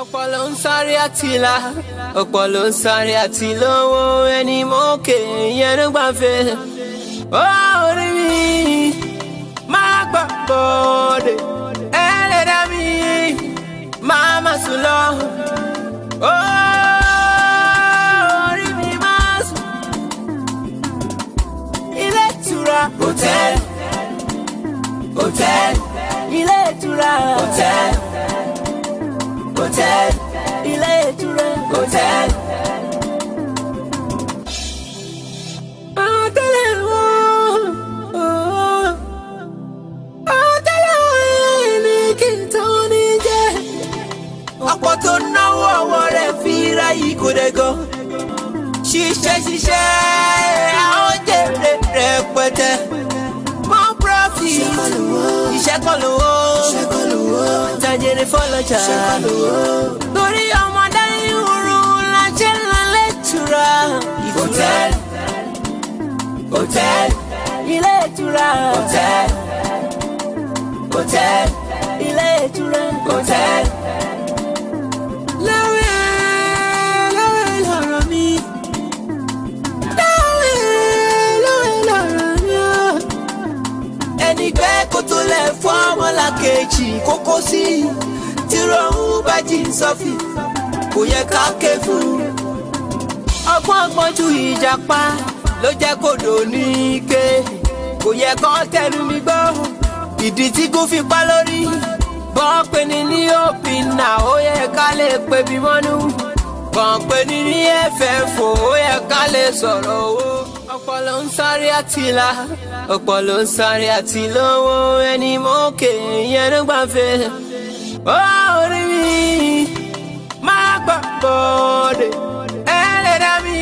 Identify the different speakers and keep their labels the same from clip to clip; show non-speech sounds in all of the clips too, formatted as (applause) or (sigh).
Speaker 1: ọpọlọ ń sáré àtìlá ọpọlọ ń sáré àtìlówó ẹni mọ́kè
Speaker 2: yẹn ló gbàfẹ́ ó orí mi máa gbà bọ́ọ̀dẹ̀ ẹlẹ́dàá mi máa má sùn lọ ó orí mi máa sùn ilé ìtura hòtẹ́ẹ̀lì hòtẹ́ẹ̀lì ilé ìtura hotel ilé ìtura hotel. ọ̀pọ̀ tó náwó ọwọ́ rẹ̀ fi ráyìí kò dẹ́gọ́ ṣiṣẹ́ ṣiṣẹ́ àwọn jèrè rẹpẹtẹ more profit iṣẹ́ kọ́ lówó jàjèrè fọlọ́jà lórí ọmọdé ìhòòrò lajẹ́ lálẹ́ tura. hotel hotel ilé ìtura hotel hotel ilé ìtura hotel lórí. mọ́lá kejì kókó sí i tí rohun bá jí ń sọ́fì kò yẹ ká ké fún. ọgbọ́n gbọ́njú ìjàpá ló jẹ́ kòdò ní ike kò yẹ kó tẹnu mi gbọ́ ìdí tí kò fi pa lórí gbọ́n pé ni ní òpinà ó yẹ ká lè pe bí mọ́nú gbọ́n pé ni ní ẹ̀fẹ̀ fò ó yẹ ká lè sọ̀rọ̀ owó ọ̀pọ̀ ló ń sáré àtìlá ọ̀pọ̀ ló ń sáré àtìlówó ẹni mọ́kè yẹn ló gbà fẹ́. ó orí mi máa gbọ́ bọ́ọ̀dẹ̀ ẹlẹ́dá mi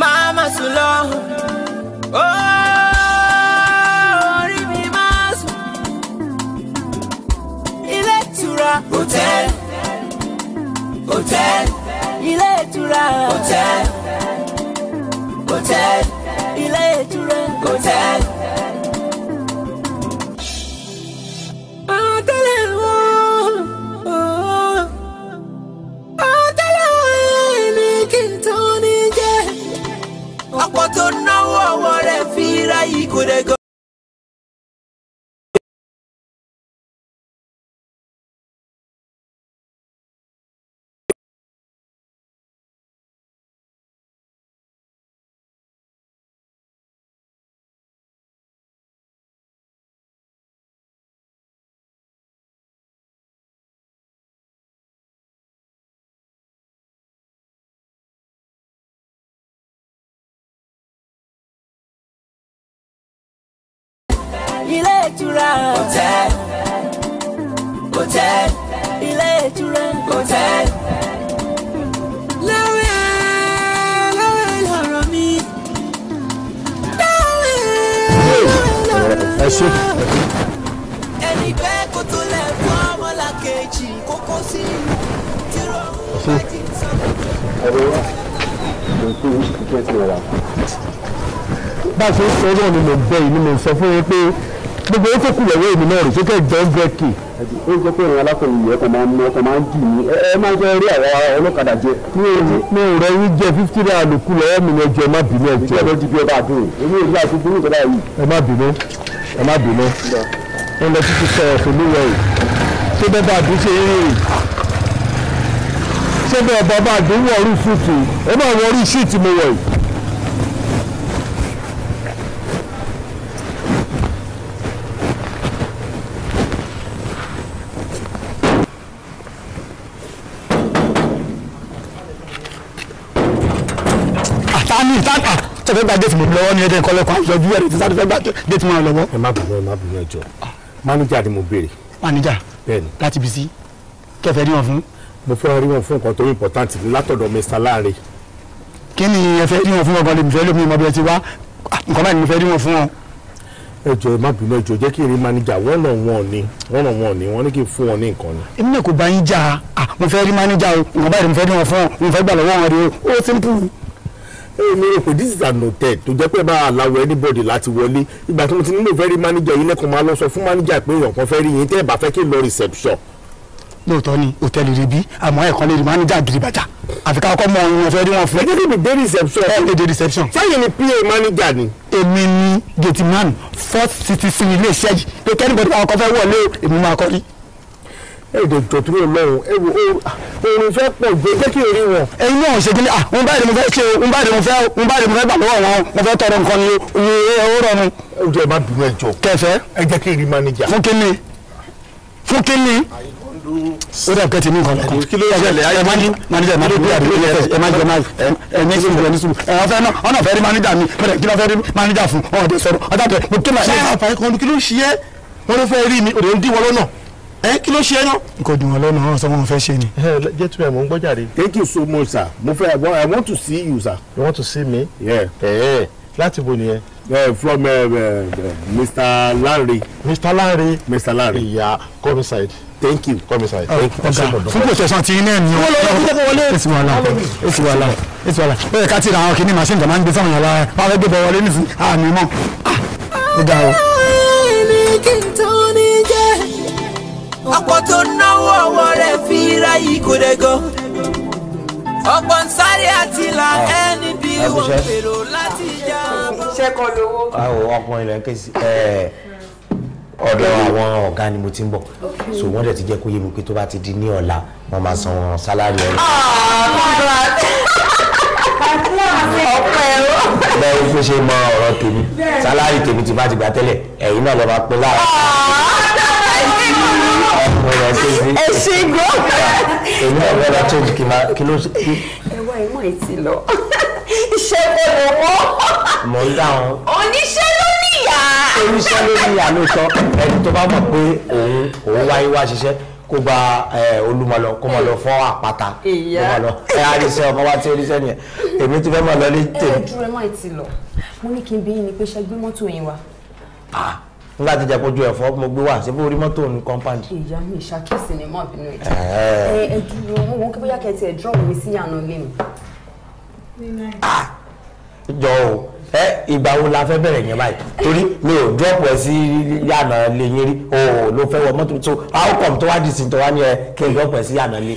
Speaker 2: máa má sùn lọ. orí mi máa sùn. ilé ìtura hòtẹ́ẹ̀lì hòtẹ́ẹ̀lì ilé ìtura hòtẹ́ẹ̀lì. Hotel ilé ìtura Hotel.
Speaker 1: ọ̀pọ̀ tó náwó ọwọ́ rẹ̀ fi ráyìí kò dẹ̀ gan. ìtura. hotel hotel ilé ìtura. hotel.
Speaker 2: láwẹ̀ láwẹ̀ lọ̀rọ̀ mi. láwẹ̀ láwẹ̀ lọ̀rọ̀ mi. ẹni bẹ́ẹ̀ kó tó lẹ̀ fún ọmọlàkejì kókó sí
Speaker 3: tí rọrùn bá ti sọ.
Speaker 4: ẹ̀rọ oṣù tó tẹ̀ sí ọ̀la
Speaker 3: bá a ṣe ń sọ ọ́ náà ni mo bẹ̀ yìí ni mo sọ fún yín pé gbogbo owó tó kù lọ́wọ́ èmi náà rè ṣé kẹ́ jẹ́ hundred k. ó jẹ́ pé ìrìn alákòóyè ẹ̀kọ́ máa ń mú ọkọ̀ máa ń dì ní ẹ máa ń fẹ́ rí àwa ọlọ́kadà jẹ. mi ò rẹ yín jẹ fifty naira ló lọ́wọ́ mi lọ jẹ má bínú ẹ jẹ. ìjọba ti ọba àdúrò èmi ò ní àti burú ìjọba yìí. ẹ má bínú ẹ má bínú ẹ lọ títí sọ ọ̀sẹ̀ lúwẹ̀ yìí ṣé bẹ́ẹ̀ bá dùn ṣe é rí ṣé bẹ́ẹ̀ bá dùn wọ̀ orí ṣùtì ẹ má wọ orí ṣùtì mo wọ̀ tẹ̀fẹ́ gba déètì mi lọ́wọ́ ní ẹ̀jẹ̀ kọ́lẹ́kọ́ àyọjú ẹ̀rẹ̀ tí sáré fẹ́ gba déètì máa lọ́wọ́. ẹ má bínú ẹ má bínú ẹjọ
Speaker 5: mánéjà ni mo béèrè. mánéjà bẹ́ẹ̀ni láti bí sí kẹfẹ rí wọn fún. mo fẹ́ rí wọn fún nǹkan tó important látọ̀dọ̀ Mr. Lanre. kí ni ẹ fẹ́ rí wọn fún ọgbọ́n lèmi fẹ́
Speaker 3: lómi ọmọ bí ẹ ti wá nǹkan báyìí mo fẹ́ rí wọn fún wọn. ẹjọ ẹ má bínú ẹjọ jẹ́ kí n rí mánéjà
Speaker 6: one on one one on one ni wọ́n ní kí n fún wọn ní nǹkan ni.
Speaker 3: èmi náà kò bá yín jà èmi rò pé this is an hotel tó jẹ́ pé bá aláwọ̀ anybody láti wọlé ìgbà tí mo ti nílò fẹ́ manager yìí lẹ́kọ̀ọ́ máa lọ sọ fún manager pé èèyàn kan fẹ́ rí yín tẹ́ ẹ̀ bá fẹ́ kí n lọ reception. lóòótọ́ ni hòtẹ́ẹ̀lì rí bí àmọ́ ẹ̀kan lè rí manager gidi bàjá àfi ká ọkọ mọ ohun wọn fẹ́ rí wọn fún. ẹ jẹ́ kí mi dé reception. ẹ lè dé reception. sẹ́yìn ni pa manager ni. èmi ni gate man fourth citizen ilé iṣẹ́ yìí pé kẹ́nìbọ̀dì àwọn kan fẹ́ wọlé èmi máa kọ́ rí èdè ìjọ̀tún ọlọ́run ẹ̀wò oorun fẹ́ pọ̀ gbé jẹ́ kí orí wọn. ẹyin náà ṣe kíni ah n bá ìdè mo fẹ́ ṣe o n bá ìdè mo fẹ́ n bá ìdè mo fẹ́ gbà lọ́wọ́ wọn mo fẹ́ tọrọ nǹkan ni o ò rọrùn. ó jẹ́ má bínú ẹjọ́ kẹfẹ́ ẹ jẹ́ kí rí mánéjà. fún kíni fún kíni ó dà kẹ́tì ní nǹkan kan kí ló ṣẹlẹ̀ ayé máa ní mánéjà máa bí àdúgbò yẹn ẹ máa jẹ máa ẹ ní sùúrù ẹ ní sùúrù ẹ ọ̀fẹ́ náà ọ̀nà fẹ́ rí mánéjà mi pẹ̀lẹ́ kí ló fẹ́ rí mánéjà fún
Speaker 5: ọ̀dẹ ẹ kí ló ṣe é nǹkan dùn wọn lẹ́nu ọ̀hún sọ wọn fẹ́ ṣe ni. ẹ jẹ́ tí mo ń gbọ́ jáde. thank you so much sir mo fẹ́ i want to see you sir. you want to see me. Yeah. ẹ láti bo nìyẹn. Uh, from uh, uh, Mr. Lanre. Mr. Lanre. Mr. Lanre. Yeah, come inside. Thank you. Come inside. Oh, Thank you. Okay. Fún kò sẹ̀sán ti
Speaker 3: iná ẹ̀mí o. Èsì wàhálà èsì wàhálà èsì wàhálà. Ó yẹ ká ti ra àwọn kìíní màṣíìnì tó máa ń gbé fáwọn yàrá ẹ̀. Wọ́n gbé bọ̀ wọlé nísìnyí. Àmì mọ́. Ah, ó ga o
Speaker 2: ọ̀pọ̀ tó náwó ọwọ́ rẹ̀ fi ráyè kò dẹ̀ gan. ọ̀pọ̀ ń sáré àti là
Speaker 7: ẹni
Speaker 3: bí wọ́n fèrò
Speaker 7: láti já bọ́. iṣẹ́
Speaker 2: kan lówó.
Speaker 8: àwọn
Speaker 3: ọmọ ilẹ̀ kejì ọ̀dọ̀ àwọn ọ̀gá ni mo ti ń bọ̀ so wọ́n dẹ̀ ti jẹ́ kó yé mi pé tó bá ti di ní ọ̀la wọ́n máa san wọn sálárì ah, ọ̀la. bẹ́ẹ̀ ni fún ṣe mọ ọ̀rọ̀ tèmi sálárì tèmi ti bá ti gbà tẹ́lẹ̀ ẹ̀yin náà lọ́ọ́ máa pín láàárọ̀. Ah ọ̀rọ̀ tó bí. ẹ ṣe gbọ́. èmi náà gbọ́dọ̀ tó bí kí ló. ẹ̀wọ́ ìmọ̀ ẹ̀ ti
Speaker 7: lọ iṣẹ́ bẹ̀rẹ̀ wọ́.
Speaker 3: mo ń dáhùn.
Speaker 2: oníṣẹ́ ló níyà. oníṣẹ́ ló níyà lóòótọ́
Speaker 3: ẹni tó bá mọ̀ pé òun òun wáyé wá ṣiṣẹ́ kó gba olúmọlọ kó mọ lọ fọ́ àpáta kó mọ lọ ẹ á lè ṣe ọmọ wa tí oníṣẹ́ nìyẹn èmi ti fẹ́ mọ̀ lọ ní tèmi.
Speaker 8: ẹ dúró ẹ má ti lọ mo ní kí n bí yín ni pé ṣe gbé mọ́tò yín wá
Speaker 3: nígbà tí jẹ́pọ̀ ju ẹ̀fọ́ mo gbé wá síbò orí mọ́tò ní compound. ìyá mi
Speaker 8: ìṣàkíyèsí ni mọ́ àbínú ẹ̀jẹ̀
Speaker 3: ẹ ẹ
Speaker 8: dúró wọn
Speaker 4: wọn kí bóyá kẹtì ẹ̀ dúró mi sí àná lé mi. Ah!
Speaker 3: jọ o ẹ ìgbà wo la fẹ́ bẹ̀rẹ̀ yẹn báyìí torí mi ò dúrọ́pù ẹ sí yànà lè yín rí o ló fẹ́ wọ mọ́tò tó how come tó wá di sí tó wá ní ẹ kí n dúrọ́pù ẹ sí yànà lè.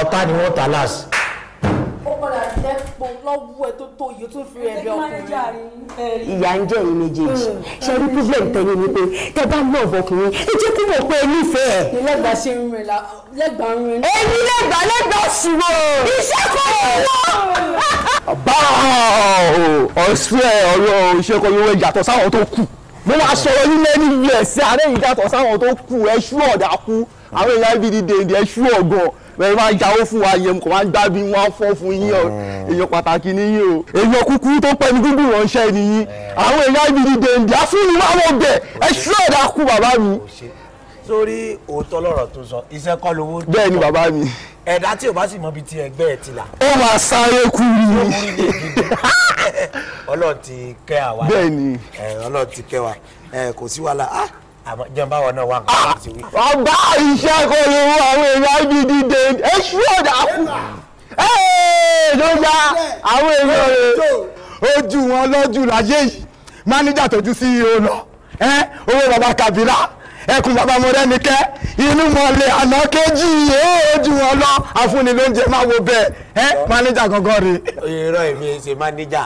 Speaker 3: ọ̀tá ni wọ́n tà láàsì.
Speaker 9: ó padà jẹ́ pò lọ́wọ́ ẹ tó tó yìí ó tún fi ẹ̀bẹ̀ ọkùnrin. ìyá ń jẹ́ ẹ̀yin méjèèjì hmm.
Speaker 3: ṣe rí problem tẹ́lẹ̀ ni pé tẹ bá lọ ọkùnrin ẹ jẹ́ kó mọ̀ pé ẹ nífẹ̀ẹ́. ní lẹ́gbàá ṣe
Speaker 8: ń rìn lẹ́gbàá ń rìn. èyí
Speaker 2: lẹ́gbàá lẹ́gbàá
Speaker 7: ṣùgbọ́. iṣẹ́ kọ́
Speaker 3: ọ ọ̀sẹ̀ ọ̀rọ̀ ìṣẹ́kọ̀ọ́ yóò yàtọ̀ sáwọn tó kù mo máa sọ̀rọ̀ yín lẹ́nu yẹ̀ sí àárẹ̀ ìdàtọ̀ sáwọn tó kù ẹ̀ṣú ọ̀dà kú àwọn èèyàn ibi dìde ìdí ẹ̀ṣú ọ̀gàn bẹ́ẹ̀ máa jáwó fún wa yẹn kò máa ń dábí wọn fọ́ fún yín o mm. èèyàn pàtàkì nìyí o èèyàn kúkúrú tó pẹ́ ní gúngùn ránṣẹ́ nìyí mm. àwọn èèyàn ibi dèndé afúnni máa wọ bẹ̀ ẹ ṣúlẹ̀ dà kú bàbá mi. sórí òótọ́ lọ̀rọ̀ tó sọ iṣẹ́ kọ́ lówó. bẹ́ẹ̀ ni bàbá mi. ẹ̀dá tí o bá sì mọ ibi tí ẹgbẹ́ ẹ ti là. ó máa sáré
Speaker 7: kú ni. (laughs)
Speaker 3: ọlọ́run ti kẹ́ wa. bẹ́ẹ̀ ni. ọlọ́run ti kẹ́ wa kò sí wàhálà ah! àmọ́ jẹun báwọn náà wà nǹkan ti wí. Ah, ọba iṣẹ́ kò lè wọ àwọn èèyàn ibi dìde èṣù ọ̀dà kù
Speaker 2: ló gba àwọn èèyàn
Speaker 3: rẹ̀ ojú wọn lọ́jú láyé yìí máníjà tójú sí ihò e lọ owó baba kabila ẹkùn baba mọ̀rẹ́nikẹ́ inú mọ̀lẹ́ àná kejì ojú wọn lọ àfúnni lóúnjẹ máa wo bẹ́ẹ̀ máníjà gangan rè. irọ́ èmi ṣe máníjà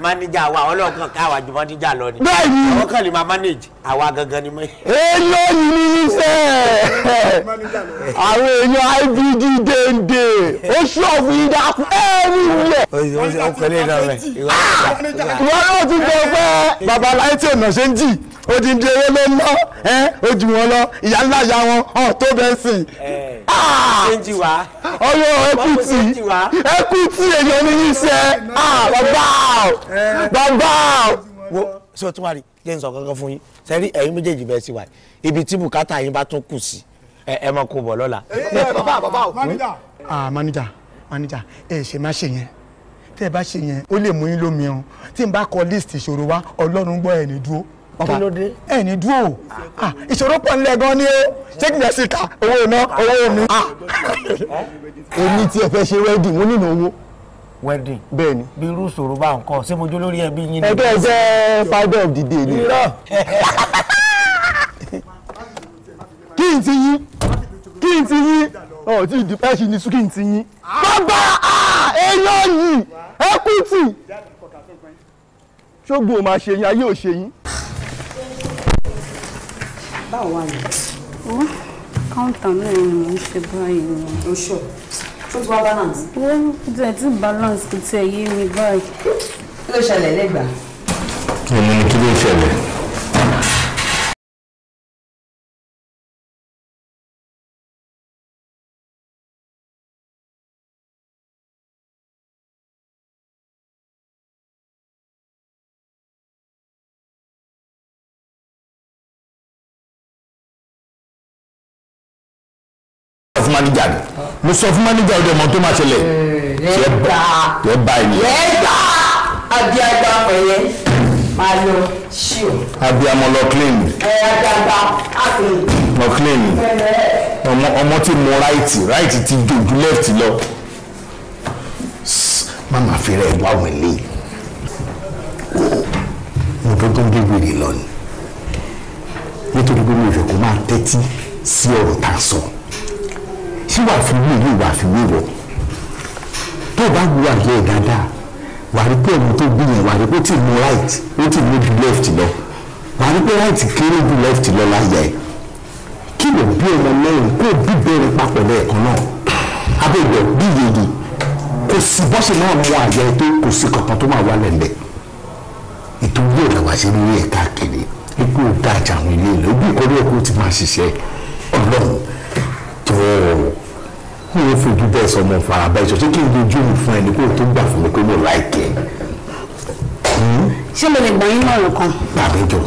Speaker 3: manager wa àwọn ọlọ́kàn káwa ju manager lọ ni. bẹ́ẹ̀ni àwọn kan lè máa manage àwa gangan ni mọ.
Speaker 7: èlò yìí
Speaker 3: sẹ́
Speaker 2: àwọn èèyàn
Speaker 7: ibd
Speaker 3: dèndé ó ṣọ́ọ̀bù ìdàkú ẹ̀rí ilẹ̀. ọkọlẹ̀ náà rẹ̀
Speaker 4: ìwọ náà ti gbọ́ pé babaláyé
Speaker 3: tí èèyàn ṣe ń jì ó ti di owó ló ń lọ ó jù wọn lọ ìyá ńlá ìyá wọn ọ̀ tó bẹ́ẹ̀ sìn. ọyọ ẹkùtì ẹkùtì èèyàn ní yìí sẹ́ ọgbà bàbá wo ṣé o tún wà rí jẹ́ n sọ kankan fún yín sẹ́rí ẹ̀yin méjèèjì bẹ́ẹ̀ sì wà ibi tí bùkátà yín bá tún kù sí ẹ mọ kó bọ̀ lọ́la. bàbá bàbá o. ah manager manager ẹ ṣe má ṣe yẹn tẹ́ ẹ bá ṣe yẹn ó lè mú yín lómi
Speaker 6: ọ tí n bá kọ list ìṣòro wa ọlọ́run gbọ́ ẹni dúró ọba ẹni dúró ah, ìṣòro pọ̀ nílẹ̀ gan ni ó ṣé kìí ẹ̀sìn ká owó iná owó omi. Ah.
Speaker 3: èmi tí ẹ fẹ́ ṣe wẹ́ẹ̀dì mo nílò owó wedding. bẹ́ẹ̀ni. bí irú ìṣòro bá ń kọ ṣé mo jó lórí ẹbí yín ni. ẹgbẹ́ ẹgbẹ́ five of the day ni. irọ́ (laughs) kí n ti yín kí n ti yín ọ̀ tí ìdí pẹ́ẹ́sì ni
Speaker 6: kí n ti yín. bàbá èèyàn ah! yìí ẹkùtì ṣógun ò máa ṣe yín ayé ò ṣe yín.
Speaker 8: báwo wà ní. kọ́ńtà hm? náà ni mo ń ṣe báyìí. oṣù ó ti balance. wọ́n tiẹ̀ ti balance kò tiẹ̀ yé mi báyìí. kí ló
Speaker 9: ṣẹlẹ̀
Speaker 1: lẹ́gbàá. èmi ni kí ló ṣẹlẹ̀. manager ni mo sọ
Speaker 3: fún manager ọdẹ mọ tó máa ṣẹlẹ̀ yẹ hmm, bá yẹ bá ẹ nìyẹn. yẹ
Speaker 1: bá
Speaker 2: abiagba pẹ̀yẹ máa
Speaker 3: lọ ṣíò. abiamọ lọ clean. ẹ
Speaker 2: abiagba á sì.
Speaker 3: lọ clean ọmọ ọmọ tí mo right right ti dojú
Speaker 6: left lọ má máa fi rẹ wá wẹlé
Speaker 3: mo tó tó ń gbé wèrè lọ ni nítorí pé mo fẹ́ kó máa tẹ́tí sí ọ̀rọ̀ tá a sọ tí wàá fi wí yìí wàá fi wí wọ tó o bá wo àyè ẹ̀ dáadáa wàá rí pé ọmọ tó gbé yẹn wàá rí pé ó ti mú right ó ti mú ju left lọ wàá rí pé right kéré ju left lọ láyà ẹ̀ kí ló bí ọmọ mẹ́rin kó o bí bẹ́ẹ̀rẹ̀ papọ̀ lẹ́ẹ̀kan náà abẹ́gbẹ́ bí yege kò sí bọ́sẹ̀ náà mú àyè ẹ̀ tó kò sí kankan tó máa wà lẹ́lẹ̀ ìtòwú ẹ̀ làwọn àṣẹ ní ẹ̀ káàkiri ikú dájà àwọn ilé ìlú bí ìkórè ẹ̀kọ́ ti máa ṣiṣẹ́ ọlọ́run tó rọrùn mi ò fojú bẹ́ẹ̀ sọ ọmọ ìfarabẹ́ ìṣọ̀ ṣé kí n dojú mi fún ẹni kó o tó gbà fún mi pé mo láìkẹ́
Speaker 10: ṣé mo lè gbà yín lọ́rùn kan. bàbá ìjọ.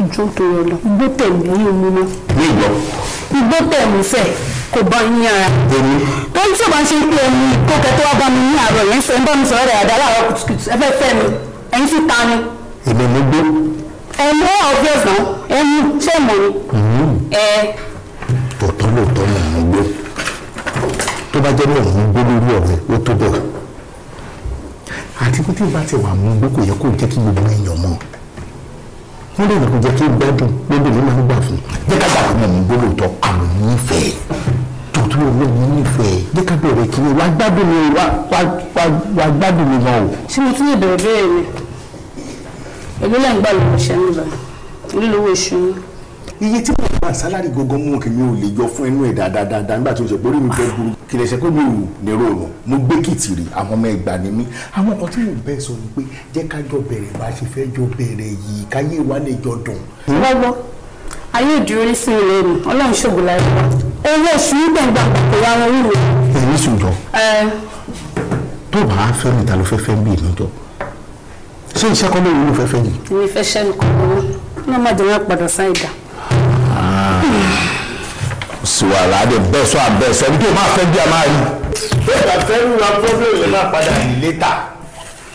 Speaker 10: ojú tó yọ lọ igbó tẹ̀mí yín mú mọ́. ní ìgbọ́. igbó tẹ̀mí fẹ̀ kò bá yín yára. èmi. tó ń sọ̀bà ṣe pé ẹni kókẹ́ tó wá bá mi ní àárọ̀ yẹn ṣe ń bá mi sọ̀rọ̀ rẹ̀ àdá láàárọ̀ kùtùkùtù ẹ fẹ́
Speaker 3: fẹ́ mi ẹ̀yin tó bá jẹ́ ní ọ̀hún gbé lórí ọ̀rẹ́ ó tó bẹ̀
Speaker 6: àti pé tí bá ti wà mú gbé kò
Speaker 3: yẹ kó jẹ́ kí gbogbo èèyàn mọ̀ wọ́n lè lọ́kùn jẹ́ kí gbádùn gbogbo èèyàn máa ń gbà fún jẹ́ ká gbàgbọ́ mọ̀ mú gbé lóòótọ́ àwọn nífẹ̀ẹ́ tòótọ́ olóògùn nífẹ̀ẹ́ jẹ́ ká bẹ̀rẹ̀ kí wàá gbádùn mi wàá gbádùn mi mọ́ o. ṣé mo tún lè bẹ̀rẹ̀ bẹ́ẹ̀ ni èmi náà ń gbà iye tí mo gba sálárì gangan mú kí mi ò lè yọ fún ẹnu ẹ̀ dáadáa nígbà tó ń sọ pé orí mi fẹ́ burú kì í ṣe pé mi ò
Speaker 6: ní ròrùn mo gbé kìtìrì àwọn ọmọ ẹgbà ni mí
Speaker 3: àwọn kan tí mo bẹ́ sọ ni pé jẹ́ ká jọ bẹ̀rẹ̀ bá a ṣe fẹ́ jọ bẹ̀rẹ̀ yìí káyé wa lè jọ dùn. lọ́gbọ́n ayé
Speaker 10: ìdúró ní sí ilé mi ọlọ́run ṣògo láyé wa owó oṣù nígbà ìgbà kò wá wọn wúwo.
Speaker 3: èyí sùn tó bá a fẹ́ mi ta ló fẹ́ fẹ́ bí ìlú jọ ṣé iṣẹ́ kọ́ lóyún ló fẹ́ fẹ́ yìí.
Speaker 8: èmi fẹ́ ṣẹ́ nǹkan lọ́wọ́ lọ́mọdé wọn padà sáì dà
Speaker 3: sùwà làádé bẹ́ẹ̀ sọ àbẹ́ sẹ́ni tó máa fẹ́ bí a máa rí. bẹ́ẹ̀ bá fẹ́ rú ra problem lè máa padà rí létà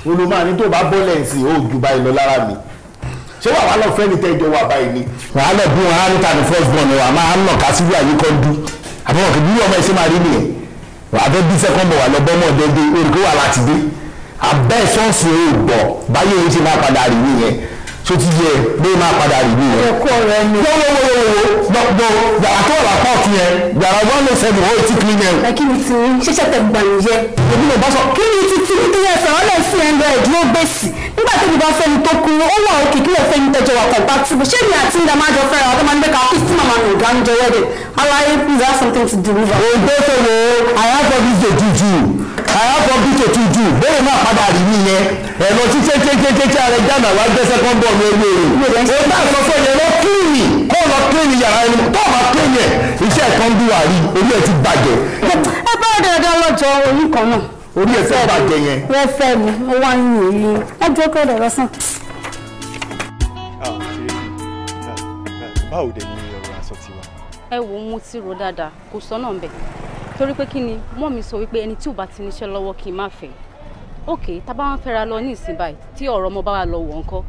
Speaker 3: olùmọ̀ àní tó bá bọ́lẹ̀ sí i ó ju báyìí lọ lára mi ṣé wà wá lọ fẹ́ ní tẹ́jọ́ wà báyìí ni. wà á lọ bí wọn á níta ní first born wa máa ń nà ká síbi àyíkọ́ dú àbúrò kì bí ọmọ ẹṣẹ máa rí nìyẹn wà á fẹ́ bí second born wà lọ bọ́mọ dédé orúkọ wà láti dé àbẹ́ sọ́ọ̀sì ò gbọ̀ báyìí èyí ti máa padà rí nìyẹn tó ti yẹ bí ó máa padà rí bí yẹn. ẹ̀kọ́ rẹ ni. wọ́n wọ́n wọ́n
Speaker 10: wọ́n gbọ́ yàrá tó wà pọ̀ kí yẹn yàrá wọn lè sẹ́dùn ó ti kiri yẹn. kí ni ti ṣẹ̀ṣẹ̀ tẹ gbà yẹ. èmi lè bá sọ. kí ni ti ti ti yẹ sọ̀rọ̀ lẹ̀ sí ẹ̀rọ ẹ̀dúró gbèsè nígbà tó bá fẹ́ni tó kú ó wà òkè kí lè fẹ́ni tẹ̀jọ wà kọ̀ọ̀pá tí mo ṣé mi àti ń dàmá jọ fẹ́ra ọ̀dọ́ máa ń gbé ká fún màmá mi ìgbà ń jẹ wẹ́dẹ̀ aláyé please have something to do with her. ògbésẹ̀ wo i have all
Speaker 3: these dey do you àyà kan bí tòtú jù bẹ́ẹ̀ náà padà rí mi yẹn ẹ̀rọ tí tẹ́tẹ́tẹ́tẹ́ ààrẹ jáde àwọn agbẹ́sẹ̀ kan bọ̀ ní ewé rẹ̀ ó bá sọ fún ẹ̀yẹ lọ kíìnì kó lọ kíìnì yàrá ẹni tó máa kíìnì ẹ̀ iṣẹ́ kan bí wà rí orí ẹ̀ ti bàjẹ́. ẹ
Speaker 8: bá
Speaker 10: dáadáa lọ́jọ́ orí kan náà. orí ẹ̀ fẹ́ bàjẹ́ yẹn. wọ́n fẹ́ mi mo wá ń yìn yín wọ́n jẹ́ kọ́dọ̀ lọ́sàn. Ah,
Speaker 11: ah, ah, báwo dẹ̀ ni ọ̀rọ̀ aṣọ ti wà.
Speaker 8: ẹ wo mo ti rò dáadáa kò sọ náà bẹ́ẹ̀ torí pé kí ni mọ́ mi sọ wípé ẹni tí ò bá ti níṣẹ́ lọ́wọ́ kì í má fẹ́ ok tá a bá wọn fẹ́ra lọ ní ìsìn báyìí tí ọ̀rọ̀ ọmọ bá wa lọ wọ̀ ńkọ́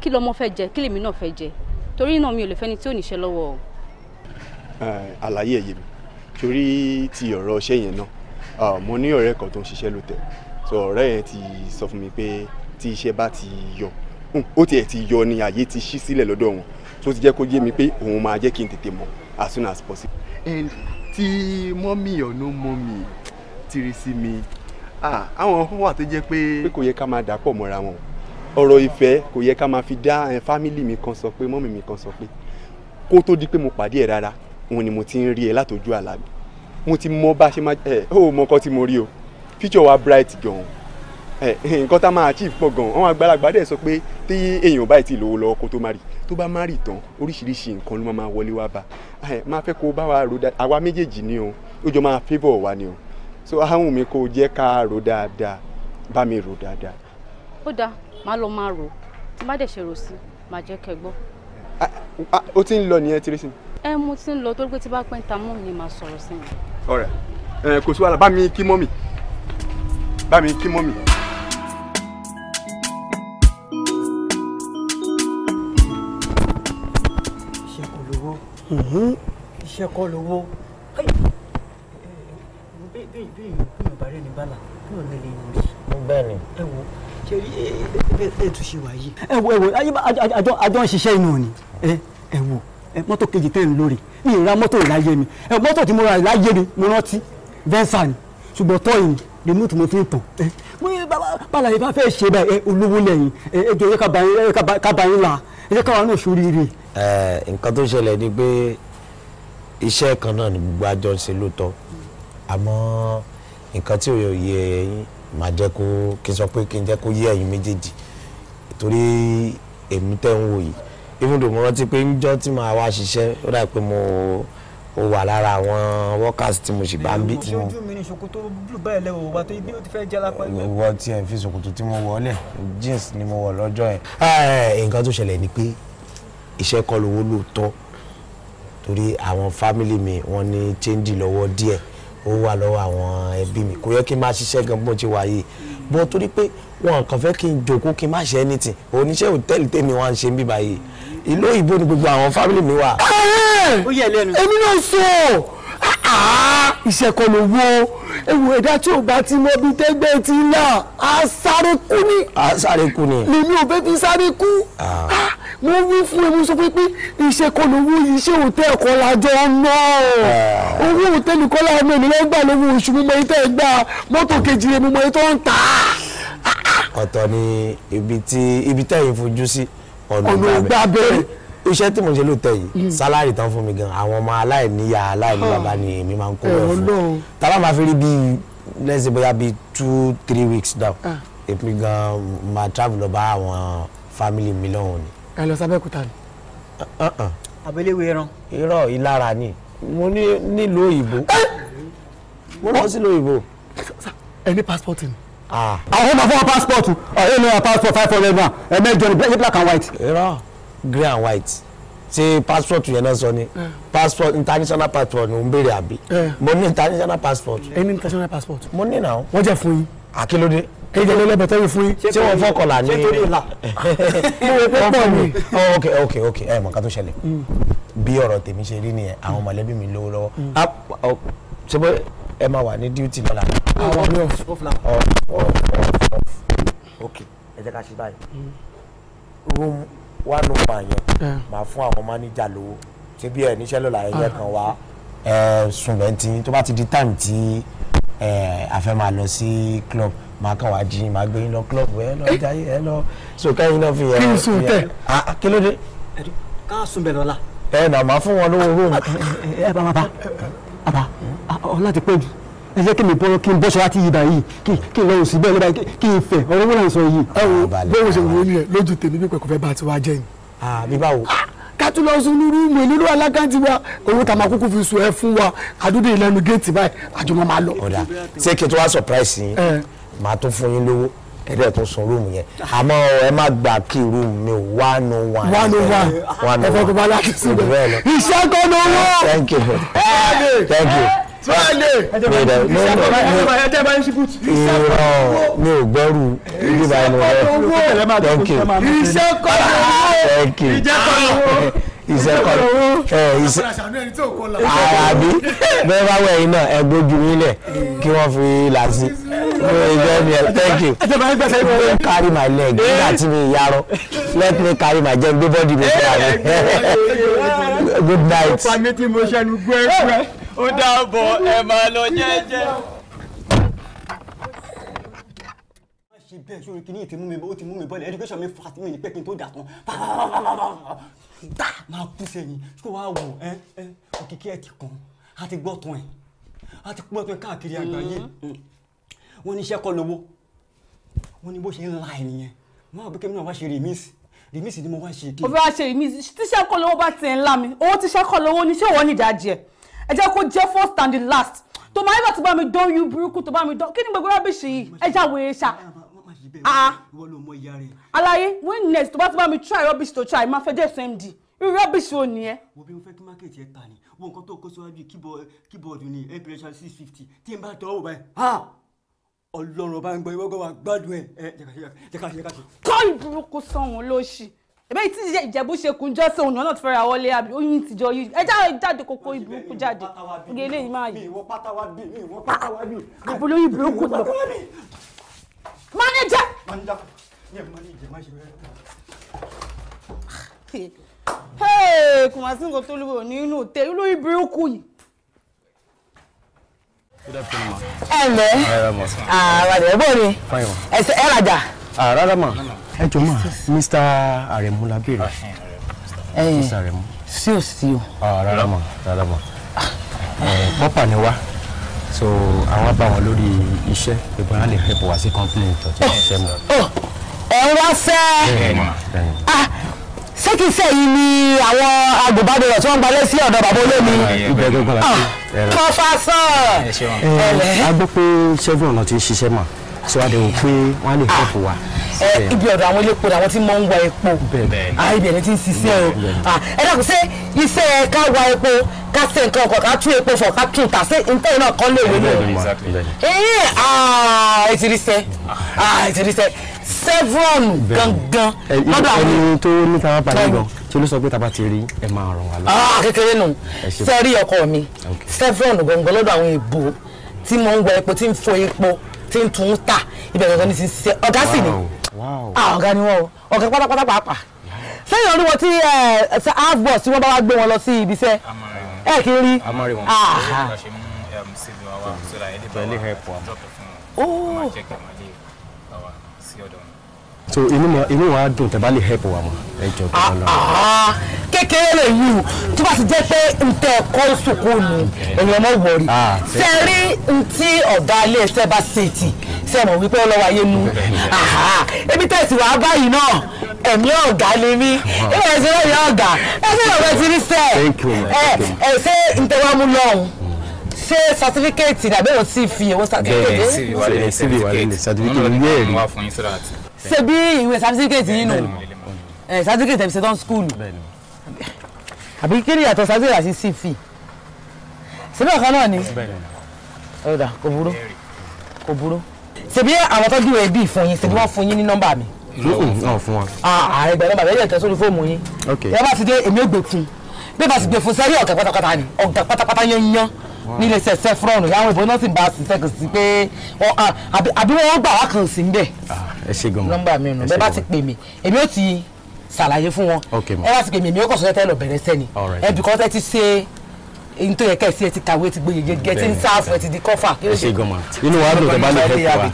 Speaker 8: kí lọmọ fẹ́ jẹ kí lèmi náà fẹ́ jẹ torí náà mi ò lè fẹ́ni tí ò níṣẹ́ lọ́wọ́ o.
Speaker 11: àlàyé ẹ̀yẹ mi torí ti ọ̀rọ̀ ọṣẹ́ yẹn náà mo ní ọ̀rẹ́ kan tó ń ṣiṣẹ́ lótẹ̀ tó ọ̀rẹ́ yẹn ti sọ fún mi pé tí iṣẹ́ bá ti yọ ó tiẹ̀ ti yọ ni àyè ti ṣí sílẹ̀ lọ́dọ̀ wọn tó ti jẹ́ kó yé mi pé òun máa jẹ́ kí n tètè mọ̀ as soon as possible tí mọ́mì ọ̀nà mọ́mì tiri sí mi àwọn kan wà tó jẹ́ pé. pé kò yẹ ká máa dà pọ̀ mọ́ra wọn ọ̀rọ̀ ìfẹ́ kò yẹ ká máa fi dá fámìlì mi kan sọ pé mọ́mì mi kan sọ pé kó tó di pé mo pàdé ẹ̀ rárá òun ni mo ti ń rí ẹ látọjú àlá mo ti mọ bá ṣe máa ẹ ó mọ nǹkan tí mo rí o future wa bright gan ẹ nǹkan tá máa achieve pọ̀ gan àwọn àgbàlagbà dẹ̀ sọ pé tí èèyàn báyìí ti lówó lọ́wọ́ kó tó má rí tó bá má rì tán oríṣiríṣi nǹkan ló máa wọlé wá bá máa fẹ́ kó bá wa rò dáadáa àwa méjèèjì ni o ó jọ máa favour wa ni o so ahọ́n mi kò jẹ́ ká rò dáadáa bá mi rò dáadáa.
Speaker 8: ó dáa màá lọ máa rò tí má dẹ̀ ṣe rò sí màá jẹ́ kẹ́ gbọ́.
Speaker 11: o ti ń lọ nìyẹn tí rí sí mi.
Speaker 8: ẹ mo ti ń lọ torí pé tí bá pẹ́ ń ta mọ́ mi ni màá sọ̀rọ̀ sí mi.
Speaker 11: ọ̀rẹ́ kò sí wàhálà bá mi kí mọ́ mi bá mi kí mọ́ mi.
Speaker 4: Mm-hmm. iṣẹ́ kọ́ lówó bẹ́ẹ̀ bẹ́ẹ̀ bá rẹ̀ ní bàlà bẹ́ẹ̀ ní ilé ìwé. bẹ́ẹ̀ ni. ẹ wo ṣe rí ẹ tún ṣe wáyé. ẹ wo ẹ wo àjọ ń ṣiṣẹ́ inú ni ẹ wo mọ́tò kejì tẹ̀ ń lórí ní ìra mọ́tò ìláyé mi mọ́tò tí mo ra ìláyé mi mo rántí venza ni ṣùgbọ́n tọ́yìn remote mo fi ń tàn bàlàyé bá fẹ́ ṣe báyìí olówó lẹ́yìn ẹjọ́ yẹ ká bá yín la ẹ jẹ́ káwọn náà ṣoríire.
Speaker 3: nǹkan tó ṣẹlẹ̀ ni pé iṣẹ́ kan náà ni gbogbo àjọ ń ṣe lóòótọ́ àmọ́ nǹkan tí òye òye ẹ̀yin máa jẹ́ kó kí n sọ pé kí n jẹ́ kó yé ẹ̀yin méjèèjì torí èmi tẹ́ ń wò yìí even though mo rántí pé ń jọ́ tí màá wá ṣiṣẹ́ ó dà pé Mo ó wà lára àwọn workers tí mo sì bá ń bí. ṣé ojú
Speaker 4: mi ni ṣòkòtò blue bẹ́ẹ̀ lẹ́wọ̀ wá tó ibi ó ti fẹ́ jẹ́ lápá
Speaker 3: ìgbà. ìwọ tí fi ṣòkòtò tí mo wọ̀ jeans ni mo wọ̀ lọ́jọ́ yẹn. Eh, nǹkan tó ṣẹlẹ̀ ni pé iṣẹ́ kọ́ lówó lóòótọ́ torí àwọn fámìlì mi wọ́n ní chẹ́ńdì lọ́wọ́ díẹ̀ ó wà lọ́wọ́ àwọn ẹbí mi kò yẹ kí n máa ṣiṣẹ́ gan bó ti wà yìí bó torí pé wọn kàn fẹ́ kí n jòkó kí n má ṣe anything oníṣẹ́ hòtẹ́ẹ̀lì tèmi wá ń ṣe ń ìlú òyìnbó ni gbogbo àwọn fámìlì mi wà. ó yẹ lẹ́nu. èmi náà sọ iṣẹ́ kan ló wo ewu ẹ̀dá tí ò bá ti mọ bíi tẹ́gbẹ́ ti ń là á sáré kú ni. á sáré kú ni. lèmi ò bẹ́ fi sáré kú. mo wí fún ẹ mo sọ pé iṣẹ́ kan ló wo iṣẹ́ òtẹ́ ẹ̀kọ́ lájọ ọ̀nà owó òtẹ́ẹ̀lì kọ́ láàánú èmi lọ́gbà lówó oṣù mímọ yìí tẹ́ ẹ gbà mọ́tò kejì rẹ̀ mímọ yìí tó ń tà á. ọ̀tọ̀ ni ibi tí ibi fojú sí ọ̀nà ìgbà bẹ́ẹ̀ iṣẹ́ tí mo ṣe ló tẹ̀ yìí mm. sálárì tán fún mi gan àwọn ọmọ aláìníyà aláìní bàbá ni èmi máa ń kó ẹ̀ fún tábà máa fi rí bíi let's say bóyá bíi two three weeks down ah. èmi gan máa travel lọ bá àwọn family mi lọ́hùn ni.
Speaker 4: ẹ lọ sábẹ́kúta ni. àbẹ̀lẹ̀wé uh, uh, uh. ẹran.
Speaker 3: irọ́ ìlara ni mo ní nílùú òyìnbó eh! mo lọ sílùú òyìnbó. ẹ ní ni. Ah. àwọn ọmọ fọwọ́ passport ẹ ní passport five hundred naira ẹ mẹ́jọ ní black and white. irọ́ grey and white ṣe passport yẹn náà sọ ni mm. passport international passport ni n béèrè àbí
Speaker 12: eh. mo ní international
Speaker 3: passport. ẹ ní international passport. mo ní náà. wọ́n jẹ́ fún yín. àkìlódé kéde ló lẹ́bẹ̀ẹ́ tẹ́lẹ̀ fún yín tí wọ́n fọkànlá ní ní (laughs) wọ́n fọ́ mi. Oh, ok ok ok ẹ mọ̀ ká tó ṣẹlẹ̀ mm. bí ọ̀rọ̀ tèmi ṣe rí nìyẹn àwọn mọ̀lẹ́bí mi lówó lọ́wọ́ mm. ah, oh, ẹ máa wà ní duty lọ́la. Ah, àwọn ní off off now. off off off off. ok ẹ jẹ́ ká ṣe báyìí. Mm. room one oh one yẹn máa fún àwọn máníjà lówó ṣé bí ẹ níṣẹ́ lọ́la ẹ̀yẹ ah. kan wá sùn lẹ́ntì tó bá ti di time tí a fẹ́ máa lọ sí club máa kàn wá jí máa gbé yín lọ club ẹ lọ jayé ẹ lọ so kẹ́yìn náà fi yẹn. kí ni sùn tẹ. Ah, kí ló dé.
Speaker 4: ká sùn bẹ̀rẹ̀ ọ̀la.
Speaker 3: ẹ nà máa fún wọn lówó owó. ẹ bá bá bá
Speaker 4: aba ọlá ti pẹ́ jù ẹ jẹ́ kí mi bọ́ kí n bọ́ṣọ láti yìí báyìí kí n lọ́rùn sí bẹ́ẹ̀ lọ́ba kí n fẹ̀ ọ̀rọ̀ wọn là ń sọ yìí. ẹ wo bẹ́ẹ̀ ṣe wò nílẹ̀
Speaker 12: lójú tèmi bí pẹ̀kọ́ fẹ́ bá tiwa jẹ́ yìí. àbí báwo. ká tún lọ sun nírú ìmọ̀ ìlú alákàntì wa owó tá a máa kúkú fi sun ẹ fún wa àdúdé ìlẹ́nu géètì báyìí àjùmọ̀ máa lọ. ọ̀dà
Speaker 3: ṣé kí n tó wá surprise yín máa tún fún yín lówó kẹ́dẹ̀ tó sun rúùmù yẹn àmọ́ ẹ má gbà kí rúùmù mi one oh one. one oh one ẹ̀fọ́ tó bá láti síbẹ̀ iṣẹ́ kọ́ ló wọ́. thank you thank you. tíwáńdé ẹjẹ bá ń ṣubú. irọ́ mi ò gbẹ́rù bíbá ẹni wọ́n thank you iṣẹ́ kọ́ ló wọ́. thank you ìṣẹ́kọ̀ eh, àràbí ah, bẹ́ẹ̀ bá wẹ̀ yín náà ẹ gbójú yín lẹ̀ kí wọ́n fi làásì thank you let me carry my leg nígbà tí mi yarọ let me carry my leg gbé bọ́dì mi fún mi good
Speaker 11: night. ó dàbọ̀ ẹ̀ máa lọ jẹ́jẹ́.
Speaker 4: bẹ́ẹ̀ sórí kí ni ìtìmú mi ó ti mú mi bọ́lẹ̀ education mi fast mi pé kí n tó dà tán dá máa kú sẹ́yìn kó wá wò ẹ ẹ òkìkí ẹ̀ ti kàn á ti gbọ́ tán á ti gbọ́ káàkiri àgbáyé mm-hmm. mm. wọ́n ní iṣẹ́ kọ́ lówó wọ́n ní bó ṣe ń la ẹ̀ nìyẹn wọ́n àbúkẹ́ náà wá ṣe rèmíìsì rìmíìsì ni mo wá ṣe kí. òbí wa
Speaker 8: ṣe rìmíìsì tíṣẹ́ kọ́ lówó bá ti ń lá mi owó tíṣẹ́ kọ́ lówó ní ṣé ìwọ bá ti bá mi dán yú burúkú tó bá mi dán kí ni gbogbo rábìṣì yìí ẹ já ṣá ah, ah. wọ́n alaye when next tó bá ti mi try rubbish to try máa fẹ́ jẹ́ smd irú rubbish wo nìyẹn. wo bí mo fẹ́
Speaker 4: kí market yẹn ta ni wo nǹkan tó kó síwájú keyboard ni air pressure six fifty tí n bá tọ́ wò báyìí ha ọlọ́run ọba ń gbọ́ ìwọ́gọ́ wa gbádùn ẹ̀ ẹ̀ jẹ́kàṣe jẹ́kàṣe.
Speaker 6: kọ́ọ̀lù burúkú
Speaker 8: sanwó ló ṣì ebe tí ìjẹ̀bú ṣe kun jọ́ sí òun náà ti fẹ́ ra wọlé àbí oyin ti jọ yí ẹ jáde kókó ìbùrúkú jáde gẹ́gẹ́ lè má yìí. mi ìwọ pátá wá bí mi ìwọ pátá wá bí. àbúrò
Speaker 4: ìbùrúkú lọ manager. manager yẹ manager má ṣe
Speaker 8: bẹ́ẹ̀. kò má sí nǹkan tó lówó nínú tẹ olórí burúkú yìí.
Speaker 3: Ah,
Speaker 8: ẹ ǹlẹ́ àràdà bó ni ẹsẹ̀ ẹ ràjà.
Speaker 3: Ah, rárá mà ẹ jọ mà mr aremu la béèrè ah, mr eh, aremu. sí ò sí o. rárá mà rárá mà pọ́pà eh, ni wá so àwọn bá wọn lórí
Speaker 9: iṣẹ́ pẹ̀lú àwọn lè help wá sí complain ìtọ́jú iṣẹ́ mọ́.
Speaker 3: Oh, oh, ẹ wá fẹ́ ah, ṣé kìí ṣe yìí ni àwọn agùnbánirọ̀ tí wọ́n ń gbalẹ̀ sí ọ̀dọ̀ bàbá olómi. ibẹ̀ gbọ́dọ̀ láti. kọfà sọ. a gbọ́ pé seven ọ̀nà ti ń ṣiṣẹ́ mọ́ so a dẹ̀ wò pé wọ́n lè help wá ibi ọ̀dọ̀ àwọn elépo ni àwọn tí mọ̀ ń wa epo ibi ẹni ah, tí ń ṣiṣẹ́ o ah, ẹ dàgbọ́ sẹ́ iṣẹ́ ká wa epo ká ṣe nǹkan ọkọ̀ ká tún epo fọ̀ ká tún tà sí nítorí náà kọ́ lè wọlé
Speaker 7: o
Speaker 9: ẹ ti rí sẹ́ ah. ẹ ti rí sẹ́ severon gangan lọ́dọ̀ àwọn ẹni
Speaker 3: tó ní tàbá parí gan tí olú sọ pé tàbá ti rí ẹ máa ràn wá lọ. kékeré nù sẹ́rí ọkọ mi severon gangan lọ́dọ̀ àwọn èèbò tí mò ń wa epo tí ń fọ epo tí ń tún ta ibẹ̀ gangan ní ti ń ṣiṣẹ́ ọ̀gá sì ni ah, ọ̀gá ni wọ́n o ọ̀gá pátápátá pàápàá sẹ́yìn orí tí half bus tí wọ́n bá wá gbé wọn lọ sí ibi iṣẹ́ ẹ kì í rí ah so inú wa inú wa dùn tẹ́ bá lè help wa mọ́ ẹ jọ tó wọn lọ. kékeré lè yí o tó bá ti jẹ́ pé
Speaker 9: ntẹ ẹ̀kọ́ sùkúù ni ènìyàn mọ̀ wọ̀rí ah, ṣe rí ntí ọ̀gá iléeṣẹ́ bá ṣètì ṣe mọ̀ wípé ọlọ́wọ́ ayé nu (laughs) ah, ah. ebi tẹ̀sí wàá báyìí náà ẹ̀mí ọ̀gá ni mí ìwà ẹ̀sìn lóye ọ̀gá ẹ̀sìn ọ̀rẹ́ ti rí sẹ́
Speaker 7: ẹ̀
Speaker 9: ẹ̀ ṣe ntẹ̀wá mú lọ́hùn ṣe certificate ni àbẹ̀wò sí fi owó certificate.
Speaker 5: bẹ́ẹ̀ sí ìwádìí certificate ní
Speaker 6: ẹ̀rí ṣe bí ìwé sátífíkẹ́tì yìí nù
Speaker 9: sátífíkẹ́tì ẹ̀mí ṣetán skúlù àbí kí ni ìyàtọ̀ sátífíkẹ́tì àti cv síbẹ̀ kan náà ni ọ̀dà kò burú kò burú ṣebí àwọn tó dúró ẹbí fún yín ṣebí wọ́n fún yín ní nọ́mbà mi. ọ̀ fún wa. ààrẹ ìgbà nọ́mbà yẹn tẹ sórí fóònù yín. ẹ bá ti dé èmi ò gbè fún bí ẹ bá ti gbè fún sẹ́rí ọ̀gá pátápátá ni ọ̀gá pátápátá yẹn yán nílé iṣẹ́ sefron láwọn ìbọn náà bá ṣiṣẹ́ kò sí pé
Speaker 3: àbí wọ́n gbà wá kan sí níbẹ̀. ẹ ṣe gan mọ mi nù bẹ́ẹ̀ bá ti pè mí èmi
Speaker 8: ò
Speaker 9: ti ṣàlàyé fún wọn ẹ bá ti pè mí èmi ò kàn sọ tẹ́lẹ̀ bẹ̀rẹ̀ sẹ́ni ẹ bìkọ́ tẹ́ ti ṣe èyí tó yẹ kẹ́ ẹ̀ sí ẹ ti kàwé ti gbóyè gẹ́gẹ́ tí ń sáàfù ẹ ti di kọ́fà. ẹ ṣe gan ma inú wa dùn tẹ́lẹ̀ bá lè fẹ́ wa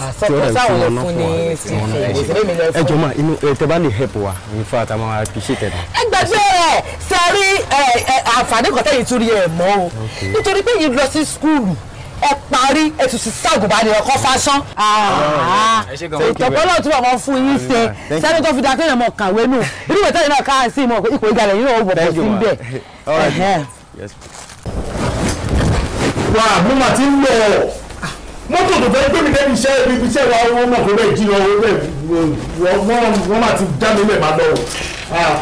Speaker 6: ah, sọ́kọ́ sáwọn lọ fún ni steve ẹ jọ
Speaker 8: ma
Speaker 3: inú tẹ́lẹ̀ bá lè help wa in fact a máa appreciate it.
Speaker 8: ẹ gbàgbé ẹ sẹ́rí
Speaker 3: àǹfààní kọ́tẹ́yìn tún rí ẹ̀ mọ́ o nítorí pé yìí lọ sí skúlù ẹ parí ètò sísá ògùnbàdì ọkọ fásán. ìtọ́pọ́lọ́ tí wọ́n fún yín ṣe sẹ́ni tó fi da kéèyàn mọ̀ kàwé nù irú ìwé tẹ́lẹ̀ náà káà sí ìmọ̀ ipò ìgbàlẹ̀ yìí náà bọ̀bọ̀ sí bẹ́ẹ̀. (laughs) wà á mú màtí ń lọ mọ́tò tó fẹ́ gbé mi débi iṣẹ́ ibi iṣẹ́ wa wọ́n mọ̀ kó bẹ́ẹ̀ jí lọ wọ́n mà ti dá mi lẹ̀ má lọ. Ah.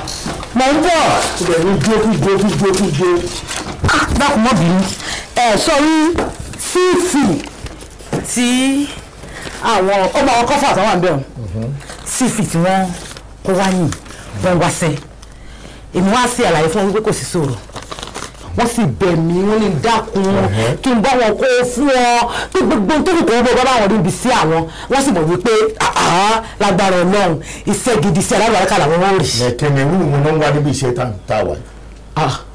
Speaker 3: mọ̀ ń bọ̀. ó bẹ̀rù jókòó jókòó jókòó jókòó. Ah, dákun mọ́ bìí ẹ̀ sọ yín síìtì
Speaker 9: tí àwọn ọba àwọn kọ́fà àtàwọn àbẹ̀ ọ̀hún síìtì tí wọ́n kó wá yìn wọ́n wá sẹ́ èmi wá sí àlàyé fún wọn wípé kò sí sòrò
Speaker 3: wọ́n sì bẹ̀ mí wọ́n ní dákun uh-huh. kí n bá wọn kó fún ọ pé gbogbo tó kù kó wọ́n bá wọn níbi sí àwọn wọ́n sì mọ̀ wípé lágbára ọlọ́run iṣẹ́ gidi sí aláwọ̀ alákàlà wọn wọ́n rì. ẹ̀kẹ́ mi ìlú náà ń níbi iṣẹ́ tá a wà.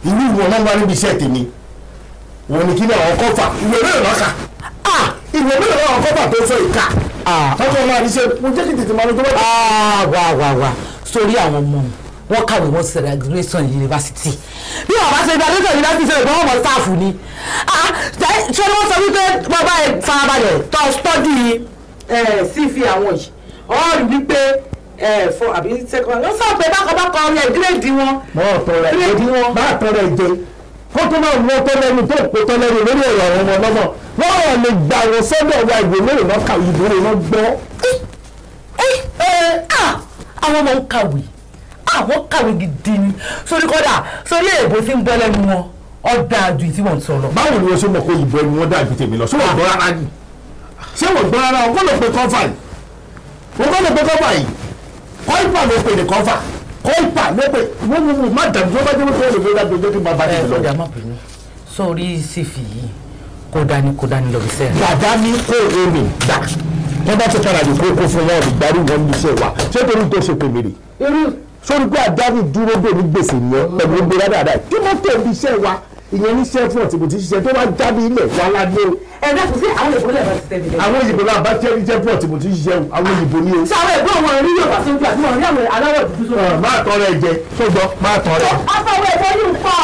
Speaker 3: ìlú ah, ìwọ̀n náà ń níbi iṣẹ́ tèmi wọ́n ní kí ni àwọn kọ́fà ìwé mélòó lọ́kà ìwé mélòó lọ́wọ́ kọ́fà tó sọ ìka tọ́jú ọmọ àdìsẹ́ mo jẹ́ kí tètè máa lọ tó bá tó.
Speaker 9: wà wà wà sórí àwọn ọmọ mi wọ́n kàwé wọ́n ṣe graduation university bí wọ́n bá ṣe graduation university ṣe ìgbọ́n wọn staff ni ṣé wọ́n sọ wípé bàbá ẹ̀
Speaker 8: farabalẹ̀ tó study CV àwọn yìí ọ̀rọ̀ wípé ẹ fọ àbí sẹkọọ lọ sọ pé bákan bákan ọmọ ẹ gírèdì wọn.
Speaker 3: wọn ò tọrọ ẹ gírèdì wọn. bá a tọrọ ẹ kó tó máa wọ tọ́lẹ́nu tó kó tọ́lẹ́nu lórí ọ̀rọ̀ àwọn ọmọ ọlọ́mọ wọ́n wà lè gbà wọ́n sọ́dọ̀ wa ìwé lórí wọn kà ìbò rẹ̀ wọ́n gbọ́. àwọn ọmọ ń kàwé àwọn kàwé gidi ni sórí kọ́dà sórí èèbó tí ń bọ́ lẹ́nu wọn ó dáa ju ìtí wọ́n ń sọ̀rọ̀. báwo ni wọ́n ṣe mọ̀ pé ìbò ẹni wọ́n dáa ju tèmi lọ ṣé wọ́n gbọ́ ni ṣé wọ́n gbọ́ rárá wọn kọ́ ló pe kọ́fà yìí wọ́n kọ́ ló pe kọ́fà yìí kọ́ ìpàdé pe ní kọ́fà kó gbà lépè wọ́n mú má dàbí wọ́n bá jẹ́ wípé olùgbé dàbí jẹ́ kí n
Speaker 9: bá bá ti lọ. ọjà má bínú sórí sífì yìí kó dání kó dání lọ bísẹ̀.
Speaker 3: dàdá ní kó èmi gbà wọ́n bá ti padà lè kó kó fún wọn olùgbàrí wọn bí iṣẹ́ wa ṣé torí tó ṣe pèmí sórí pé àdáhùn dúró dè ní gbèsè yẹn pẹ̀lú gbé dáadáa kí mọ́tò ibi iṣẹ́ wa ìyẹn ní sẹ́fù ọ̀tí mo ti ṣiṣẹ́ tó bá jáde ilẹ̀ wà ládé o. ẹ dákun sí àwọn òyìnbó lẹ́ẹ̀bá ti tẹ̀lé. àwọn òyìnbó náà bá tẹ́ ní sẹ́fù ọ̀tí mo ti ṣiṣẹ́ o àwọn òyìnbó ni o. ṣé àwọn ẹ̀gbọ́n wọn rí yorùbá tó ń gbà tí wọn rí àwọn aláwọ̀ dúdú sọ̀rọ̀. máa tọ́ rẹ jẹ tó gbọ́ máa tọ́ rẹ.
Speaker 2: afọwọ́ ẹ̀fọ́ yìí ń pọ̀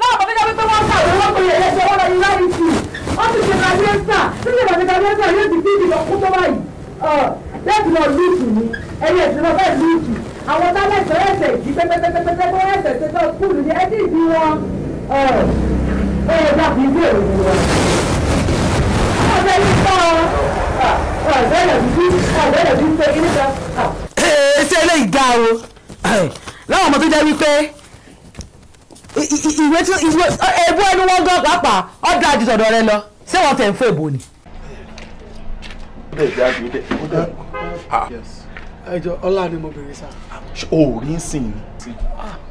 Speaker 10: láàbọ̀ bẹ́ẹ̀ wípé wọ́n ń kàwé wọ́n kò lè lẹ́sẹ̀ wọ́n lọ ní láyé sí i wọ́n ti ṣe kàdíẹ́sà nígbà tí kàdíẹ́sà yóò ti bíbí lọ kú tó báyìí láti lọ lùtù ni ẹni
Speaker 8: ẹ̀sìn lọ fẹ́ lùtù àwọn táwọn ẹ̀sẹ̀ ẹ̀sẹ̀ ìdí pẹ́pẹ́pẹ́pẹ́pẹ́ wọ́n ẹ̀sẹ̀ ṣe tó kúlù ní ẹ̀dí ìdí
Speaker 3: wọn ẹ ẹ dàbí ilé ìròyìn wa. ọ̀sẹ̀ yìí kọ́ ọ̀sẹ̀ yẹn ti ọ̀sẹ̀ yẹn ti ṣe kíní kan.
Speaker 8: ṣé eléyìí dáa o láwọn ọmọ tó jẹ́ wípé
Speaker 12: ìwé tí ebú ẹni wọ́n gan pàápàá ọ̀dà àjùtọ̀dọ̀ rẹ lọ ṣé wọ́n tẹ̀ ń fún èbó ni. ẹjọ ọlá ni mo bèrè sá.
Speaker 6: o ò rí sìn ni.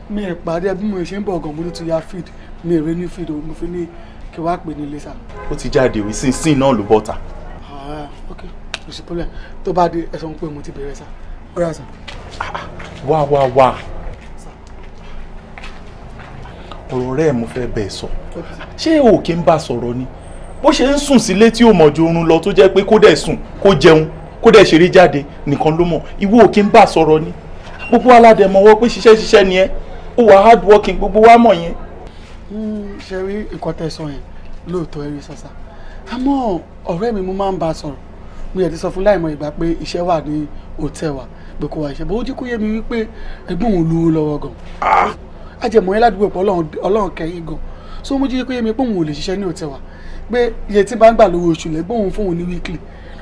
Speaker 12: mi ì pàdé bí mo ṣe ń bọ̀ ọ̀gàn mo ní tuya feed ní èrè ní fìdó mo fi ní kí wàá pè ní lẹ́sà.
Speaker 6: ó ti jáde òwe sí sí náà ló bọ́ta.
Speaker 12: Ah, ok kò sí pọ́lẹ̀ tó bá dé ẹ̀sán pé mo ti bẹ̀rẹ̀ sá ọ̀rẹ́ àṣà.
Speaker 6: wá wá wá ọ̀rọ̀ rẹ̀ mo fẹ́ bẹ̀ sọ ṣé òkè ń bá sọ̀rọ̀ ni bó ṣe ń sùn sílé tí ó mọ̀jọ oorun lọ tó jẹ́ pé kó dẹ̀ sùn kó jẹun kó dẹ̀ ṣeré jáde nìkan ló mọ̀ ìwọ òkè ń bá sọ̀rọ̀ ni gbogbo aládẹ̀mọ̀wọ́ pé ṣiṣẹ́ ṣiṣẹ́ ni ẹ ó wà hard working gbogbo wa mọ̀ yẹn
Speaker 12: ṣe rí nǹkan tẹ̀sán yẹn lóòótọ́ ẹ̀rí sọ́sà àmọ́ ọ̀rẹ́ mi mo máa ń bá a sọ̀rọ̀ mi ẹ̀ ti sọ fún láìmọ̀ ìgbà pé iṣẹ́ wà ní òtẹ́ wa pé kó wa iṣẹ́ bó jẹ́ kó yé mi wípé ẹgbọ́n òun lówó lọ́wọ́ gan ajẹmọ̀ ah! yẹn ládùúgbò pọ̀ ọlọ́run kẹ́yìn gan so mo jẹ́ kó yé mi pé òun ò lè ṣiṣẹ́ ní òtẹ́ wa pé iye tí bá ń gbà lówó oṣù lẹ́gbọ́n òun fóun ní weekly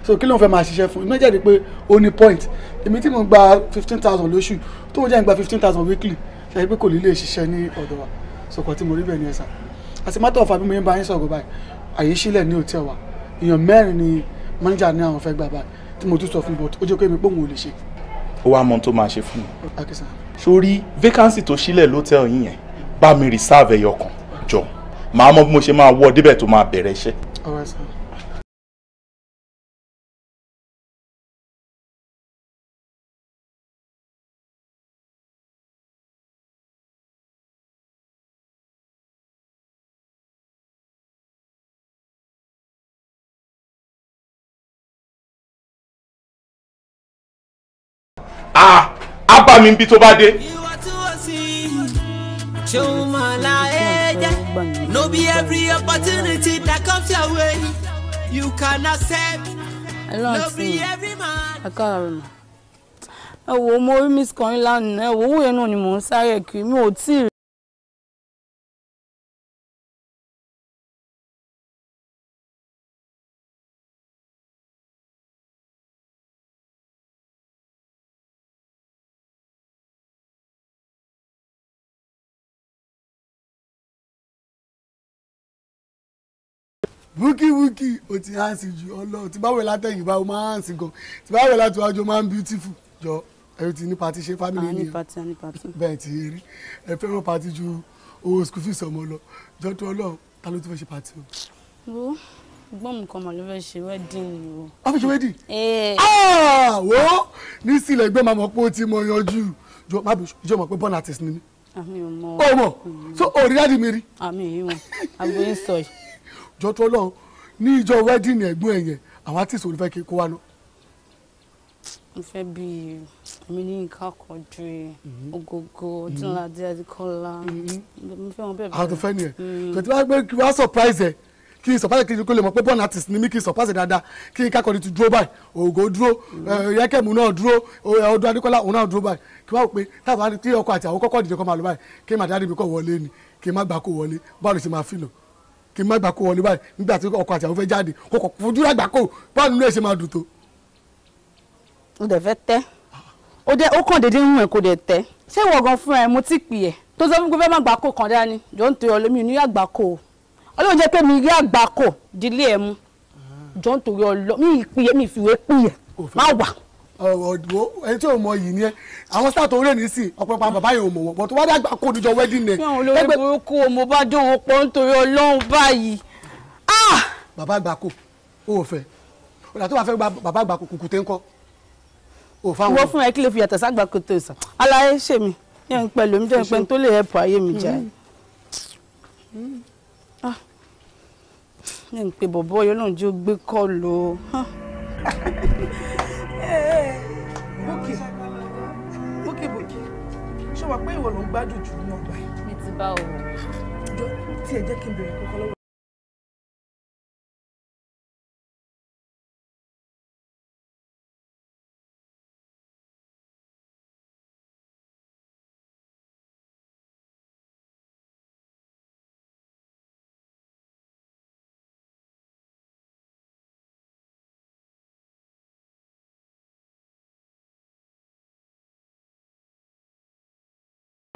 Speaker 12: so kí ló ń fẹ́ máa ṣiṣẹ́ fún iná jáde pé ó ní point èmi tí mo gba fifteen thousand lóṣù tó ń jẹ́ ń gba fifteen thousand weekly ṣe é pé kò ní lè ṣiṣẹ́ ní ọ̀dọ̀ wa sọkọ tí mo rí bẹ́ẹ̀ ni ẹ sà àti mátọ ọfà bí mo yẹn bá yín sọ̀rọ̀ báyìí àyè sílẹ̀ ní òtí ẹwà èèyàn mẹ́rin ni manager ní àwọn fẹ́ gbà báyìí tí mo tún sọ fún bọt ó jẹ́ pé mi pòun ò lè ṣe.
Speaker 6: ó wá mọ tó máa ṣe fún mi. sórí vacancy tó sílẹ̀ lótẹ́ẹ̀lì yín yẹn bá mi reserve ẹyọ kan jọ màá mọ bí mo ṣe máa wọ débẹ̀ tó máa bẹ̀rẹ̀ iṣẹ́. ọ̀rẹ́ sàn. bá mi bí tó bá dé.
Speaker 2: be every opportunity that comes your way you can accept. No be every I can't remember ẹ
Speaker 1: wo mo rí miss kan ńlá nìyẹn ẹ wo owó yẹn náà ni mò ń sáré kiri mi ò tí ì
Speaker 12: wíkíwíkí o ti hansi ju ọlọ́run tí báwo látẹ̀yìn báwo máa hansi gan tí báwo láti wájú máa ń beautiful jọ ẹ ti ní pati ṣe family ni bẹ́ẹ̀ ti rí ẹ fẹ́ràn pati ju owó school fees lọ jọ tó ọlọ́run ta ló ti fẹ́ ṣe pati
Speaker 8: o. gbọ́n mi kan mà ló fẹ́ ṣe wedding o.
Speaker 12: wọ́n fi ṣe wedding. Eh. Ah, wo ní sílẹ̀ gbé màmá pé ó ti mọ yanjú jọ má bẹ jọ mọ̀ pé born artist ni àmì ah, ò mọ̀. o mọ̀ so òrí dáàdi ah, mi rí. àmì yìí wọn jọ́tọ́ lọ́hùn ní ìjọ wẹ́dìnì ẹ̀gbọ́n ẹ̀ yẹn àwọn àtìsí olùfẹ́ kí kó wa lọ.
Speaker 8: mo fẹ́ bí mi ní nǹkan àkọ́jú Ògògó Ọdúnládé Adékọ́lá mhm. mo fẹ́ wọn bẹ́ẹ̀
Speaker 12: bẹ́ẹ̀. àwọn tó fẹ́ nìyẹn mm. gbé kí wàá surprise ẹ̀ kí n surprise kí n kó lè mọ̀ pé born artist ni mí kí n surprise dáadáa kí n kákọ́ni ti dúró báyìí ògo dúró mm. eh, yẹ́kẹ̀mú náà dúró ọdún eh, adékọ́lá òun náà dúró báyìí kí wàá pé táwọn tí ọkọ àti àwọn kọ́kọ́ dìde kọ́ máa lọ báyìí kí màdá níbi kọ́ wọlé ni kí n má gbà kó wọlé báwo ló ṣe máa fi nà kí n má gbà kó wọlé báyìí nígbà tí ọkọ àti àwọn fẹ́ jáde kó kọ fojú rà gbà kó báwo nínú ẹ ṣe máa dùn tó. o dẹ̀ fẹ́ tẹ́ o
Speaker 8: dẹ̀ ó kàn déédéé ń rìn kó dẹ̀ tẹ́ ṣé ìwọ gan fún ẹ mo ti pì ẹ tó sọ fún pé fẹ́ má gbà kó kàn dání jọ ń torí ọlọ́mí ní àgbà ọlọ́run jẹ́ pé mi rí àgbà dílé ẹ mu
Speaker 12: jọ ń torí ọlọ́mí ìpìyẹ mi ìfìwé pìyẹ má wà ọ̀dùnmọ́ ẹni tí ò mọ yìí ni ẹ àwọn sáà tó rẹ̀ ní sí ọ̀pọ̀ pa bàbá yẹn ò mọ̀ wọ́n bọ̀ tó wá dàgbà kó níjọ wedding night. fún olórí burúkú mo bá dùn ún pọ̀ nítorí ọlọ́run báyìí. Ah! bàbá àgbàkò ó fẹ́ ọ̀dà tó bá fẹ́ bàbá àgbàkò kùkù tẹ́ ń kọ́ ò fáwọn. wọ́n fún ẹ kí lè fi yàtọ̀
Speaker 8: ságbà kò tó sàn aláyé ṣe mi yẹn pẹ̀lú mi jẹ́ (laughs)
Speaker 1: gbádùn jù nínú ọgbà yìí. mi ti bá òun. jọ tí ẹ jẹ́ kí n bèrè kọ́kọ́ lọ́wọ́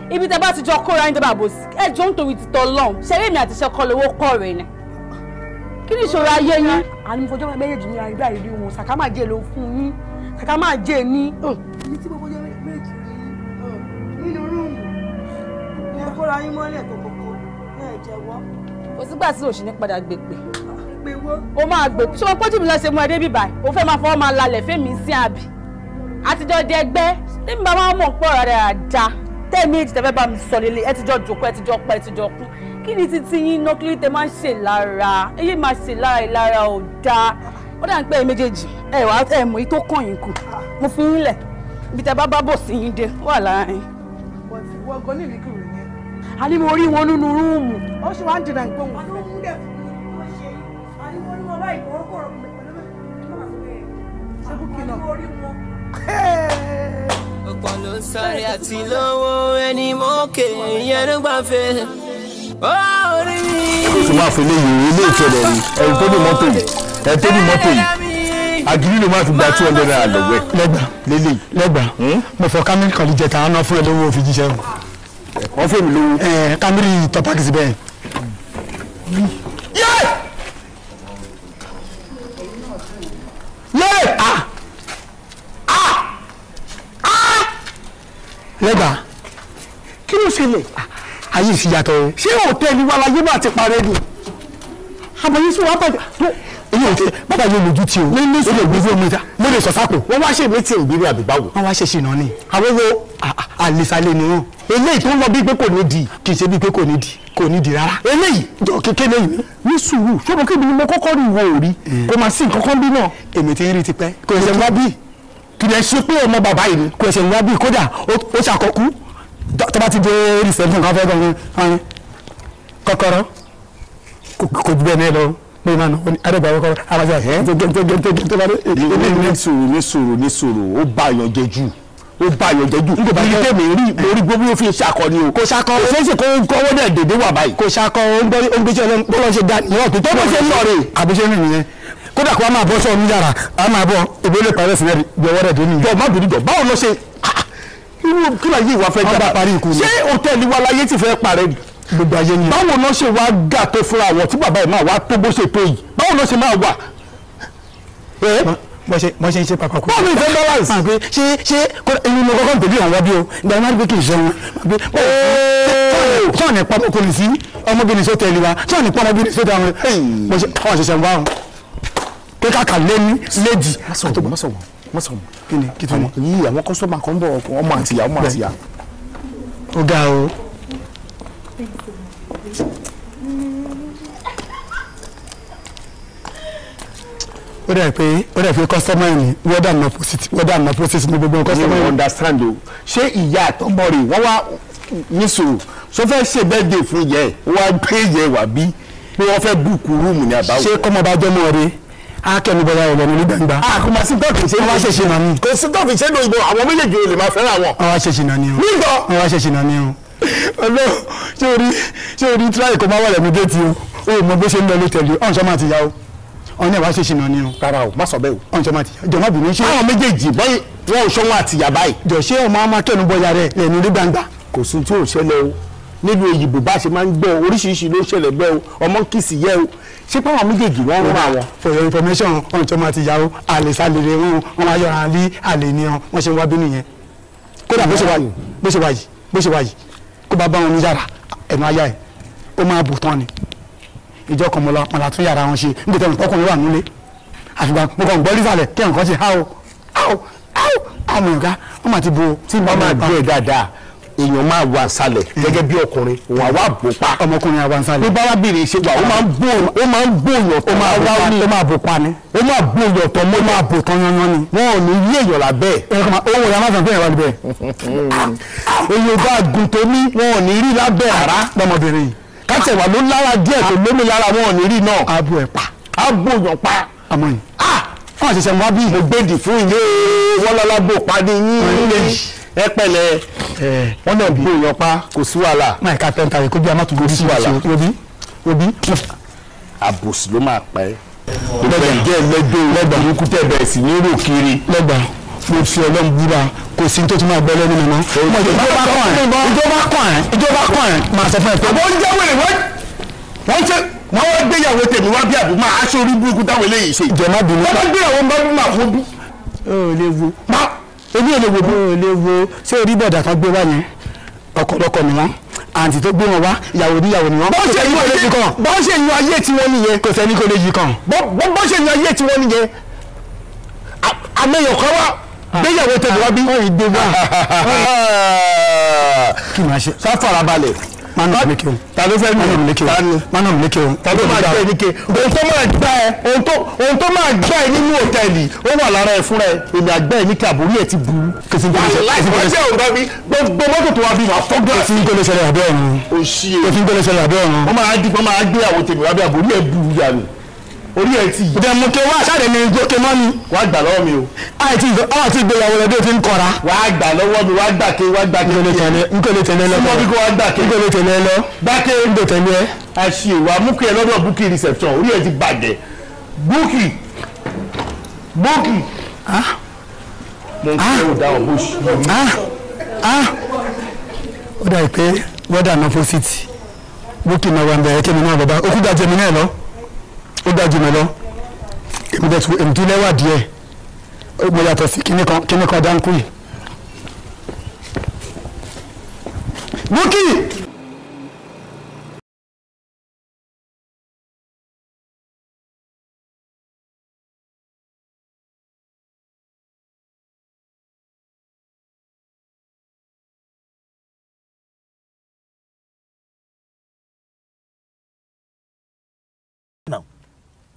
Speaker 1: ibi tẹ bá ti jọ kóra ẹni tẹ bá bò sí ẹ jọ ń torí
Speaker 8: títọ lọhùn ṣẹlẹ mi àti iṣẹ kọ lówó kọ rẹ ni kí ni ìṣòro ayé yín. àní mo fọjọ́ méjèèjì ní àrídá ìrírí wọn ṣàká máa jẹ ló fún yín ṣàká máa jẹ ní. ibi tí mo fọjọ́ méjèèjì nínú rúùmù ni ẹ kóra yín mọ́lẹ̀ kọ̀kọ̀kọ̀
Speaker 4: ní ẹ̀jẹ̀wọ́.
Speaker 8: kò sígbà tí òṣì ní padà gbèpè. o máa gbèpè ṣé o pọ́jú mi lọ mú ẹ débi o fẹ́ máa fọwọ́ máa lalẹ̀ fẹ́mi sí àbí àtijọ́ dẹgbẹ́ tẹ́mi bá máa mọ̀ pọ̀ tẹ́ẹ̀mí èjì tẹ́fẹ́ bá mi sọ lélẹ̀ ẹ ti jọ jòkó ẹ ti jọ pa ẹ ti jọ kú kí ni títí yín náà kílí tẹ máa ń ṣe lára èyí máa ṣe lára ìlara ò dáa ó dà ń pẹ́ méjèèjì ẹ wàá ẹ mọ̀ yìí tó kàn yín kù mo fi yín lẹ̀ ibi tẹ bá bá bò sí yín dé wà láàrin. wọ́n wọ́n gan ní ìrìkìrì yẹn.
Speaker 10: a ní mo rí wọn nínú
Speaker 9: rúùmù. ó ṣe wá ń dènà ìgbóhùn. àwọn ọmọ múlẹ̀ fún mi ló ṣe àní mo rí wọn báyìí kọ̀ọ̀kọ̀ọ̀
Speaker 2: pọ̀ ló ń sáré àti lówó ẹni mọ́kè ìyẹn ló ó
Speaker 3: rí mi. ó sì máa fi léyìn ilé ìkẹlẹ ni ẹni tó ní mọ́tò yìí ẹni tó ní mọ́tò yìí àgìrí ló máa fi gba two hundred naira lọ́wọ́ lẹ́gbà lélẹ̀ lẹ́gbà hmm? mo fọ kámẹ́rì kan jẹ tàn án náà fún ẹ lówó òfin jíṣẹ́ o. wọ́n fẹ́ lówó. ẹ kámẹ́rì tọ́pákì síbẹ̀. yẹ́ẹ̀. yẹ́ẹ̀. lẹ́gbàá kí ló ṣẹlẹ̀ ayé ìsìyàtọ̀ rẹ ṣé òtẹ́ẹ̀lì wa la yé bá ti parẹ́ ni àbẹ̀yẹ sí wa bàjẹ́ tó èyí ò tẹ bàbá yóò lójú tí o ní ní sọ èmi fún mi ta mo lè sọ sápò. wọ́n wá ṣe mítìn ìbírí àbíbáwò. wọ́n wá ṣe ṣìnà ni. àwọn wo àlìsàlẹ̀ ni wọn. eléyìí tó ń lọ bíi pé kò ní di kì í ṣe bíi pé kò ní di kò ní di rárá. eléyìí jọ kékeré yìí ní kì í ṣe pé ọmọ bàbá yìí ni kò ẹsẹ̀ ìyá bíi kódà ó ṣàkókú tó bá ti dé rìsẹ̀pṣọ̀n kan fẹ́ gan-an kọ́kọ́rọ́ kò ju bẹ́ẹ̀ náà lọ ní ìmọ̀ náà adébáyé kọ́kọ́rọ́ abájá ẹ̀ tó bá dé. ní sòrò ní sòrò ní sòrò ó bá àyàn jẹ jù ó bá àyàn jẹ jù ní tèmi rí lórí gbogbo fi ṣàkọ ni o. kò ṣàkọ o ṣeéṣe kó ń kọ́wọ́ náà dèdè wà báyìí. kò ṣàkọ o ń gbé ṣe ọlọ́run bó lọ ṣe dá níwọ̀n tó tó bó ṣe ń lọ rè. àbúṣe rìn nìyẹn kódà kó a máa bọ́ sọ́ọ̀nù yàrá a máa bọ́ ìbílẹ̀ parí ẹ̀sìn rẹ̀ jọ̀wọ́ rẹ̀ dé nìyẹn. jọ má bìrì jọ báwo lọ ṣe irú kí láyé ìwà fẹ́ jà ṣé òtẹ́ẹ̀lì wa láyé ti fẹ́ parẹ́ gbogbo ayé ni. báwo lọ ṣe wá gà tó fúnra àwọn tí bàbá yìí máa wá tó bó ṣe tó yìí báwo lọ ṣe máa wà mọ̀ṣẹ́ mọ̀ṣẹ́ ṣe pàpà kú. bọ́ọ̀lù ìfẹ́ balance. máa gbé ṣé ṣé ẹni mo kọ́kọ́ bèbí àwọn wábí o ìgbà máa gbé kì í ṣẹun. sọ̀ọ̀nì pamọ́ kò ní sí ọmọbìnrin sọ́tẹ̀ẹ́lì wa sọ̀ọ̀nì pamọ́ bìnrin sọ́tẹ̀ àwọn ọ̀ṣẹ̀ṣẹ̀ ń bá wọn pé kàkà lẹ́ni lédi. mọ́sọ̀rọ̀ mọ́sọ̀rọ̀ mọ́sọ̀rọ̀ kí ni kí tó mọ̀. yìí àwọn kọ́sọ́mà kan ń bọ̀
Speaker 6: ọmọ àtìyà ọmọ àtìyà. ó ga o.
Speaker 3: ó dà pé ó dà pé kọ́sọ́mà yìí ni wọ́dà nà pósìtì wọ́dà nà pósìtì ní gbogbo kọ́sọ́mà yìí. you understand o ṣé ìyá àtọ́mọ rẹ̀ wọ́n wá nísòro sọ fẹ́ ṣe bẹ́ẹ̀dẹ̀ fún yẹ wọ́n á gbé yẹ wà bí pé wọ́n fẹ́ búùkù rúùmù ní àbáwọ̀. ṣé kọ́mọba jọmọ rẹ̀ akẹnubọlá ẹ̀rọ ní gbangba. a ah, kò máa sí tọ́ọ̀kì ṣe wá ṣèṣì náà ni. kò sí tọ́ọ̀kì ṣe dòyìnbó àwọn méjèèjì ò lè máa fẹ́ràn àwọn. àwa ṣèṣì náà ni o. nígbà. àwa ṣèṣì náà ni o. ọlọ ṣé orí ṣé orí tíráyì kò máa wà lẹ́nu géètì o o mọ bó ṣe ń lọ ló tẹ̀lé ọ̀n sọ máa ti yá o ọ̀n náà wá ṣèṣì náà ni o. rárá o má sọ bẹ́ẹ̀ o. ọ̀n máa ti yá jọ̀mọ́ bìnrin ṣé. àwọn méjèèjì bọ́yì wọn ò ṣọ́ wọn jọ̀ṣẹ́ ọmọ amákẹ́nubọ̀yà rẹ̀ lẹ́nu rí nílùú òyìnbó bá ṣe máa ń gbọ́ oríṣiríṣi ló ṣẹlẹ̀ gbẹ o ọmọ kìsì yẹ o ṣé pé méjèèjì wọn rún àwọn. for your information ọ̀n tó máa ti yà ó àlè sálèrè wọn wọn máa yọra lé àlè ni wọn ṣe ń wá bínú yẹn kódà bó ṣe wà yìí bó ṣe wà yìí bó ṣe wà yìí kó bá bá wọn ní yàrá ẹnu ayá ẹ ó máa bù tán ni ìjọ kan mọ̀lá tún yàrá wọn ṣe níbi tẹ̀wọ̀n èèyàn máa wà nsàlẹ̀ gẹ́gẹ́ bí ọkùnrin òun àwa bò pa ọmọkùnrin àwa nsàlẹ̀ bí báwa bèrè ṣe wà ó máa ń bò yọ̀tọ̀ ó máa wá ní ó máa bò pa ni ó máa bò yọ̀tọ̀ mọ́ ó máa bò tán yanyan ni wọn ò ní yí èèyàn lábẹ́ owó ìyá máa fẹ́ wà níbẹ̀ èyí bá gùn tó ní wọn ò ní rí lábẹ́ ara lọ́mọbìnrin yìí kátẹ̀ wà ló lára díẹ̀ tó lómi lára wọn ò ní rí náà abo ẹ̀ pa abo yọ̀ pa àmọ́ yìí ah! fún àṣẹṣẹ wọn bí mo gbèdì fún ilé wọlọlábò padì yín lè yìí ẹ pẹ̀lẹ́ wọn náà bí èèyàn pa kò sí wàhálà. máa ká tẹ́ ń ta ìkóbi amátú kò sí wàhálà obi obi. àbòsí ló máa pa ẹ́. lọ́gbà jẹ́ lẹ́gbẹ́ lọ́gbà mú kútẹ́ bẹ̀rẹ̀ sí ní rò kiri. lọ́gbà mo fi ọlọ́run búra kò sí tó ti máa gbọ́ lẹ́nu mọ́. ìjọba kàn ẹ́ ìjọba kàn ẹ́ ìjọba kàn ẹ́ máa sọ fún ẹ pé. àbọ̀ ń jẹ́ wèrè wọ́n ṣe wọ́n wá gbéyàwó tèmi wá bí àbúrò máa aṣọ orí burúkú táwọn eléyìí ṣe. ìjọba bínú pa wọ́n gbéyàwó ń bá bí màá fọ́ bí. ó léwu. máa èmi ò lè wo mi ò lè wo ṣé orí bọ̀dà kan gbé wá yẹn ọkọlọkọ ni wọn àǹtí tó gbé wọn wá ìyàwó níyàwó ni wọn. bó ṣe yín ayé kan bó ṣe yín ayé tiwọn nìyẹn. kò sẹ́ni kò lè yí kan. bó ṣe yín ayé tiwọn nìyẹn àmẹ́yọ̀ kan wá ah. gbéyàwó tẹ̀lé wá bí. (laughs) kí máa ṣe. sáfàrà manu mileke o. ta ló fẹ́ manu mileke o. manu mileke o. ta ló máa gbá ẹ níke ohun tó máa gbá ẹ ohun tó máa gbá ẹ nínú òtẹ́ẹ̀lì ó wà lára ẹ fúnra ẹ èmi àgbá ẹ níke àbórí ẹ ti bu. kìsìn tó lè ṣe ọjọ́ òun bá mi gbogbo mọ́tò tó wà bí wà fọ́gbà. kìsìn tó lè ṣẹlẹ̀ àbẹ́ ọ̀run. kìsìn tó lè ṣẹlẹ̀ àbẹ́ ọ̀run. wọ́n máa orí ti yìí. dẹ̀mùkẹ́ wá sáré ní gòkè mọ́ mi. wàá gbà mi o. àìtí àwọn ti gbéyàwó rẹ̀ bí o ti ń wàá gbà lọ́wọ́ mi wàá gbà ké wàá gbà ké. tẹ̀lé lọ. wàá gbà ké. tẹ̀lé lọ. dáké wà ẹ lọ́dọ̀ búkì reception orí ẹ ti bàjẹ́ búkì búkì. Ah. mo ah. ah. ó dà náà fọ́ síìtì búkì náà wà ń kí ó dájú mi lọ èmi dẹ̀ tún èmi tún lẹ́wà díẹ̀ ó mo yàtọ̀ sí kíní kan kíní kan dáńkù yìí. búkì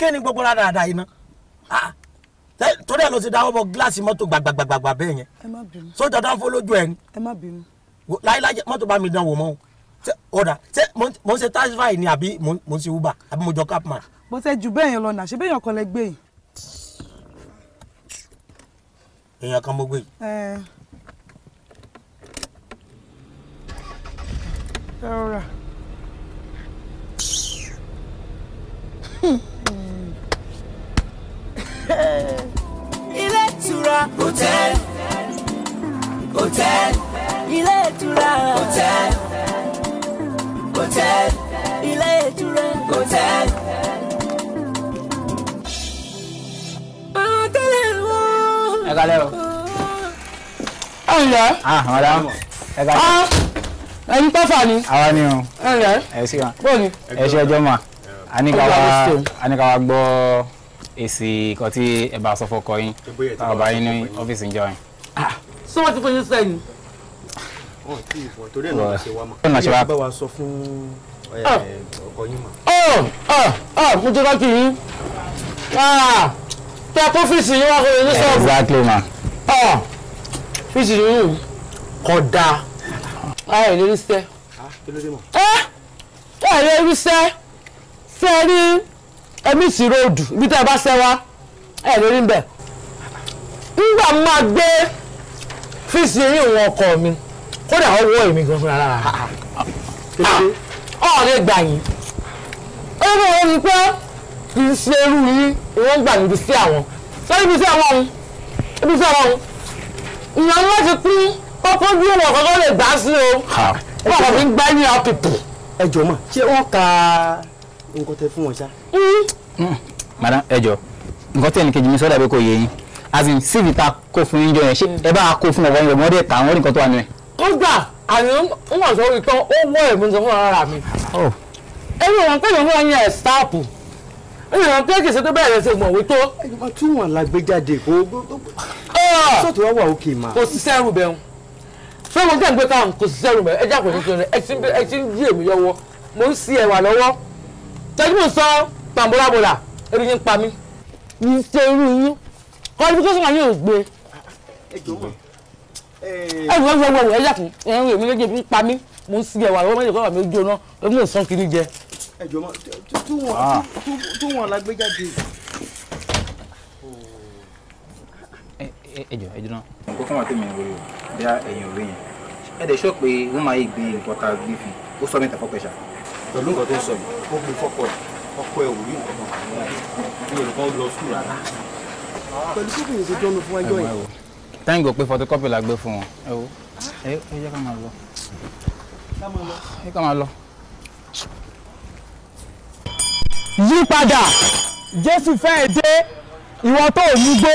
Speaker 3: kí ni gbogbo rárá rárá yìí náà ah, torí ẹ ló ti dáwọ́ bọ gíláàsì mọ́tò gbàgbàgbàgbà bẹ́ẹ̀ yẹn sójà tó ń fọ́ lójú ẹ ni láyélájẹ mọ́tò bá mi dán wò mọ́ o ọ̀dà ṣé mo ń ṣe taxify ni àbí mo ń ṣe uber àbí mo jọ capman. mo ṣe jù bẹ́ẹ̀ yẹn lọ nà ṣé bẹ́ẹ̀ yẹn kọ́ lẹ gbé yìí. èèyàn kan mo gbé yìí.
Speaker 7: ẹ rọra. (laughs)
Speaker 2: ilé ìtura hotel hotel ilé ìtura hotel hotel ilé ìtura hotel. ẹ kalẹ o.
Speaker 9: ẹ ǹlẹ́. ah madam ẹ kalẹ. ah ẹyin pẹ́fà ni. àwa ni o. ẹ ǹlẹ́. ẹ sí wa. bóyá ni. ẹ ṣe ọjọ́ mọ́ a ní ká wá gbọ́ èsì kan tí ẹ bá sọ fọkọ yín táwọn yín ní ọ́fíìsì ń yín.
Speaker 8: Ah, ṣé wọ́n ti fún yín sẹ́yìn.
Speaker 12: torí ẹ̀ náà
Speaker 9: ṣe wá
Speaker 3: bá wa sọ fún ah! ọkọ yín mọ́. ọ ọ ọ mo jẹ́ lọ́kì yín ah, tẹ kófíìsì yín wá kó yín ní exactly ma. ọ fíìsì yín kò dáa. ayọ̀ lórí sẹ́. ẹ ẹ lórí sẹ́ sẹ́rí. Emisi Road ibi tẹ́ ẹ bá ṣẹ́ wá ẹ lè rí bẹ́ẹ̀ nígbà máa gbé fíìsì eyín òun ọkọ mi kódà ọwọ́ èmi gan fúnra rárá ọ̀rẹ́ ah, ah, ah. gbà yín ó ní òun ní pé kì í ṣe irú yín wọ́n gbà níbi sí àwọn sọ́yìn ibi sí àwọn ọ̀hún ibi sí àwọn ọ̀hún ìyàn ńlá ti kú kọ́kọ́ bí òun ọ̀kọ́kọ́ lè gbà sí o bọ́ọ̀kọ́ fi ń gbá yín àwọn pìpù. ẹ jọ̀ọ́ mà ṣé wọ́n ka nǹkan tẹ fún wọn ṣáá.
Speaker 9: Mm. madam ẹ jọ nǹkan tẹ̀ ní kejì mi sọ́dà pé kò yé yín as in cv ta kó fún yín jọ yẹn ṣé ẹ bá kó fún ọ̀wọ́ yín ọmọdé ẹ̀ka àwọn nǹkan
Speaker 3: tó wà nílẹ̀. wọ́n gbà àní ń wà sọ wípé ó wọ ẹ̀mú sọ fún ara mi. Oh. ẹ bí wọn pè mí fún ọyàn ẹ̀ sáàpù ẹ bí wọn pè kì í ṣe tó bẹ̀rẹ̀ ṣe mọ̀wé tó. ẹ má tún wọn lágbèjáde kó ah! sọ́ọ̀tù wá wà òkè mà. kò sí sẹ́rù bẹ́ẹ̀ fẹ́ wọn jẹ́ ìgbé káwọn kò sí sẹ́rù bẹ́ẹ̀ ẹ jẹ́ àpò ìṣòro ẹ ti ń yé pàmbólábòlà eré yín pa mí ní ṣe irú yín qualification àyè ò gbé ẹ̀rù ọ̀gbọ̀n ọ̀gbọ̀n ẹ̀yà kù ẹ̀rù èmi lójú èmi pa mí mo ń sin ẹ̀wà lọ́wọ́ méjì kọ́ wà mí ó jóná èmi ò sàn kiri jẹ. ẹ jọ mọ tú wọn ẹ
Speaker 6: jọ ẹ jọ náà. nǹkan kan tó mi ń wọlé o bí a ẹ̀yìn
Speaker 9: òwe yẹn ẹ dẹ̀ sọ pé wọ́n máa yé gbé nǹkan gbé fún un ó sọ mi tàkọ́ pẹ̀ṣà pẹ̀lú nǹkan tó
Speaker 11: ń sọ yìí ó gbé fọ́pọ̀ yìí ọkọ ẹ wò rí nǹkan kan ní olùkọ́ lọ sùúrù rárá.
Speaker 4: pẹ̀lú kókò yìí tó dánú fún
Speaker 12: ẹjọ́ yìí.
Speaker 11: thank God pé photocopy la gbé fún wọn ẹ wo
Speaker 9: ẹ yẹ ká máa lọ ẹ ká máa lọ. yípadà jésù fẹ́ dé
Speaker 3: ìwọ tó ò ní gbó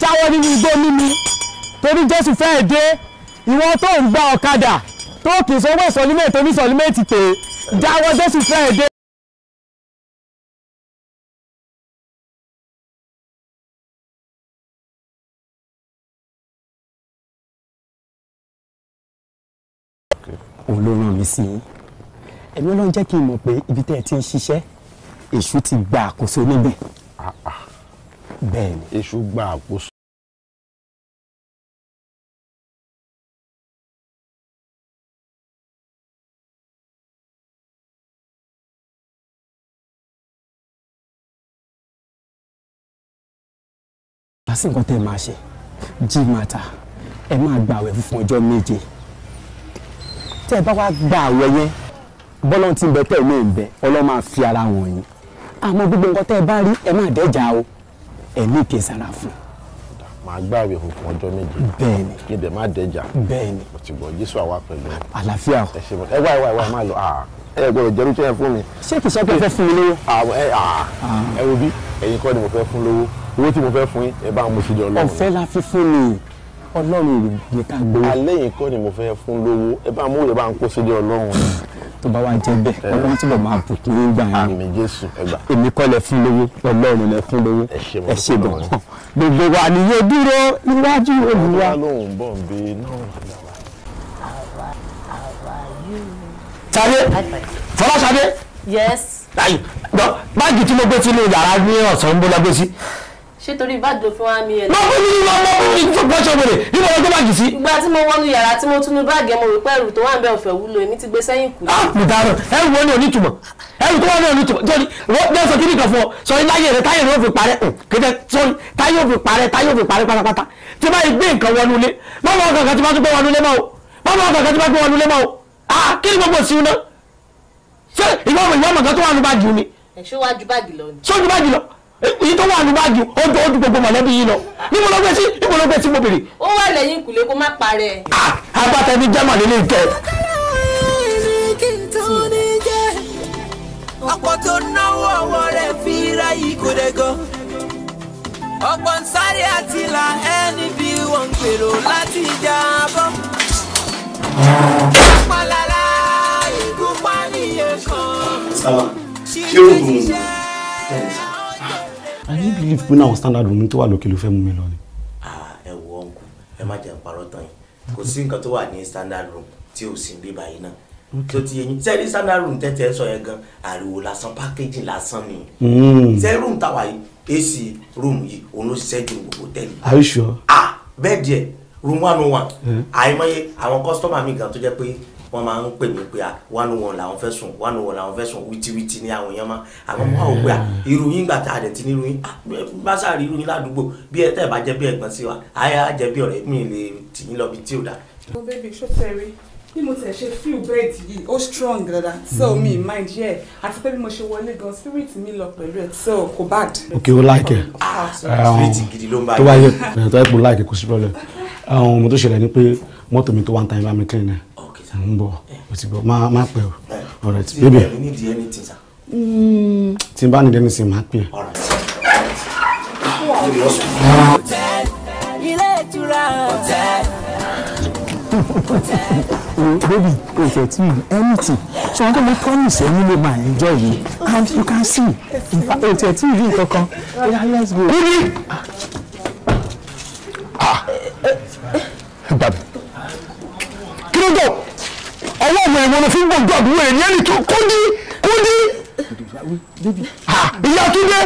Speaker 3: jáwọ́ nínú igbó mímu torí jésù fẹ́ dé ìwọ tó ń gba ọ̀kadà tó kì í sọ owó ìsọ̀límẹ̀ tó ní jáwọ́
Speaker 1: jésù fẹ́ dé.
Speaker 3: yìí sí i ẹ̀mí ọlọ́run jẹ́ kí n mọ̀ pé ibi tẹ́ ẹ ti ń ṣiṣẹ́ èṣù ti gba àkóso níbẹ̀
Speaker 1: bẹ́ẹ̀ ni èṣù gba àkóso.
Speaker 3: lásìkò tẹ́ ẹ máa ṣe jí mata ẹ máa gbàwẹ̀ fún ọjọ́ méje tẹ́ ẹ bá wá gba àwẹ̀ yẹn bọ́lọ́n ti bẹ tẹ́ ẹ
Speaker 5: náà bẹ ọlọ́run máa fi ara wọn yín
Speaker 3: àmọ́ gbogbo nǹkan tẹ́ bá
Speaker 5: rí ẹ má dẹ́jà o ẹ ní ìkẹsàrà fún. màá gbààwẹ̀ òkun ọjọ́ méje bẹ́ẹ̀ni kí ibẹ̀ má dẹ́jà bẹ́ẹ̀ni mo ti gbọ́ jésù àwa pẹ̀lú àlàáfíà o ẹ ṣe bọ ẹ wá ẹ wá ẹ wá má lọ
Speaker 3: ẹ gbọ́dọ̀ jẹrú tí ẹ fún mi. ṣé kìí sọ pé fẹ́ fún mi lówó. ẹ wo bí ẹ̀yin kọ́ ni mo fẹ́ fún lówó
Speaker 5: owó tí mo fẹ́ fún yín ẹ bá mo ṣe jọ lọ́wọ́. ọ̀fẹ́
Speaker 3: la fi fún mi ọlọ́run ò jẹ́ ká
Speaker 5: gbowó. alẹ́ yìí kọ́ ni mo fẹ́ fún lówó ẹ bá mú ìyẹn bá ń kó sílé ọlọ́run tó bá wá jẹ bẹ́ẹ̀ Ọlọ́run
Speaker 3: tí mo máa bùkún nígbà yẹn àmì Jésù ẹgbà èmi kọ́ lẹ fún lówó Ọlọ́run lẹ fún lówó ẹ ṣe bọ gbogbo wa nìyẹn dúró níwájú Olúwa. Ṣadé Fọláṣadé. yes. báàgì tí mo gbé sínú yàrá ní ọ̀sán ń bó lọ gbé sí
Speaker 8: ṣé torí báàgì ló fi wá mi ẹ̀. máa fún mi ní ọmọ fún mi tó bọ́ṣọ wèrè nínú ọjọ́ báàgì sí. ìgbà tí mo wọnú yàrá tí mo tún ní báàgì mo rò pé ẹrù tó wà ń bẹ ọ̀fẹ́ wúlò èmi ti gbé sẹ́yìn kù. a
Speaker 3: ah, mo dáná ẹrù wọn ní onítùmọ̀ ẹrù tó wà ní onítùmọ̀ torí wọ́n sọ kíni kan fún ọ sọ ní láyé rẹ táyé rẹ ó fi parẹ́ kété sọrí táyé ó fi parẹ́ táyé ó fi parẹ́ pátápátá tí bá gbé nǹkan wọnú ilé báwọn ọkàn kan ti ah, tó wà ní báàgì ni.
Speaker 8: ẹ̀ṣọ́ wájú báàgì lọ ni.
Speaker 3: ṣọ́jú báàgì lọ èyí tó wà ní báàgì ó dùn ó dùn gbogbo mọ̀lẹ́bí yìí lọ ní mo lọ gbé sí ní mo lọ gbé sí mo bèrè.
Speaker 8: ó wà lẹ́yìn kùlé kó má parẹ́.
Speaker 3: agbátẹ ní german lè kẹ.
Speaker 2: ọ̀pọ̀ tó náwó ọwọ́ rẹ̀ fi ráyè kò dẹ́gọ́ ọ̀pọ̀ ń sáré àti là ẹni bí wọ́n ń gbèrò láti ìjà bọ́. pálára ikú pànìyàn kan.
Speaker 3: sábà kí
Speaker 6: I don't believe pé náà standard room tó wa loke lo fẹ́ mú mi lọ ni.
Speaker 3: Ah, ẹ wo ọ̀nkù ẹ má jẹ́ parọ́ tán yìí kò sí nǹkan tó wà ní standard room tí ò sí bíbá yìí náà tó ti yẹ yín sẹ́ẹ̀rí standard room tẹ́tẹ́ sọ yẹn gan ariwo lásán packaging lásán ni sẹ́ẹ̀rí hmm. room táwa yìí AC room yìí òun ló ṣiṣẹ́ ju gbogbo tẹ́lẹ̀.
Speaker 12: Are you sure? ah
Speaker 3: bẹ́ẹ̀ díẹ̀ room one oh one eh. àìmọye àwọn customer mi gan tó jẹ́ pé wọ́n máa ń pè mí pé one oh one làwọn fẹ́ sùn one oh one làwọn fẹ́ sùn wìtìwìtì ni àwọn èèyàn máa àwọn ọmọ àwọn òpè à irú yín gbà tá a dẹ̀ ti ní irú yín bá sáà rí irú ládùúgbò bí ẹ tẹ́ ẹ bá jẹ́ bí ẹ̀gbọ́n sí wa ayé á jẹ́ bí ọ̀rẹ́ mi lè tì yín lọ bí tí ò dá.
Speaker 8: mo bẹ́ẹ̀ bí ṣó fẹ́ bí mo tẹ̀ ṣe feel bẹ́ẹ̀dì yìí ó strong dada so mm. mi hmm. mind yẹ àti pé bí mo ṣe wọlé gan spirit mi lọ pẹ̀lú ẹ̀ so kò bad. ok o like ẹ ah,
Speaker 12: ah, um, tó bá yẹ tó bá yẹ kò sí problem um, mo tó ṣẹlẹ̀ mi tó wà ń ta ẹ̀ bá mi clean ẹ̀ à ń eh. o ti bọ̀ máa máa pẹ́ o eh. all right baby hmm. tí n bá nílẹ̀ nísìnyí máa pẹ́.
Speaker 3: ilé ìtura baby o fẹ́ tí anything so wọn kò mọ promise ẹni ló máa enjoy yìí and you can see o tẹ ìlú kankan yeah let's go. ah gbàgbé kí ló dọ̀ ọwọ́ wèrè wọn fi ń gbọ́ gbọ́ wèrè ní ẹni tó kúndí kúndí. ìyá túndé.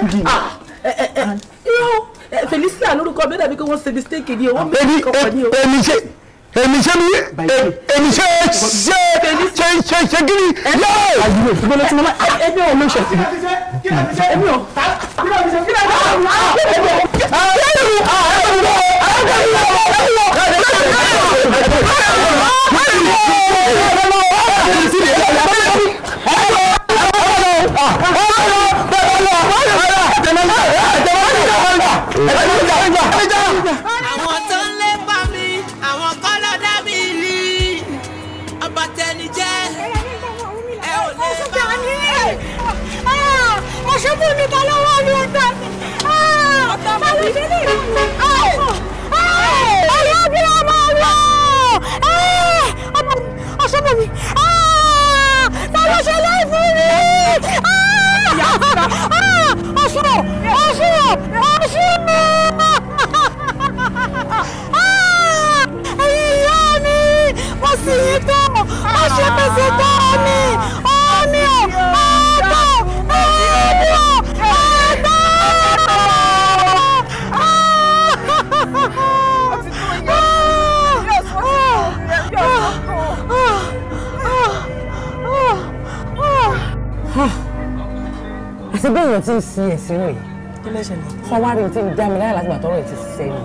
Speaker 8: Felicia lórúkọ mi dàbí pé wọ́n ṣe mistake ni o wọ́n mi kọ̀ọ̀kan ni o. èmi ṣe èmi ṣe
Speaker 3: mi èmi ṣe ṣe ṣe ṣe ṣe gini yóò. àyùrò ìfúgbọ́n lọ́tí mọ́lá ẹbí ọ̀ ló ṣe sí. ẹbí ọ̀ ẹbí ọ̀
Speaker 1: àwọn tó ń lé bá mi
Speaker 2: àwọn kọ́ ló dá mi rí ọba tẹni jẹ́ ẹ ò lè bá mi rí. ọ̀ṣọ́gbó mi ta lọ́wọ́ mi ọ̀tá mi ọ̀tá
Speaker 7: mi ọ̀yọ́ mi ọmọ ọ̀rọ̀ ọ̀ṣọ́gbó mi ta ló ṣe láì fún mi. ọ̀ṣun ọ̀ṣun ọ̀ṣun mi. ẹ̀yin ìyá mi mo sì yí tó mo ṣe pèsè tó mi omi ọ̀ ọ̀tọ̀ ẹ̀mí ọ̀.
Speaker 9: ṣé bí èèyàn ti ń sin ẹ̀sìn rẹ̀ fọwárí o ti ń
Speaker 3: dá mi láyà láti gbàtọ́rọ̀ ẹ̀ ti ṣẹlẹ̀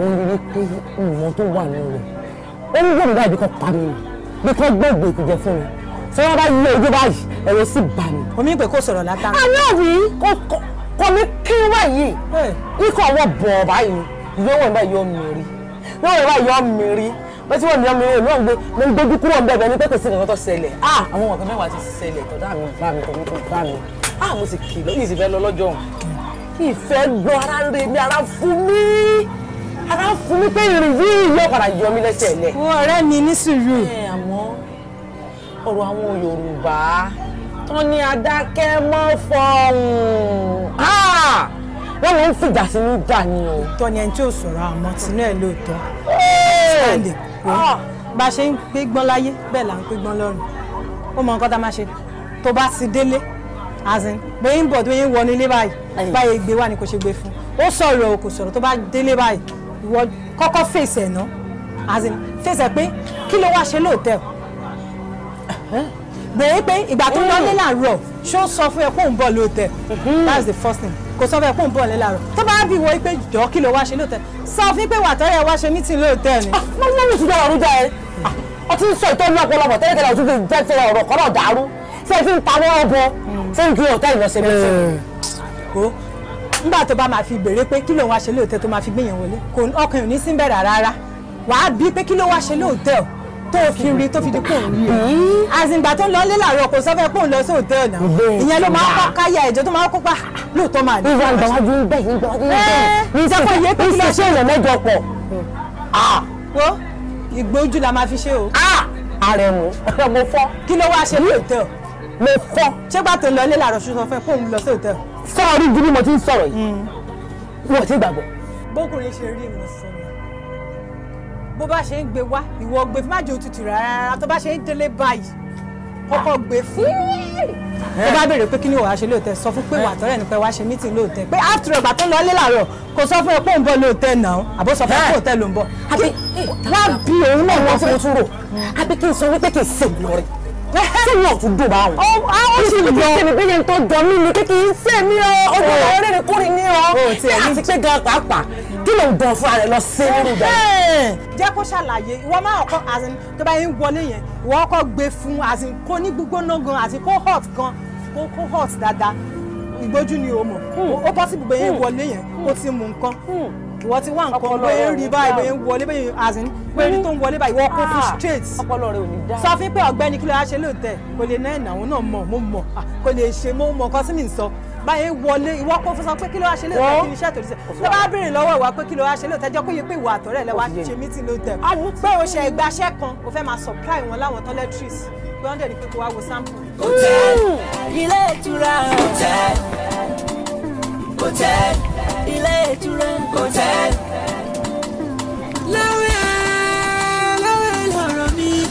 Speaker 3: òun rí i pé ìmọ̀ tó wà nínú rẹ̀
Speaker 9: ó ń gbọ́dọ̀ báyìí bí pa mí bí kò gbọ́gbọ́ ìkùjẹ fún mi tí wọ́n bá yí ojú báyìí ẹ̀rọ sì bà mí. omi ìpè kò sọ̀rọ̀ látà. àná rí kò ní kí báyìí ikọ̀ ọwọ́ bọ̀ báyìí ìyẹn wọ̀n báyìí yọ mìírí yọ wọ̀n báyìí yọ mìírí bẹ́ẹ̀ tí wọ́n mi ọmọ ìwé ló mo ń gbójú kúrò ń ní pé kò sí ah! àwọn ọ̀gá mẹ́wàá ti ṣẹlẹ̀ tọ́dá mi bá mi tọ́dá mi ah mo sì kì lóyún ìsìnfẹ́ lọ lọ́jọ́ òun ìfẹ́ lọ ara
Speaker 3: rẹ mi ara fún mi ara fún mi pé ìrìnrí yóò padà yọ mí lẹ́sẹ̀ lẹ̀. wọ ọ̀rẹ́ mi
Speaker 9: ní sùúrù. ẹ àmọ́ ọ̀rọ̀ àwọn Yorùbá tán ní adákẹ́ mọ́ fọ̀hún ah! wọ́n lọ ń fìjà sínú ìjà ni o. tọ́ ni ẹni tí ò sọ̀rọ̀ àmọ́ tinú ẹ̀ lóòótọ́. stanley kò ah! bá a ṣe ń gbégbọ́n láyé bẹ́ẹ̀ là ń gbégbọ́n lọ́rùn ó mọ nǹkan tá a máa ṣe tó bá ti délé asin bẹ́ẹ̀ ń bọ̀ tó yẹn ń wọnú ilé báyìí báyìí gbé wà ní kò ṣe gbé fún ó sọ̀rọ̀ o kò sọ̀rọ̀ tó bá délé báyìí ìwọ kọ́kọ́ fèsì ẹ̀ ná asin fèsì ẹ̀ pé kí ló wá ṣe lóòótẹ́ o bẹ̀rẹ̀ pé ìgbà tó lọ nílà rọ̀ ṣó sọ fún ẹ kó ń bọ̀ lóòótẹ́ mhm. that's the first thing kò sọ fún ẹ kó ń bọ̀ nílà rọ̀ tó bá bí wọ pé jọ kí ló wá ṣe lóòótẹ́ sọ fún pé wàtọ́rẹ́ wá ṣe mítìn lóòótẹ́ ni. mo ní ìṣúná ọ̀run jẹ́ ẹ ọtí sọ ìtọ́jú ọ̀pọ̀lọpọ̀ tẹ́lẹ̀tẹ́lẹ̀ ọ̀tún fi jẹ́ tẹ́lẹ̀ ọ̀rọ̀ kọ́rọ̀ dàrú ṣé ẹ fi ń pamọ́ ọ̀bọ fún ìdúró ọ̀tá ìlọsẹ̀ méjì kó eh. nígbà tó bá máa fi béèrè pé kí ló wá ṣe lóòótẹ́ tó máa fi gbìyànjú wọlé kò ọkàn ò ní sí bẹ̀rẹ̀ rárá wàá bí pé kí ló wá ṣe lóòótẹ́ ọ̀ tó fi rí tó fi di kóun rí ẹ àzìngbà hmm? tó ń lọ lé làárọ̀ kò sọ́fẹ́ kóun lọ sí hòtẹ́ẹ̀lì náà ìyẹn ló máa ń kọ́ káyà ẹ̀jọ́ tó máa ń kópa lóòótọ́ máa ní. ìwà ìgbà wájú bẹ́ẹ̀ ní ìgbà wájú bẹ́ẹ̀ eh, ní ìsẹ́kọ̀ yẹ pé kí ló ṣe ìrẹ̀ mẹ́jọ pọ̀. wo ah! ìgbójú la máa fi ṣe o. ààrẹ ah! mu ọ̀rẹ́ mo fọ́. kí ló wá ṣe lóòótọ́ mo fọ́. ṣé gbà tó lọ ilé làárọ̀ ṣùgbọ́n fẹ́ kóun lọ sí hòtẹ́ẹ̀lì. sọ́ọ̀rí gidi mo ti ń sọ̀rọ̀ yìí wọ́n mm. ti gbàgbọ́. bókùnrin ṣe rí mi sọ mi bó bá ṣe ń gbé wá ìwọ gbé fún májò tutù rárá tó bá ṣe ń délé báyìí kọ́kọ́ gbé fún tó bá béèrè pé kí ni wàá ṣe lóòótẹ́ sọ fún pé wà tọ́rẹ́ nípa wàá ṣe mítìn lóòótẹ́ pé after ẹ̀gbà tó ń lọ ilé làárọ̀ kò sọ fún ẹ pé òun bọ̀ lóòótẹ́ náà àbó sọ fún ẹ pé òótẹ́ ló ń bọ̀. wá bí òun náà wọ́n fún un tún rò mm. àbí kí n sọ wípé kì í sèlú rẹ̀ tí wọn tún dùn báwọn. ó sì lè jẹ́ mi bíyẹn
Speaker 3: tó jọ mí ni kékeré ṣé mi ọ ojú ọ̀rọ̀ rẹ̀ kórè ní ọ tí a ti pé gan pàápàá kí ló ń dán fún ara rẹ lọ sí nínú ìgbà yẹn.
Speaker 9: jẹ́ kó ṣàlàyé ìwọ máa kọ́ azin tó bá yín wọlé yẹn ìwọ kọ́ gbé fún azin kó ní gbígbóná gan àti kó hot gan kó hot dáadáa ìgbójú ni o mọ̀ hmm. ó bọ́ sí gbogbo yẹn wọlé yẹn ó ti mú nǹkan. Hmm ìwọ ti wá nǹkan wé rí báyìí bẹ́ẹ̀ ń wọlé bẹ́ẹ̀ as pé ní tó ń wọlé báyìí wọ́n kó fún ah, straight. ọpọlọ rẹ ò ní dá. sọ fún pé ọ̀gbẹ́ni kí ló ṣe lóòótẹ kò lè ná ìnáwó náà mọ mo mọ ah, kò lè ṣe mo mọ nǹkan sí mi sọ báyìí wọlé ìwọ kó fún sọ pé kí ló ṣe lóòótẹ kí ni iṣẹ́ tòlíṣẹ tó bá béèrè lọ́wọ́ ìwà pé kí ló ṣe lóòótẹ jọ pé pé ìwà àtọ̀rẹ́ lẹ wá ṣe mítì Palais
Speaker 2: Touré Hotel. mi.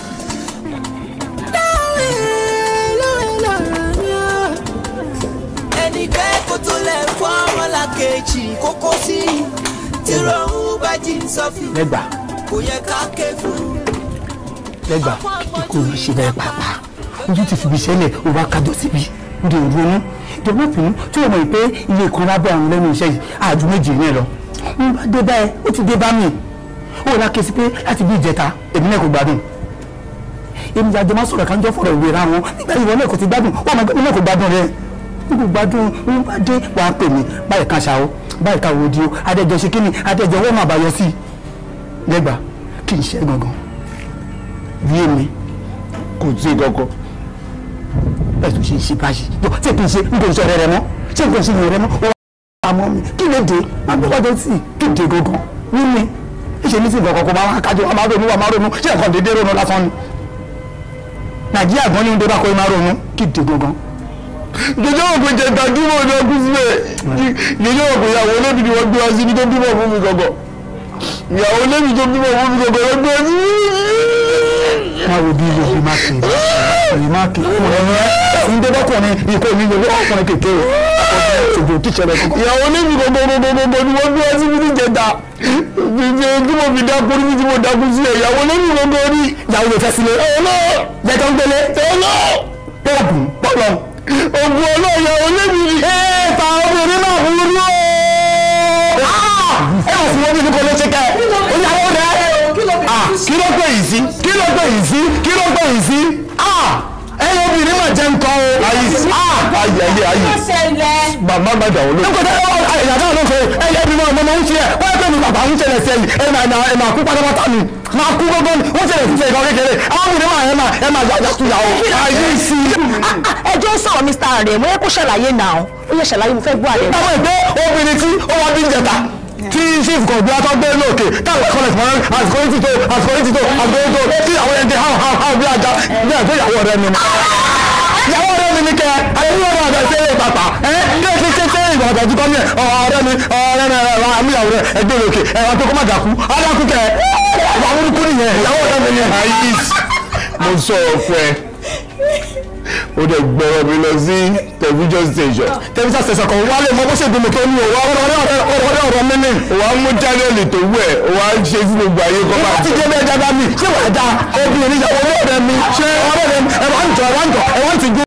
Speaker 3: ṣe bẹ́ẹ̀ pàápàá. Ojú ti fi ibi sẹ́lẹ̀, ó wá kájọ síbi. Ǹjẹ́ òru jọ̀wọ́ fún tí o mọ̀ pé iye kan lábẹ́ àrùn lẹ́nu iṣẹ́ yìí àjù méjì náà lọ n bá dé báyẹn ó ti dé bá mi ó wọlá kesi pé láti bí ìjẹta èmi náà kò gbádùn èmi ìyá jọmọ sọ̀rọ̀ káńjọ fọ̀rọ̀ ìwé ra wọn nígbà ìwọ náà kò ti gbádùn ó wọn náà kò gbádùn rẹ n kò gbádùn n bá dé wàá pè mí báyìí kan ṣàwọ báyìí kan wò di o adẹjọ ṣe kíni adẹjọ wọn máa bàyọ sí i lẹgbàá kì í ṣe gangan bí èmi kò sí gangan bẹ́ẹ̀ tó ṣe ṣe báyìí yọ ṣé kì í ṣe nítorí sọ rẹ rẹ mọ́ ṣé nǹkan ṣe yẹn rẹ mọ́ ó wà mọ́ mi kí ló dé agbẹ́kọ̀dé sì kéde gangan nílé ìṣe ní sìnkàn kọ̀ọ̀kan máa kájọ wà máa ronú wà máa ronú ṣé nǹkan dédé ronú lásán ni nàìjíríà gan ni ń débà kó máa ronú kéde gangan. jẹjẹ òkú jẹ tàdúmọ ní ọkùn síbẹ̀ jẹjẹ òkú ìyàwó olóbi ni wọ́n gbé wá síbi tó bímọ fún mi gọ̀gọ̀ ìyàwó olóbi tó bímọ fún mi gọ̀gọ̀ wọ́n gbé wá síbi máa wo bí ilé ìmáàkì ìmáàkì ọkùnrin tó bọ́kùnrin ikọ̀ mi ló ọkùnrin kékeré ṣòfò tíṣẹ́ rẹ̀ kọ́. ìyàwó ní mi gbogbogbogbogbò ni wọ́n dúró sí fífi jẹta fífi tí mo fi dákú ní tí mo dákú sílẹ̀ ìyàwó ní mi gbogbo ní. ìyàwó lè fẹ́ sílẹ̀. ọlọ́ jẹ́tọ́ ń gbélé. ọlọ́ tó bù bọ́lọ̀. ògùn ọlọ́ ìyàwó ní mi. ẹ ta obìnrin náà fún mi o.
Speaker 7: ẹ ò fún wọn ní kọ́ ló ṣe
Speaker 3: yìí sí ah! ẹyẹ obìnrin mà jẹ́ nǹkan o. ayi
Speaker 7: ayi ayi ayi màmá má dà olóògbé. nígbà tí ẹ yàrá ló fẹ́ ẹyẹ bí
Speaker 3: mo máa ń ṣe ẹ wọ́n pè mí bàbá ń ṣẹlẹ̀ sẹ́yìn ẹ máa na ẹ máa kú pátápátá mi máa kú gbogbo mi ó ṣẹlẹ̀ sí ìkan kékeré àwọn obìnrin mà ẹ máa ẹ máa yàjà tuyà o. ayi sí. ẹjọ́ sọ̀rọ̀ Mr. rẹ̀ mo yẹ kó ṣàlàyé náà ó yẹ ṣàlàyé mo fẹ́ gbọ́ àlẹ́. nígbà wo ìgbé obìnrin tí ó wá bí ń jẹta tí chief kọ̀gbìn atọ́gbé lókè táwọn akọ́lẹ̀tì mọ́ra àsìkòyìntì tó àsìkòyìntì tó àsìkòyìntì tó tí àwọn ẹni hàn hàn hàn bí ajá bí àjọ ìyàwó rẹ nínú. ìyàwó rẹ mi ní kẹ àyẹ̀wò rẹ àgbà ṣe é pàpà ẹ ní èsì ṣe ṣe ìgbà àgbà tí kọ́mí ẹ ọ̀rẹ́ mi ọ̀rẹ́ mi ẹ̀rọ àmúyàwó rẹ ẹgbẹ́ lókè ẹ̀rọ tó kọ́ má dàkú adákú kẹ àwọn olùkú nìyẹn ìyàwó rẹ mi ní ó dẹ̀ gbọ́rọ̀ mi lọ sí television station. Ah. television station kan wálé mọ bó ṣe dùn mí kí ó ní òwò ọ̀rọ̀ ọ̀rọ̀ mímì. wàá mú channel tó wù ẹ́ wàá ṣe sí gbogbo ayé kọ́ máa. láti jẹ́ bí ẹja bá mi ṣé wàá da obìnrin níyàwó ọlọ́ọ̀dẹ mi ṣé ah. ọlọ́ọ̀dẹ mi ẹ̀wọ̀n àǹtọ̀ ẹ̀wọ̀n àǹtọ̀ ẹ̀wọ̀n ti gbé.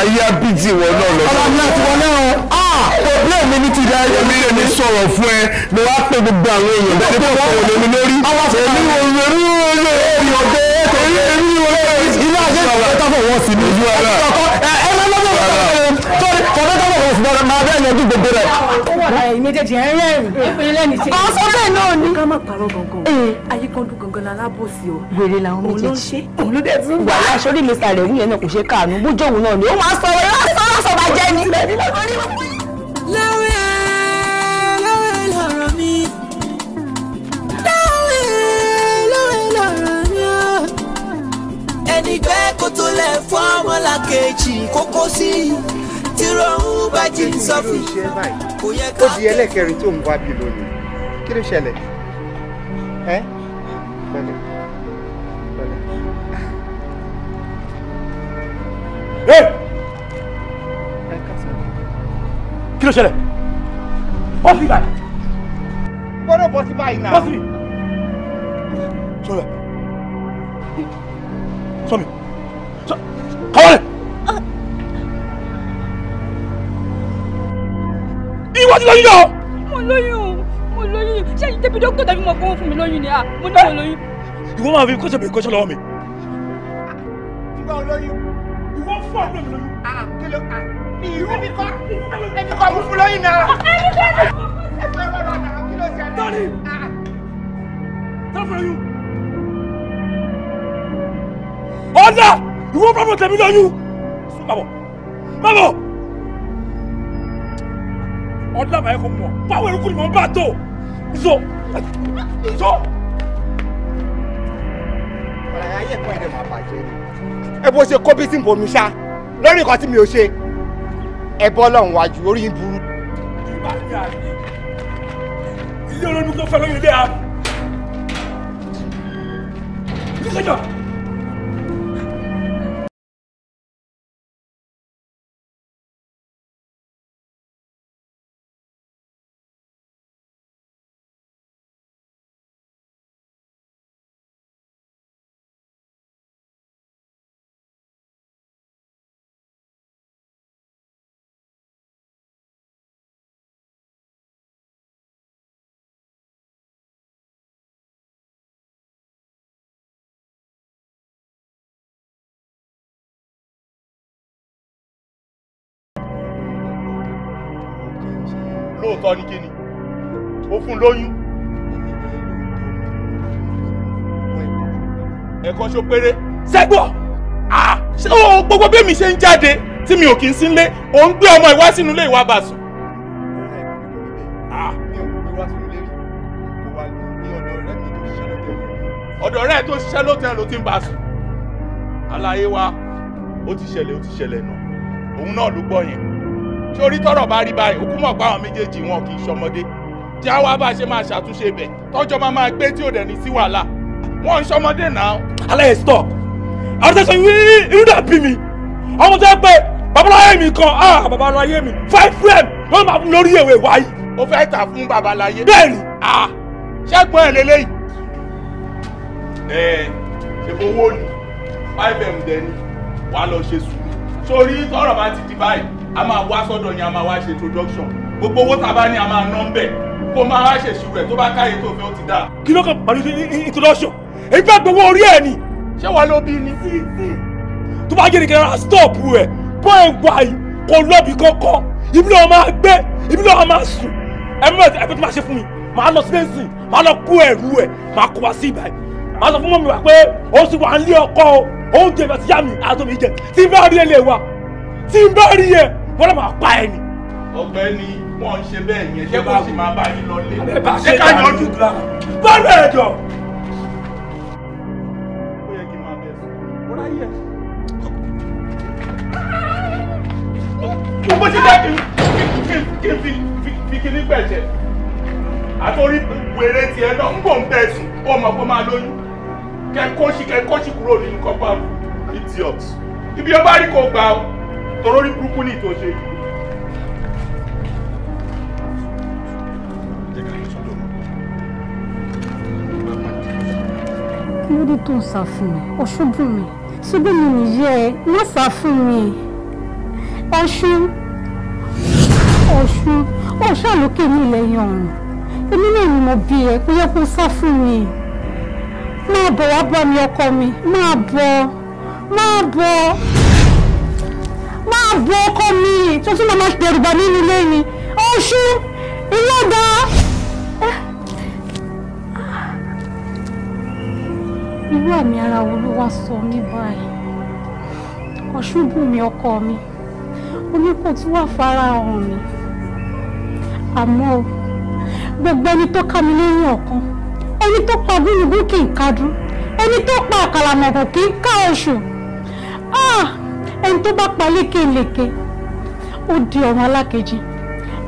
Speaker 3: ayé apiti wọn náà lọ. ọlọ́run náà ti wọlé o. ah òbí èmi ni ti dá ẹyẹ sọ̀rọ̀ fún ẹ mo wá pé gbogbo àwọn èèyàn bẹ́ẹ̀ tó kọ̀ lómi lórí èmi ò lórí olè èmi ò dé èmi èmi ò ilé ajé ìfọ̀dẹ́tàfọ̀ wọ́n sì ní ìlú ọ̀la ẹ má lọ́dọ̀ fọ̀dẹ́tàfọ̀ wọ́n sì máa bẹ́ẹ̀ lọ́dún gbogbo rẹ̀.
Speaker 8: ìmẹ̀jẹ̀jì ẹ̀ rẹ́rìn ọ̀sán bẹ́ẹ̀ náà ni. ká má parọ́ gangan ayé kan dún gangan lálábòsí o. wèrè làwọn méjèèjì òun ló dé tí gbà láṣọ rí mr rẹ̀ níyẹn náà kò ṣe káàánú bójú òun náà ni ó máa sọ ọ́
Speaker 7: ẹ lọ́sọ̀ọ́sọ̀ bàjẹ́ ni.
Speaker 2: ìgbẹ́ kòtò lẹ̀ fọ́mọ́lá
Speaker 11: kejì kókó sí tìrọ̀hún bá jí sọ́fì. kò yẹ ká ó di ẹlẹ́kẹrin tó ń wá bí lónìí kí ló ṣẹlẹ̀ ẹ́
Speaker 7: pẹ̀lẹ́
Speaker 6: pẹ̀lẹ́. kí ló ṣẹlẹ̀ ó báyìí. gbọ́dọ̀ báyìí náà. bọ́ Sọmi. Kọ́wọ́lẹ̀. Ìwọ ti lóyún
Speaker 8: yọ. Mo lóyún o, mo lóyún. Ṣé ẹ̀yin débi dókítà tàbí mo gbọ́n fún mi lóyún ni? Mo ní mo lóyún.
Speaker 6: Ìwọ máa fi kọ́sẹ̀ bèrè kọ́sẹ̀ lọ́wọ́ mi.
Speaker 4: Ìgbà olóyún. Ìwọ fún àbúrò mi lóyún. Kílò ká. Ìwọ mi kọ́. Ẹni kọ́ mú fún lóyún náà. Ẹni kọ́ mú fún lóyún náà. Tọ́ni. Tọ́ni
Speaker 6: ọ̀dà ìwọ pàpọ̀ tẹ̀mí lọ́yún bàbọ̀ bàbọ̀ ọ̀dà bàyẹ̀ kò mọ̀ báwo ẹ̀rú kúrò mọ̀ bá tó nzọ nzọ. ọ̀rọ̀ ayé ẹ̀kọ́ ẹ̀rẹ̀ máa bàjẹ́ ni. ẹ bó ṣe kó bí sí bomi ṣá lórí nǹkan tí mi ò ṣe ẹ bọ́ lọ́hùn wájú orí yín burú. ilé olóyún tó fẹ́ lóyún ilé ààbò. òótọ́ ní kíni ó fún lóyún ẹ̀kọ́ ṣó péré sẹ́gbọ̀ ṣé o gbogbo bí mi ṣe ń jáde tí mi ò kí ń sílé ò ń gbé ọmọ ìwá sínú ilé ìwà bàṣọ. ọ̀dọ̀ rẹ̀ tó ṣiṣẹ́ lóòótọ́ ló ti ń bá sùn àlàyé wa ó ti ṣẹlẹ̀ ó ti ṣẹlẹ̀ náà òun náà ló gbọ́ yẹn sórí tọrọ bá rí báyìí òkú mọ̀ pé àwọn méjèèjì wọn kì í ṣọmọdé tí àwa bá ṣe máa ṣàtúnṣe bẹ̀ tọ́jọ́ máa máa gbé tí ò dẹ̀ ní sí wàhálà wọ́n ń ṣọmọdé náà. aláyẹ stop àrùtẹ́sọ irú dà bí mi ọmọ tó yẹ pé babaláyé mi kan ah babaláyé mi five frame ló máa fún lórí èwe wáyé. ó fẹ́ tà fún babaláyé. bẹ́ẹ̀ni ah ṣẹ́gun ẹ̀ lélẹ́yìí. ẹ ṣe fowó ni five m dẹni wàá lọ ṣe sùúrù torí tọ́rọ̀ bá ti di báyìí a máa wá sọ́dọ̀ yẹn a máa wá ṣe introduction gbogbo owó tá a bá ní a máa ná ń bẹ̀ kó máa wá ṣèṣirò ẹ̀ tó bá káyé tó fẹ́ ó ti dáa. kí ló kàn pàdé introduction èyí fẹ́ gbowó orí ẹ̀ ni. ṣé wàá ló bí ni. tó bá jẹ́ nìkan stop ẹ̀ bọ́ ẹ̀ wá yìí kò lọ́ọ̀bì kankan ibi náà máa gbé ibi náà máa sùn ẹ̀ mẹ́rin ẹ̀ fẹ́ tó máa ṣe fún mi màá lọ sílé sìn màá lọ kó ẹ̀rú ẹ̀ màá kó wá sí ibà yìí màá sọ fún mọ́mi wá pé ó sì wà ń lé ọkọ oúnjẹ ìfẹ́ ti yá mi àtọ́ mi jẹ tí n bá rí ẹ lè wa tí n bá rí ẹ wọ́n lọ́ máa pa ẹ ni. ọ̀gbẹ́ni wọn ń ṣe bẹ́ẹ̀ yẹn ṣé kò sì máa bá yín lọ lé. ṣé ká yanjú gbà bọ́ọ̀lù ẹ̀ jọ. ó yẹ kí n máa bẹ̀ sùn ó ráyè. mo ti dá kí n fi kíní gbẹ̀jẹ̀ àtòrí wèrè tiẹ̀ náà ń bò ń bẹ̀ sùn ó mọ̀ pé máa lóyún kẹkọọsì kẹkọọsì kúrò ní kọpa idiot ibi ọba rí kò gbà ó tọrọ rí burúkú ní ìtòṣe.
Speaker 10: kí ló dé tó ń sá fún mi ọṣọ́bù mi síbí mi nìyẹ má sá fún mi ọṣún ọṣún ọṣún àlókè mi ilẹ̀ yẹn ọ̀run èmi náà ni mo bí ẹ kó yẹ kó sá fún mi máa bọ̀ wá bá mi ọkọ mi máa bọ̀ máa bọ̀ máa bọ̀ ọkọ mi tó tún máa dẹrù bà nínú ilé ni oṣù ìlọ́dà. irú àmì ara wo ló wá sọ mí báyìí ọ̀ṣùbùnmi ọkọ mi oníkò tí wàá fara hàn mi àmọ́ gbogbo ẹni tó ká mi lórí ọ̀kan ẹni tó pa gúnugún kì í kájú ẹni tó pa àkàlàmọ̀kò kì í ká oṣù ah, ẹni tó bá pa lékelèke ó di ọmọ alákejì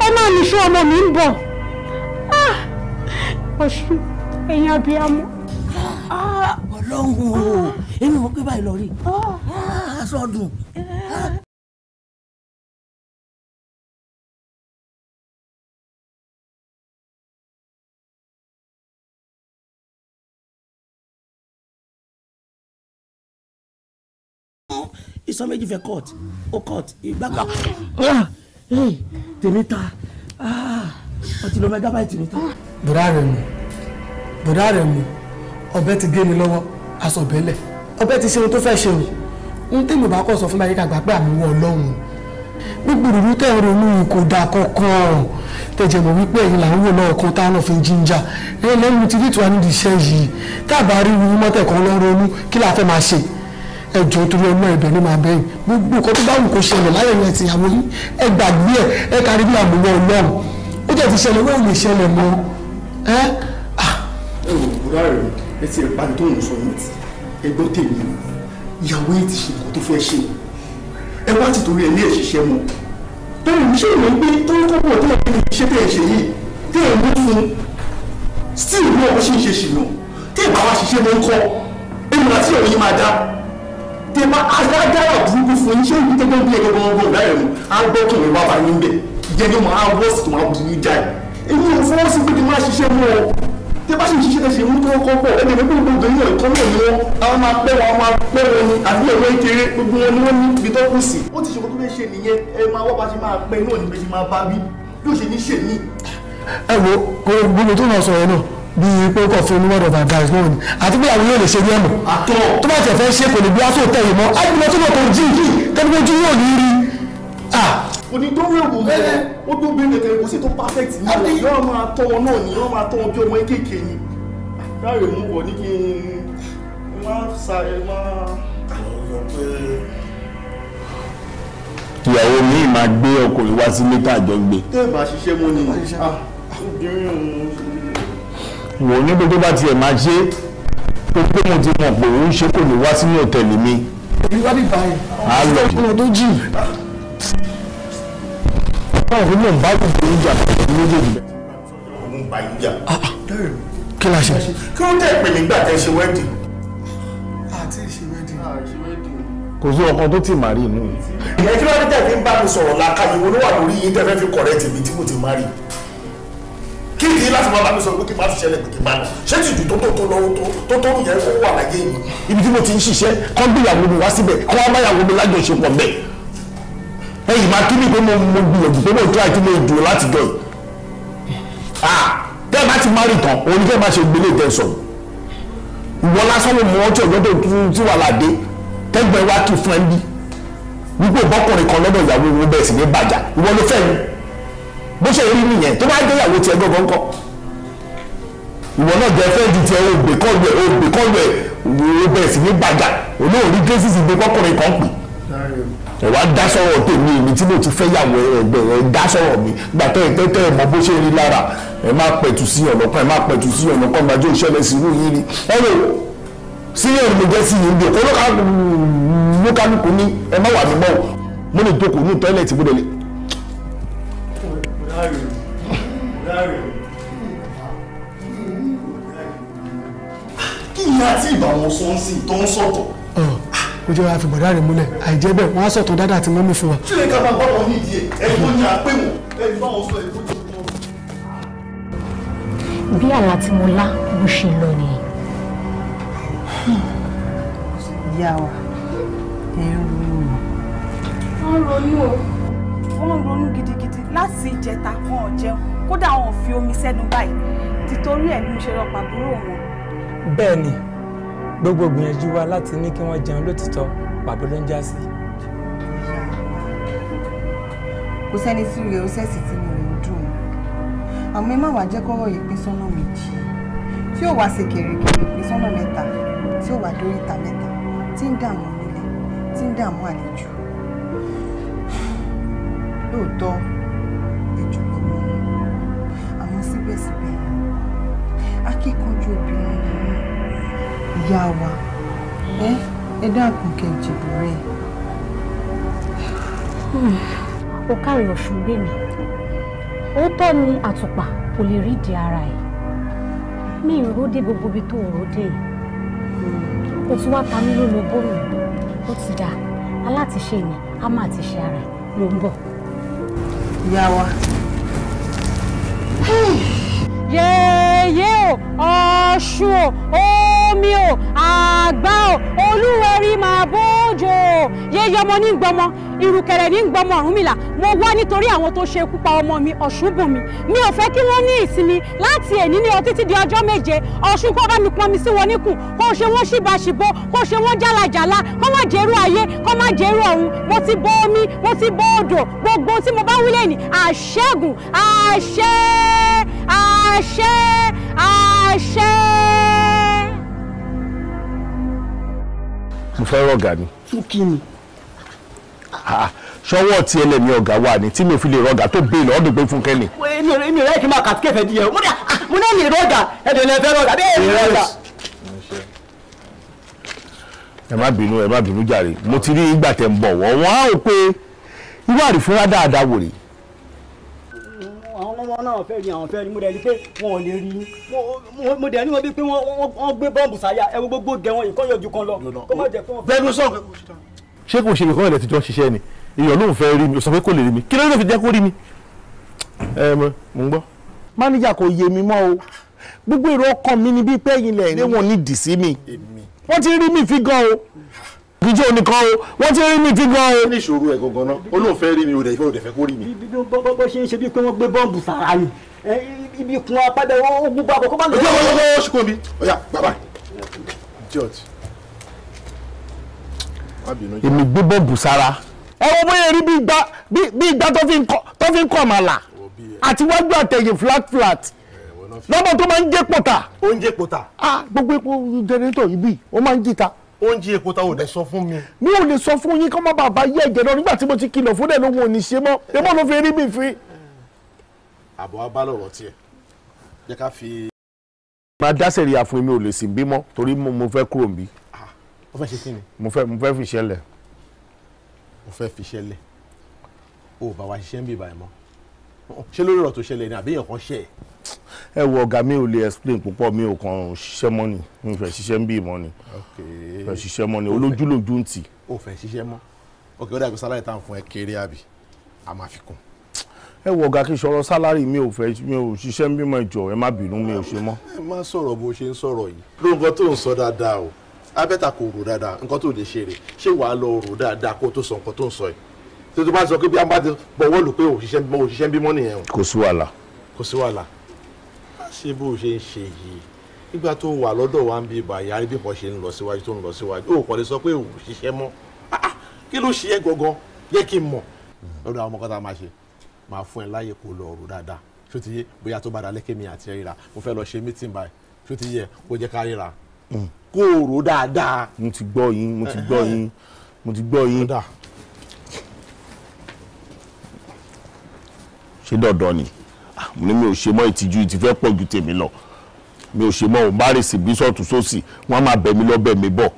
Speaker 10: ẹ máa nìṣó ọmọ mi ń bọ̀ ọ̀ṣun ah, ẹ̀yin abiyamọ.
Speaker 1: Ah, ọlọ́run o èmi mọ̀ pé báyìí lọ rí aṣọ ọdún. Eh. iṣan méjì fẹ́ cut
Speaker 12: o cut ìgbàgbà ah. ah. tèmi ta ọtí ah. ló mẹgábáìtì mi ta. bùrá rẹ̀ mi bùrá rẹ̀ mi ọbẹ̀ ti gé mi lọ́wọ́ aṣọ ìbẹ́lẹ̀ ọbẹ̀ ti ṣe ohun tó fẹ́ ṣe o ń tèmi bá kọ̀ sọ fún mi ayé kàgbà pé
Speaker 3: àmì wọ ọlọ́run gbogbo ìrú tẹ̀ ń ronú kò dáa kankan tẹ̀jẹ̀ mọ̀ wípé ẹ̀yin là ń wò lọ́wọ́ kan táwọn fi ń jíjà lẹ́yìn lẹ́yìn tí nítorí nídìí iṣẹ́ yìí tábà rí
Speaker 12: irú mọ́tẹ̀kan kí la fẹ́ máa ṣe ẹjọ́ torí ọmọ ẹ̀bẹ̀ ló máa bẹ̀yìn gbogbo nǹkan tó bá wù kó ṣẹlẹ̀ láyé yẹn ti ìyàwó yìí ẹ gbàgbé ẹ ẹ kárí bí àmúlò Ọlọ́run ó jẹ́ ti ṣẹlẹ̀ wọ́n ò lè ṣẹlẹ̀ mọ́ ẹ. ẹ wò ó láàrin ẹ ti rí pàdé tó
Speaker 6: ń sọ yẹn ti ẹgbọ́n tèmi ìyàwó yìí ti ṣe nǹkan tó fẹ́ ṣe ẹ wá ti torí ẹ ní ẹ̀ṣiṣẹ́ mọ́ bẹ́ẹ̀ ni ṣé ìwé gbé tó ń kọ́kọ́ tó ń ṣe tẹ̀ ṣe yìí tẹ̀
Speaker 3: ń mú tẹ ma alágbára burúkú fún yín ṣé òun tẹ́tẹ́ bí ẹgbẹ́ gbọ́ngbọ́n láyé mu á gbọ́ kí wọ́n bá yín bẹ̀ jẹ́ ní mọ̀ á wọ́ sí tó máa burú jáì èmi ò fọwọ́ sí pé kí n máa ṣiṣẹ́ mọ́ ọ tẹ bá ṣe ń ṣiṣẹ́ ṣe mú tó kọ́ pọ̀ ẹni ẹgbẹ́ gbogbo obìnrin náà ìkọ́nà ni
Speaker 6: wọ́n àwọn máa pẹ́ wọn máa pẹ́ wọn ni àbí ẹ̀rọ ìkéré gbogbo wọn ni wọ́n ní ibi tó kù sí. ó ti ṣe kó tó fẹ́ ṣe nìyẹn ẹ máa wọ́pá ṣe máa pẹ́ náà ní bẹ́ẹ̀ ṣe máa bá wí yóò ṣe ní ṣèlú.
Speaker 3: ẹ wo gbogbo tó náà sọ yẹn náà bíi pé kò fún word of advice lónìí àti pé àwọn yóò lè ṣe ní ẹ̀mọ́ tó bá tẹ̀ fẹ́ ṣe kò lè bí aṣọ tẹ̀yìn mọ́ àgbẹ̀mọ́ tó lọ́kọ̀ jí tẹ́lifí ojú
Speaker 6: yóò ní rí. onídọ́rẹ̀wò ẹ ó dún bí nìkan kò sí tó perfect ní ìlú yóò máa tọ́ wọn náà ni yóò máa tọ́ wọn bí ọmọ kéékèèké ni dáre mú bọ̀ ní kí n má sa ẹ má.
Speaker 3: ìyàwó mi máa gbé ọkùnrin wá sí létà àjọgbé.
Speaker 12: tẹ́ẹ̀ bá ṣiṣẹ́ mọ́ ni ah, obìnrin òun
Speaker 3: wò ó níbi tó bá tiẹ̀ máa ṣe tó pé mo ti mọ̀ pé òun ṣe kò ní wá sínú òtẹ̀lì mi. èmi wá bí báyìí àwọn ọmọ tó jì. báwo ni mò ń bá gbogbo ìjà pẹ̀lú méjèèjì bẹ́ẹ̀. òun bá ìjà. Ah, ah. kí la ṣe. kí ló dé pè nígbà tẹ ṣe wẹ́ẹ̀dì.
Speaker 12: àti ṣe wẹ́ẹ̀dì.
Speaker 3: kò sí ọkọ tó ti màrí inú mi. ìyẹn kí ló dé tẹ̀ fi ń bá mi sọ̀rọ̀ làkàyè olówà lórí yìí tẹ́ fẹ́ fi kọ̀rẹ́ tèmi tí mo ti má rí i kí ni láti máa bá mi sọ pé kí n máa fi ṣẹlẹ̀ pé kí n máa lọ ṣé tìjú tó tó tó lọ tó tó yẹ kó wà láyé mi. ibi tí mo ti ń ṣiṣẹ́ kọ́ gbéyàwó mi wá síbẹ̀ kọ́ abáyàwó mi lájọṣepọ̀ bẹ́ẹ̀ ẹ̀yìn máa kí ni pé mo mo gbìyànjú pé mo tó àti mo dùn láti jọ yìí. tẹ́ ẹ bá ti má rí tán òun kẹ́ ẹ má ṣe gbélé tẹ́ sọ̀rọ̀ ìwọ lásán ló mọ ọtí ọgbọ́dọ̀ tí wà ládé tẹ́gbẹ̀ẹ́ wá kí fún ẹ bí wípé bọ́kùnrin kan lọ́dọ̀ ìyàwó òun bẹ̀rẹ̀ sí ní bàjá ìwọ ló fẹ́ mi bó ṣe rí nìyẹn tó bá gbéyàwó tiẹ̀ gbọ́ngàn kọ́ ìwọ náà jẹ fẹ́ ju tiẹ̀ ògbè kọ́lu ẹ̀ ògbè kọ́lu ẹ̀ wo bẹ́ẹ̀ sì ní gbàgà olóòrí gẹ́sìsì gbé kọ́kùnrin kan pè ẹ wá dá sọ̀rọ̀ tèmi èmi tí mo ti fẹ́ yàwó ẹgbẹ́ ẹ dá sọ̀rọ̀ mi gbà tẹ́ ẹ tẹ́tẹ́ ẹ mọ bó ṣe rí lára ẹ má pẹ̀tù sí ọ̀nà kan ẹ má pẹ̀tù sí ọ̀nà kan gbàjọ ìṣẹ̀lẹ̀ sí irú yìí rí ẹ lò sílẹ̀ mi jẹ́ sí yìí ń bè kó lókàlùkù ní ẹ má wà mí mọ́ mo lè dọkùn ní tọ́ílẹ̀tì mo lè láre
Speaker 7: láre.
Speaker 12: kí ni àti
Speaker 6: ìbàwọ̀n sọ ń sìn tó ń sọ̀tọ̀.
Speaker 12: ojú ara fìbọ̀dá rẹ̀ múlẹ̀ àìjẹ́ bẹ́ẹ̀ wọ́n á sọ̀tọ̀ dáadáa
Speaker 10: tí mọ́mí fún wa.
Speaker 6: kí lè ká máa bọ́lọ̀ nídìí ẹ̀ ẹ̀gbọ́n ni à ń pè wọ́n ẹ̀ báwọn sọ ẹ̀gbọ́n tó tọ́.
Speaker 10: bí àlá tí mo lá bó ṣe lọ nìyẹn. ìyá wa ẹ̀ ń ronú.
Speaker 8: wọ́n ronú o wọ́n ronú gidigidi láti ìjẹta kan ọ̀jẹun kódà wọn fi omi sẹ́nu báyìí títorí ẹ̀ ni mo ṣe lọ pàbúrò wọn.
Speaker 5: bẹ́ẹ̀ ni
Speaker 12: gbogbo gbìyànjú wa láti ní kí wọ́n jẹun lótìtọ́ pàbó ló ń já sí.
Speaker 9: kò sẹ́ni tí rèé ó sẹ́sì tí mi ń dùn àmọ́ ẹ má wàá jẹ́ kọ́rọ̀ yìí pín sọ́nà méjì tí ò wá ṣe kèrèkèrè pín sọ́nà mẹ́ta tí ò wá dórí ìta mẹ́ta tí ń dààmú nílé tí ń dààmú àlejò. lóòótọ́ ẹjọ́ lọ́mọ àmọ́ síbẹ̀síbẹ̀ akíkanjú obìnrin ni ìyá wa ẹ ẹ dákun kẹjìbù rẹ.
Speaker 10: ó kárí ọ̀ṣun gbé mi ni àtùpà kò lè rí di ara ẹ̀ mi ì gbogbo ibi tó ròde o wá ta mí mi ó ti dà aláti ṣe a máa ti ṣe ara ń bọ̀. Yawa. wa. yẹ̀yẹ́ o ọ̀ṣun o omi o àgbá o olúwẹ̀rí máa bójú o yẹ̀yẹ́ ọmọ ní gbọmọ ìrùkẹ̀rẹ̀ ní gbọmọ Ọ̀rúnmìlà mo wá nítorí àwọn tó ṣe ikú pa ọmọ mi Ọ̀ṣunbùnmi mi ò fẹ́ kí wọ́n ní ìsinmi láti èní ní ọtí títí di ọjọ́ méje Ọ̀ṣun kó bá mi pọn mi sí wọn níkùn kó ṣe wọ́n ṣìbàṣìbò kó ṣe wọ́n jálajàla má jẹ́rú ayé kó má jẹ́rú ọ̀run mo ti bọ́ omi mo ti bọ́ odò gbogbo tí mo bá wí lẹ́yìn àṣẹ́gun àṣẹ àṣẹ àṣẹ.
Speaker 5: mo fẹ́ rọ̀gà ni. fún kí ni. sọ́wọ́ tí ẹlẹ́mi ọ̀gá wà ní tí mi ò fi lè rọ̀gà tó bẹ́ẹ̀ lọ́dún pé fún kẹ́ni.
Speaker 4: èmi ò rẹ́ kí n máa kàtí kẹfẹ́ di ẹ mo ní àlè rọ̀gà ẹ̀dẹ̀ lẹ́fẹ́ rọ̀gà bẹ́ẹ̀ ni rọ̀gà
Speaker 3: ẹ má bínú ẹ má bínú jàre mo ti rí ìgbà tẹ̀ ń bọ̀ wọ́n wọ́n á rò pé irú àrífúnra dáadáa wò rèé
Speaker 4: àwọn ọmọ náà fẹ́ rí àwọn fẹ́ rí mo dẹ̀ ní pé wọn ò lè rí mo dẹ̀ ní wọn bí pé wọ́n gbé bọ́ǹbù sáyà ẹ̀wọ́ gbogbo gẹ̀ wọn ìkọ́yọ̀ ju kan lọ kó má jẹ́ fún ọ. bẹ́ẹ̀ ló sọ
Speaker 5: ṣé kò ṣe nǹkan ẹ̀rẹ́ ti ṣiṣẹ́ ni
Speaker 6: èèyàn ló ń fẹ́ rí mi ò sọ pé kò lè rí mi kí ló fi jẹ́ kó rí mi. ẹ mọ mò ń gbọ́. máníjà kò yé mi mọ́ o gbogbo èrò ọkàn mi ni bí pẹ́yìn lẹ̀ wọ́n ti rí mi fi gan o gíjó nìkan o wọ́n ti rí mi fi gan o. ní ìṣòro ẹ̀ gangan náà olóòfẹ́ rí mi ò dẹ̀ fẹ́ kó rí mi. bó ṣe ń ṣe bí pé wọ́n gbé bọ́ǹbù sára ni
Speaker 4: ibi kun apádà ogun bá bọ̀ kó má lọ. ọjọ́ ọjọ́ ọjọ́ ṣùkọ́ mi ọ̀yà bàbá
Speaker 3: george
Speaker 5: èmi gbé bọ́ọ̀bù sára.
Speaker 4: ẹ
Speaker 3: wo bóyá rí bí igba tó fi ń kọ́ màlà àtiwájú àtẹ̀yìn flat flat lọ́mọ tó máa ń jẹ́ pọ̀tà. oúnjẹ pọ̀tà. ah
Speaker 6: gbogbo epo jẹnẹrétọ̀ yìí bí o máa ń jìta. oúnjẹ epo ta ò lè sọ fún mi. mi ò lè sọ fún yín kọ́ má bàa bá yé ẹ̀jẹ̀ lọ nígbà tí mo ti kìlọ̀ fún ẹ̀ ló wọn ò ní ṣe mọ́ èmo ló fi rí mi fi.
Speaker 5: àbọ̀ abálọ̀rọ̀ tiẹ̀ jẹ́ ká fi.
Speaker 6: máa dáṣẹ̀ rí àfún mi ò lè sì bímọ torí mo fẹ́
Speaker 5: kúrò ń bí. mo fẹ́ ṣe kí ni. mo fẹ́ fi ṣẹlẹ̀. mo fẹ́ fi ṣẹlẹ̀ o ò bá wa ṣiṣẹ́ ń bì báyìí mọ́ ṣé lórí ọ̀rọ̀ tó ṣẹlẹ̀ ni àbí èèyàn kan ṣe
Speaker 6: ẹ̀ ẹ wo ọ̀gá mi ò lè explain púpọ̀ mi ò kàn ṣiṣẹ́ mọ́ ni mi fẹ́ ṣiṣẹ́ ń bí ìmọ̀ ni
Speaker 5: fẹ́ ṣiṣẹ́ mọ́ ni olójúlójú ń tì. o fẹ́ ṣiṣẹ́ mọ́ ok ó dàgbé sálárì tá à ń fún ẹ kéré àbí a máa fi kún.
Speaker 6: ẹ wo ọ̀gá kí n sọ̀rọ̀ sálárì mi ò fẹ́ mi ò ṣiṣẹ́ ń bímọ ìjọ ẹ má bínú mi ò ṣe mọ́.
Speaker 5: ẹ má sọ̀rọ̀ bó ṣe ń sọ̀rọ̀ yìí ló tó ń sọ dáadáa o abẹ́ta kò rò dáadáa nǹkan tó lè ṣe rè ṣé wàá lọ rò dáadáa kó tó sọ nǹkan tó ń sọ yìí tó tó bá sọ pé bí a bá ti bọ̀wọ́ lù pé o. kò sí ṣé bó ṣe ń ṣe yìí nígbà tó wà lọ́dọ̀ wa ń bí bàyà bí kan ṣe ń lọ síwájú tó ń lọ síwájú ó kọ́ sọ pé ò ṣiṣẹ́ mọ́ ah, ah, kí ló ṣe é gangan jẹ́ kí n mọ̀ lọ́dọ̀ àwọn ọmọ kan tá a máa ṣe máa fún ẹ láyè kó lọ ọ̀rọ̀ dáadáa ṣó ti yé bóyá tó bá dalẹ́ kémi àti ẹ̀ríra mo fẹ́ lọ ṣe mítìn báyìí ṣó ti yẹ kó jẹ́ ká ríra
Speaker 6: mm. kó rò dáadáa. mo ti gbọ́ yín mo ti gbọ́ yín mo ti gbọ́ yín
Speaker 5: ṣé dọ̀dọ̀ ni mo ní mi ò ṣe mọ́ ìtìjú ìtì fẹ́ pọ̀ ju tèmi lọ mi ò ṣe mọ́ òun bá rè sí bísọ̀tù sósì wọ́n máa bẹ̀
Speaker 3: mí lọ bẹ̀ mí bọ̀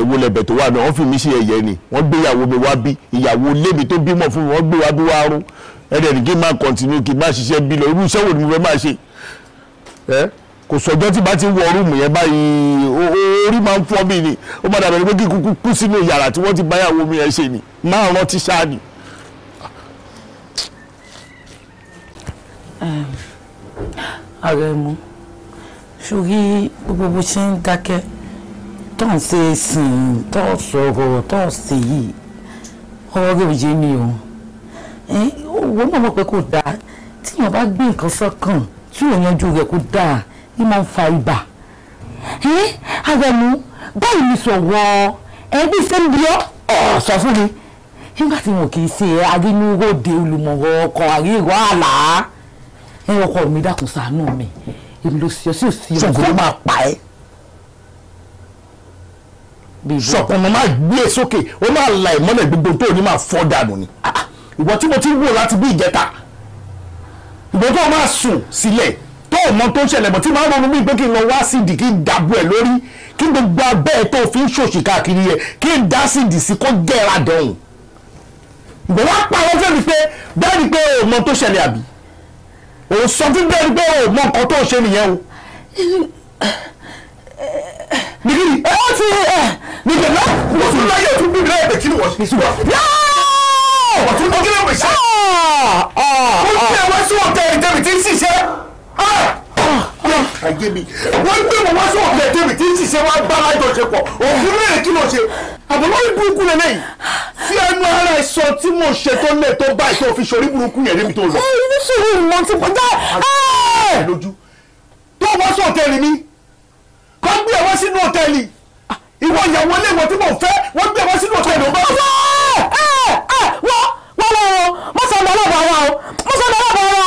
Speaker 3: ewu lẹbẹ tó wà náà wọ́n fi mí ṣe ẹ̀yẹ ni wọ́n gbé ìyàwó mi wá bí ìyàwó ilé mi tó bímọ fún mi wọ́n gbé wá bí wá rún ẹdẹ ní kí n máa kọ̀ntínú kí n máa ṣiṣẹ́ bí lọ irú iṣẹ́ wo ni mo fẹ́ máa ṣe kò sọjọ́ tí bá ti wọ rúùmù yẹn báyìí orí máa ń fọ́ mi ni ó padà bẹ̀rẹ̀ pé kí kú sínú yàrá tí wọ́n ti bá mi yẹn ṣe ni máa rántí ṣáà ni.
Speaker 8: Àrẹ̀mú ṣorí gbogbo bó ṣe ń dákẹ́
Speaker 3: tó ń ṣe sìn tó ń sọ̀rọ̀ tó ń ṣe yìí ọwọ́ rẹ̀ ò yé mi o owó náà mọ̀ pé kò dáa tíyàn bá gbé nǹkan sọ́kàn tí ò yanjú rẹ̀ kò dáa ní máa ń fa ibà Àrẹ̀mú báyìí ni sọ̀rọ̀ ẹbí sẹ́ńdíọ́ sọ fún mi nígbà tí wọn kì í ṣe arínúróde olùmọ̀ràn ọkọ̀ àríwá àlàá ẹ ọkọ mi dákun ṣàánú mi èmi ló sí ọ sí ò sí ọ. sọ̀kùn ló máa pa ẹ́ sọ̀kùn ló máa gbé e sókè ó máa la ìmọ́lẹ̀ gbogbo tó o ní máa fọ́ dànù ni ah, ah. ìwọ tí mo ti wò láti bí ìjẹta ìwọ tó o máa sùn sílẹ̀ tó o mọ tó ń ṣẹlẹ̀ bọ̀ tí máa ń ronú bíi pé kí n lọ wá síìdì kí n dàbò ẹ̀ lórí kí gbogbo abẹ́ ẹ̀ tó fi ń ṣòṣì káàkiri yẹ kí n dá síìdì sí kó jẹ́ ẹ̀rá dẹ̀hùn ìwọ wá pa àwọn fẹ́ẹ́ rí pé bẹ́ẹ̀ ni pé o mọ tó ṣẹlẹ̀ àbí ò sọ fún bẹ́ẹ̀ pé o mọ nǹkan tó ṣe nìyẹn o. nìkìrì ẹ ẹ ti ẹ nìkìrì náà mo tún lọ yóò tún bíbélì ẹgbẹ tí mo wọ sí wa. wọ́n tún kí ló ń ṣe. mo ti ẹ̀ wá sí ọ̀tẹ̀ ìdẹ́bi tí ń ṣiṣẹ́.
Speaker 6: ayé mi wọ́n gbé mo wá sí ọ̀tẹ̀
Speaker 3: ìdẹ́bi tí ń ṣiṣẹ́ wá bá lájọṣepọ̀ òfin lóye kí ló ṣe. àbúrò ìbúkú lélẹ́yìn fi ẹnu ara ẹ̀ sọ tí mo ṣe tó lẹ̀ tó báyìí tó fi ṣorí burúkú yẹn níbi tó lọ sùúrù ìwọ̀n ti kọjá ẹ̀. lójú tó wọ́n sọ òtẹ́ẹ̀lì mi kọ́ gbé ẹ̀wọ́ sínú òtẹ́ẹ̀lì ìwọ ìyàwó ilé ìwọ tí mo fẹ́ wọ́n gbé ẹ̀wọ́ sínú òtẹ́ẹ̀lì ọgbà. ọ̀sẹ̀ ẹ̀ ẹ̀ wọ́n wọ́n wọ́n wọ́n mo sọ ọ̀nà ọlọ́bàá wa o mo sọ ọ̀nà ọlọ́bàá wa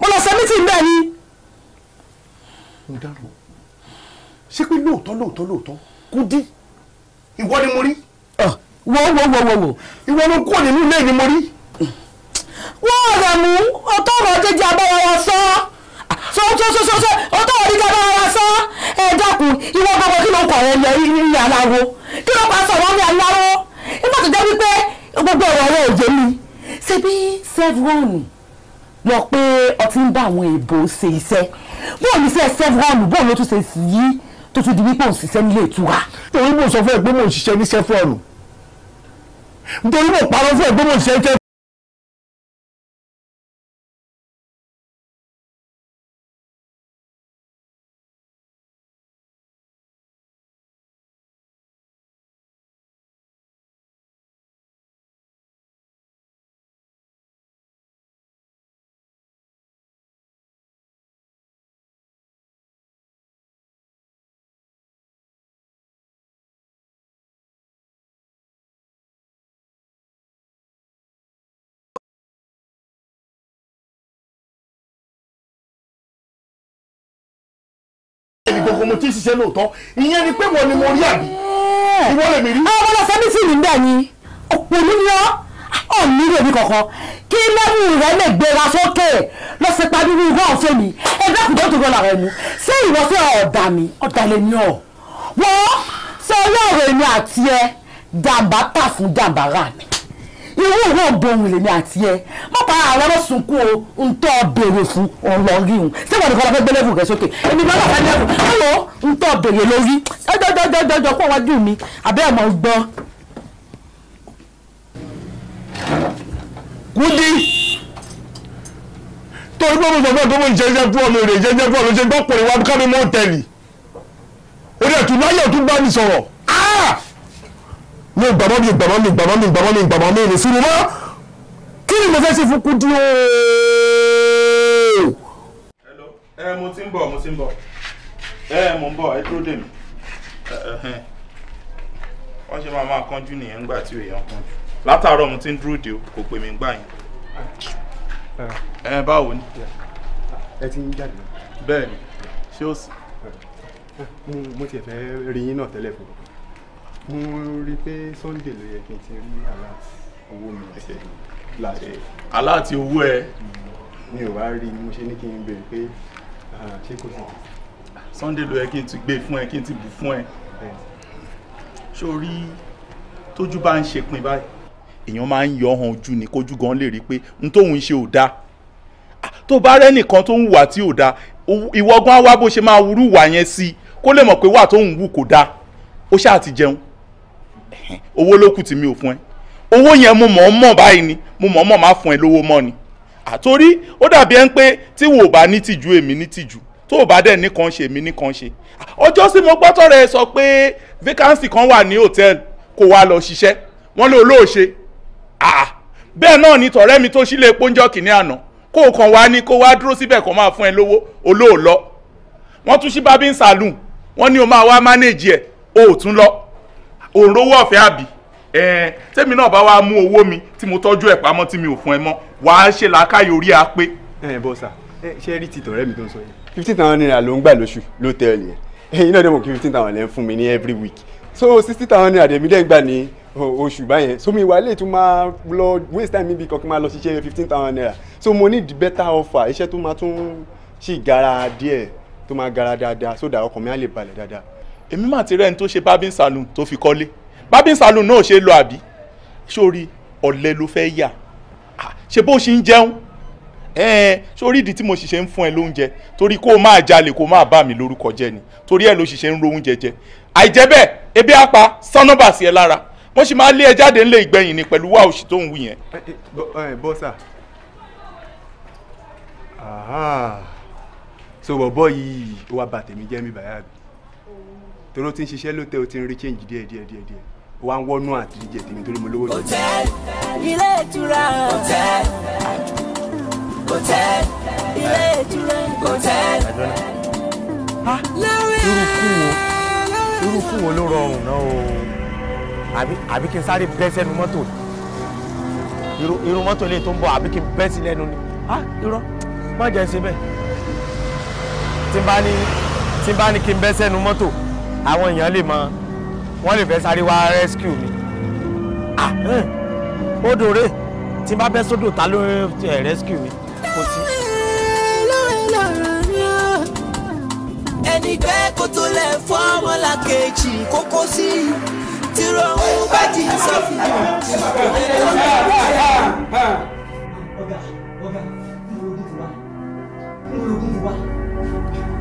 Speaker 8: mo lọ sọ mítìn bẹ́ẹ̀ ni.
Speaker 11: mo dárò ṣé pé
Speaker 3: lóòótọ́ lóòótọ́ lóòótọ́ Kúdí ìwọ ni mo rí. wọ́n ah, wọ́n wọ́n wọ́n ìwọ ló kúrò nínú ilé wọ́n ọ̀rọ̀ mú ọtọ́ ọ̀rọ̀ jẹjẹ abára
Speaker 8: wa sọ sọ sọ sọ sọ sọ ọtọ́ ọ̀rọ̀ jẹjẹ abára wa sọ ẹ dákun ìwọ gbogbo kí ló ń kọ ẹ lẹ ní aláwo kí ló pa sọ̀rọ̀ ní aláwo nígbà tó jẹ́ wípé
Speaker 3: gbogbo ọ̀rọ̀ rẹ̀ ò mi ṣe bí sevron lọ pé ọtí ń bá àwọn èèbò ṣe iṣẹ́ bóò ní sẹ́ sevron bóò ló tún ṣe yí tó tún di wípé òun ṣiṣẹ́ nílé ìtura. torí mo sọ fún ẹ pé mo ṣiṣẹ́ ní sevron
Speaker 1: nítorí mo parọ́ fún ẹ pé mo ń ṣiṣẹ́ pé mo ti ń ṣiṣẹ́ lóòótọ́ ìyẹn ni pé wọ́n ni mo rí àbí eh, ìwọ lè mi rí. ọmọ lọ sẹ́bí sí mi bẹ́ẹ̀ ni òpònú
Speaker 8: ni ọ́ ọ̀ nílò èmi kankan kí lẹ́mú rẹ lè gbéra sókè lọ́sẹ̀ pàdé ní ìwọ ọ̀fẹ́ mi ẹgbẹ́ kùdọ́ tó gbọ́dọ̀ rẹ mu ṣé ìwọ ọ̀dà mi ọ̀dà lè ní ọ̀ wọ́n sọ ọlọ́run èmi àti ẹ dàmbá tà fún dàmbá rà mi irú ìwé ògbóhùn lèmi àti ẹ má pa àwọn ọmọ sunkún o ń tọ́ béèrè fún òun lọ rí òun ṣé wọn nìkan lọ fẹ́ gbé lẹ́fù rẹ sókè èmi bá wà fẹ́ lẹ́fù ọ̀rọ̀ ń tọ́ béèrè lórí
Speaker 3: ọjọ́jọ́jọ́jọ́ kó wájú mi àbẹ́ ọmọ gbọ́. Kúdí torí pé mo sọ fún ẹ pé mo ń jẹjẹ fún ọmọ rẹ jẹjẹ fún ọmọ ṣe gbọ́pọ̀ ìwà kámi mọ́tẹ́lì ó dẹ̀ tún láyọ̀ tún bá mi sọ̀rọ̀. Ah! mi gbàmọ́ mi gbàmọ́ mi gbàmọ́ mi gbàmọ́ mi gbàmọ́ mi nìsúrù mọ́ kí ni mo fẹ́ ṣe fún Kudi ooo.
Speaker 6: hello ẹ mo ti ń bọ̀ mo ti ń bọ̀ ẹ mo ń bọ̀ ẹ dúró dè mí wọ́n ṣe máa máa kánjú nìyẹn ńgbà tí èèyàn kánjú látàárọ̀ mo ti ń dúró dè ó kò pè mí gbà yín ẹ báwo ni.
Speaker 11: ẹ ti ń jáde. bẹ́ẹ̀ ṣé ó sì. mo ti ẹ̀ fẹ́ rí yín náà tẹ́lẹ̀ fún mi mo rí i pé Sunday ló yẹ kí n ti rí alert owó mi ẹsẹ̀ láti. alert owó ẹ. mi ò wá rí i mo
Speaker 6: ṣe ní kí n béèrè pé ṣé kò sí. Sunday ló yẹ kí n ti gbé fún ẹ kí n ti bù fún ẹ. sórí tójú bá ń ṣe pin báyìí èèyàn máa ń yọ ọhàn ojú ni kójú gan lè rí i pé n tóun ṣe ò dáa tó bá rẹ́nìkan tó ń hùwà tí ò dáa ìwọ́gbọ́n á wá bó ṣe máa wúrú wà yẹn sí i kó lè mọ̀ pé wà tó ń wù kò dáa ó ṣáà ti jẹun owó ló kù tí mi ò fún ẹ owó yẹn mo mọ̀ ọ́n mọ̀ báyìí ni mo mọ̀ ọ́n mọ̀ máa fún ẹ lówó mọ́ ni àtórí ó dàbí ẹ ń pé tí wò bá ní tìjú èmi ní tìjú tó o bá dẹ̀ nìkan ṣe èmi nìkan ṣe ọjọ́ sí mo gbọ́tọ̀ rẹ sọ pé vacancy kan wà ní hòtẹ́ẹ̀lì kó wá lọ ṣiṣẹ́ wọ́n lé olóòṣe bẹ́ẹ̀ náà ni tọ̀rẹ́ mi tó sílé epo ń jọ́ kìnìún àná kó o kàn wá ní kó wá dúró síbẹ̀ kó máa fún ẹ lówó olóòlọ́ wọ́n tún ṣí bábí ń sàlùn wọ́n ní o máa wá mánéèjì ẹ̀ o ò tún lọ òǹrowó ọ̀fẹ́ àbí ẹ̀ẹ́n tẹ́mi náà bá wá mú owó mi tí mo tọ́jú ẹ̀ pamọ́ tí mi ò fún ẹ mọ́ wàá ṣe làákàyè orí a pé. ẹ bọ sà
Speaker 11: ṣé rí tìtọ̀ rẹ mi tó ń sọ yìí fifteen thousand naira ló ń gbà lóṣù lótẹ́ẹ̀lì yẹn ẹ̀yin náà dẹ̀ mọ̀ kí fifteen thousand naira ń fún mi ní every week so sixty thousand naira dẹ̀mí dẹ̀ ń gbà ní oṣù báyẹn so mi wà lè tún máa lọ waste time mi bí kankan máa lọ ṣiṣẹ́ fifteen thousand naira so mo need better offer iṣẹ́ tó máa tún ṣì gara díẹ̀ tó máa gara dáadáa so that ọkàn mi á lè balẹ̀ dáadáa
Speaker 6: èmi mà ti rẹ́ni tó ṣe barbing salon tó fi kọ́lé barbing salon náà ṣe lọ àbí sórí ọ̀lẹ ló fẹ́ yà ṣe bó ṣe ń jẹun ẹ̀ẹ́n sórí ìdí tí mo ṣiṣẹ́ ń fún ẹ lóúnjẹ torí kó o máa jalè kó o máa bà mí lórúkọ jẹ́ ni torí ẹ̀ ló ṣiṣẹ́ ń ro oúnjẹ jẹ àìjẹ́ bẹ́ẹ̀ ebi apa sanọ́bà sí ẹ lára wọ́n sì máa lé ẹ jáde ńlẹ̀ ìgbẹ̀yìn ni pẹ̀lú wá
Speaker 11: òṣì tó ń wù yẹn. bọ́sà so bọ̀bọ̀ yìí ó wá bà jẹ́ mi bàyà mi torí ó ti ń ṣiṣẹ́ lóòótọ́ ó ti ń rí change díẹ̀ díẹ̀ díẹ̀ díẹ̀ ó wá ń wọ́nú àti jíjẹ tèmi torí mo lówó lọ. hòtẹ́ẹ̀lì
Speaker 2: ilé ìtura hòtẹ́ẹ̀lì ilé ìtura hòtẹ́ẹ̀lì.
Speaker 3: irúfún wo irúfún wo ló rọrùn náà o àbí kí n sáré bẹ́ sẹ́nu mọ́tò irú mọ́tò lè tó ń bọ̀ àbí kí n bẹ́ sí lẹ́nu ni irọ́ má jẹ́ ṣe bẹ́ẹ̀ tí n bá ní kí n bẹ́ sẹ́nu mọ́tò àwọn èèyàn lè mọ wọ́n lè fẹ́ sáré wá rescue mi odò rè tí n bá bẹ́ sódò ta ló rescue mi kò sí.
Speaker 2: ẹni bẹ́ẹ̀ kó tó lẹ̀ fọ́ ọmọlá kejì kókó sí i tìrọ̀ ti sọ fún mi ọ̀gá ọ̀gá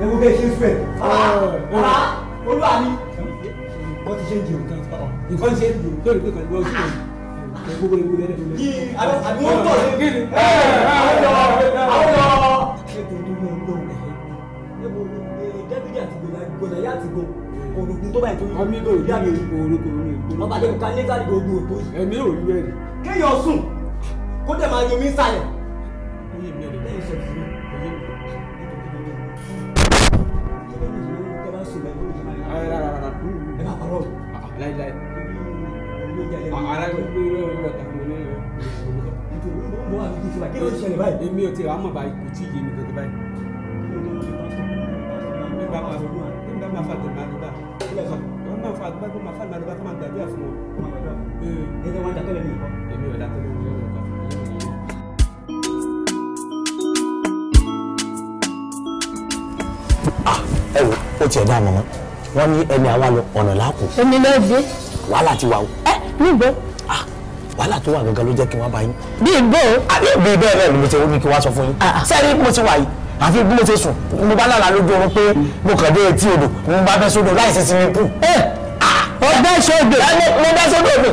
Speaker 4: ẹ wo bẹ́ẹ̀ ṣe ń change your account power you come change your lórí pé kàdúrà oṣù kan gbogbo ìwé rẹ ló lẹ. yìí àbí wọn tọ sí kíni. ẹ ẹ àwọ àwọ. ètò ìdúró ọgbọ́n ẹ̀bùn dẹ́bìdì àti gbọ̀dàyà àti gbọ̀ òrùkùn tó báyìí tó yẹ. ọmọ ibò ìdí àmì òrùkùn mi. ọba dẹ́kun ká lé sáré gbogbo òtó yìí. ẹ̀mí ò rí bẹ́ẹ̀ ni. kéèyàn sùn kó dẹ̀ máa yomi sálẹ̀. láíláí. ara ah, ẹ
Speaker 3: wo ó tiẹ̀ dá àmọ́ mọ́ wọ́n ní ẹni àwa lọ ọ̀nà láàkú. èmi ló dé. wàhálà ti wà o. ẹ níbo. wàhálà tó wà gangan ló jẹ́ kí wọ́n bá yín. bí ibo. àbí bí bẹ́ẹ̀ náà ni mo ti ní kí wọ́n sọ fún yín. Ah, ah. sẹ́ni mo ti wà yìí àfi bí mo ti sùn mo bá lára lójú oorun pé mo kàn dé etí odò mo bá bẹ́ sódò láì sí sinmi kù. ọgbẹ́ eh, ah, sódò. mo bẹ́ sódò mi.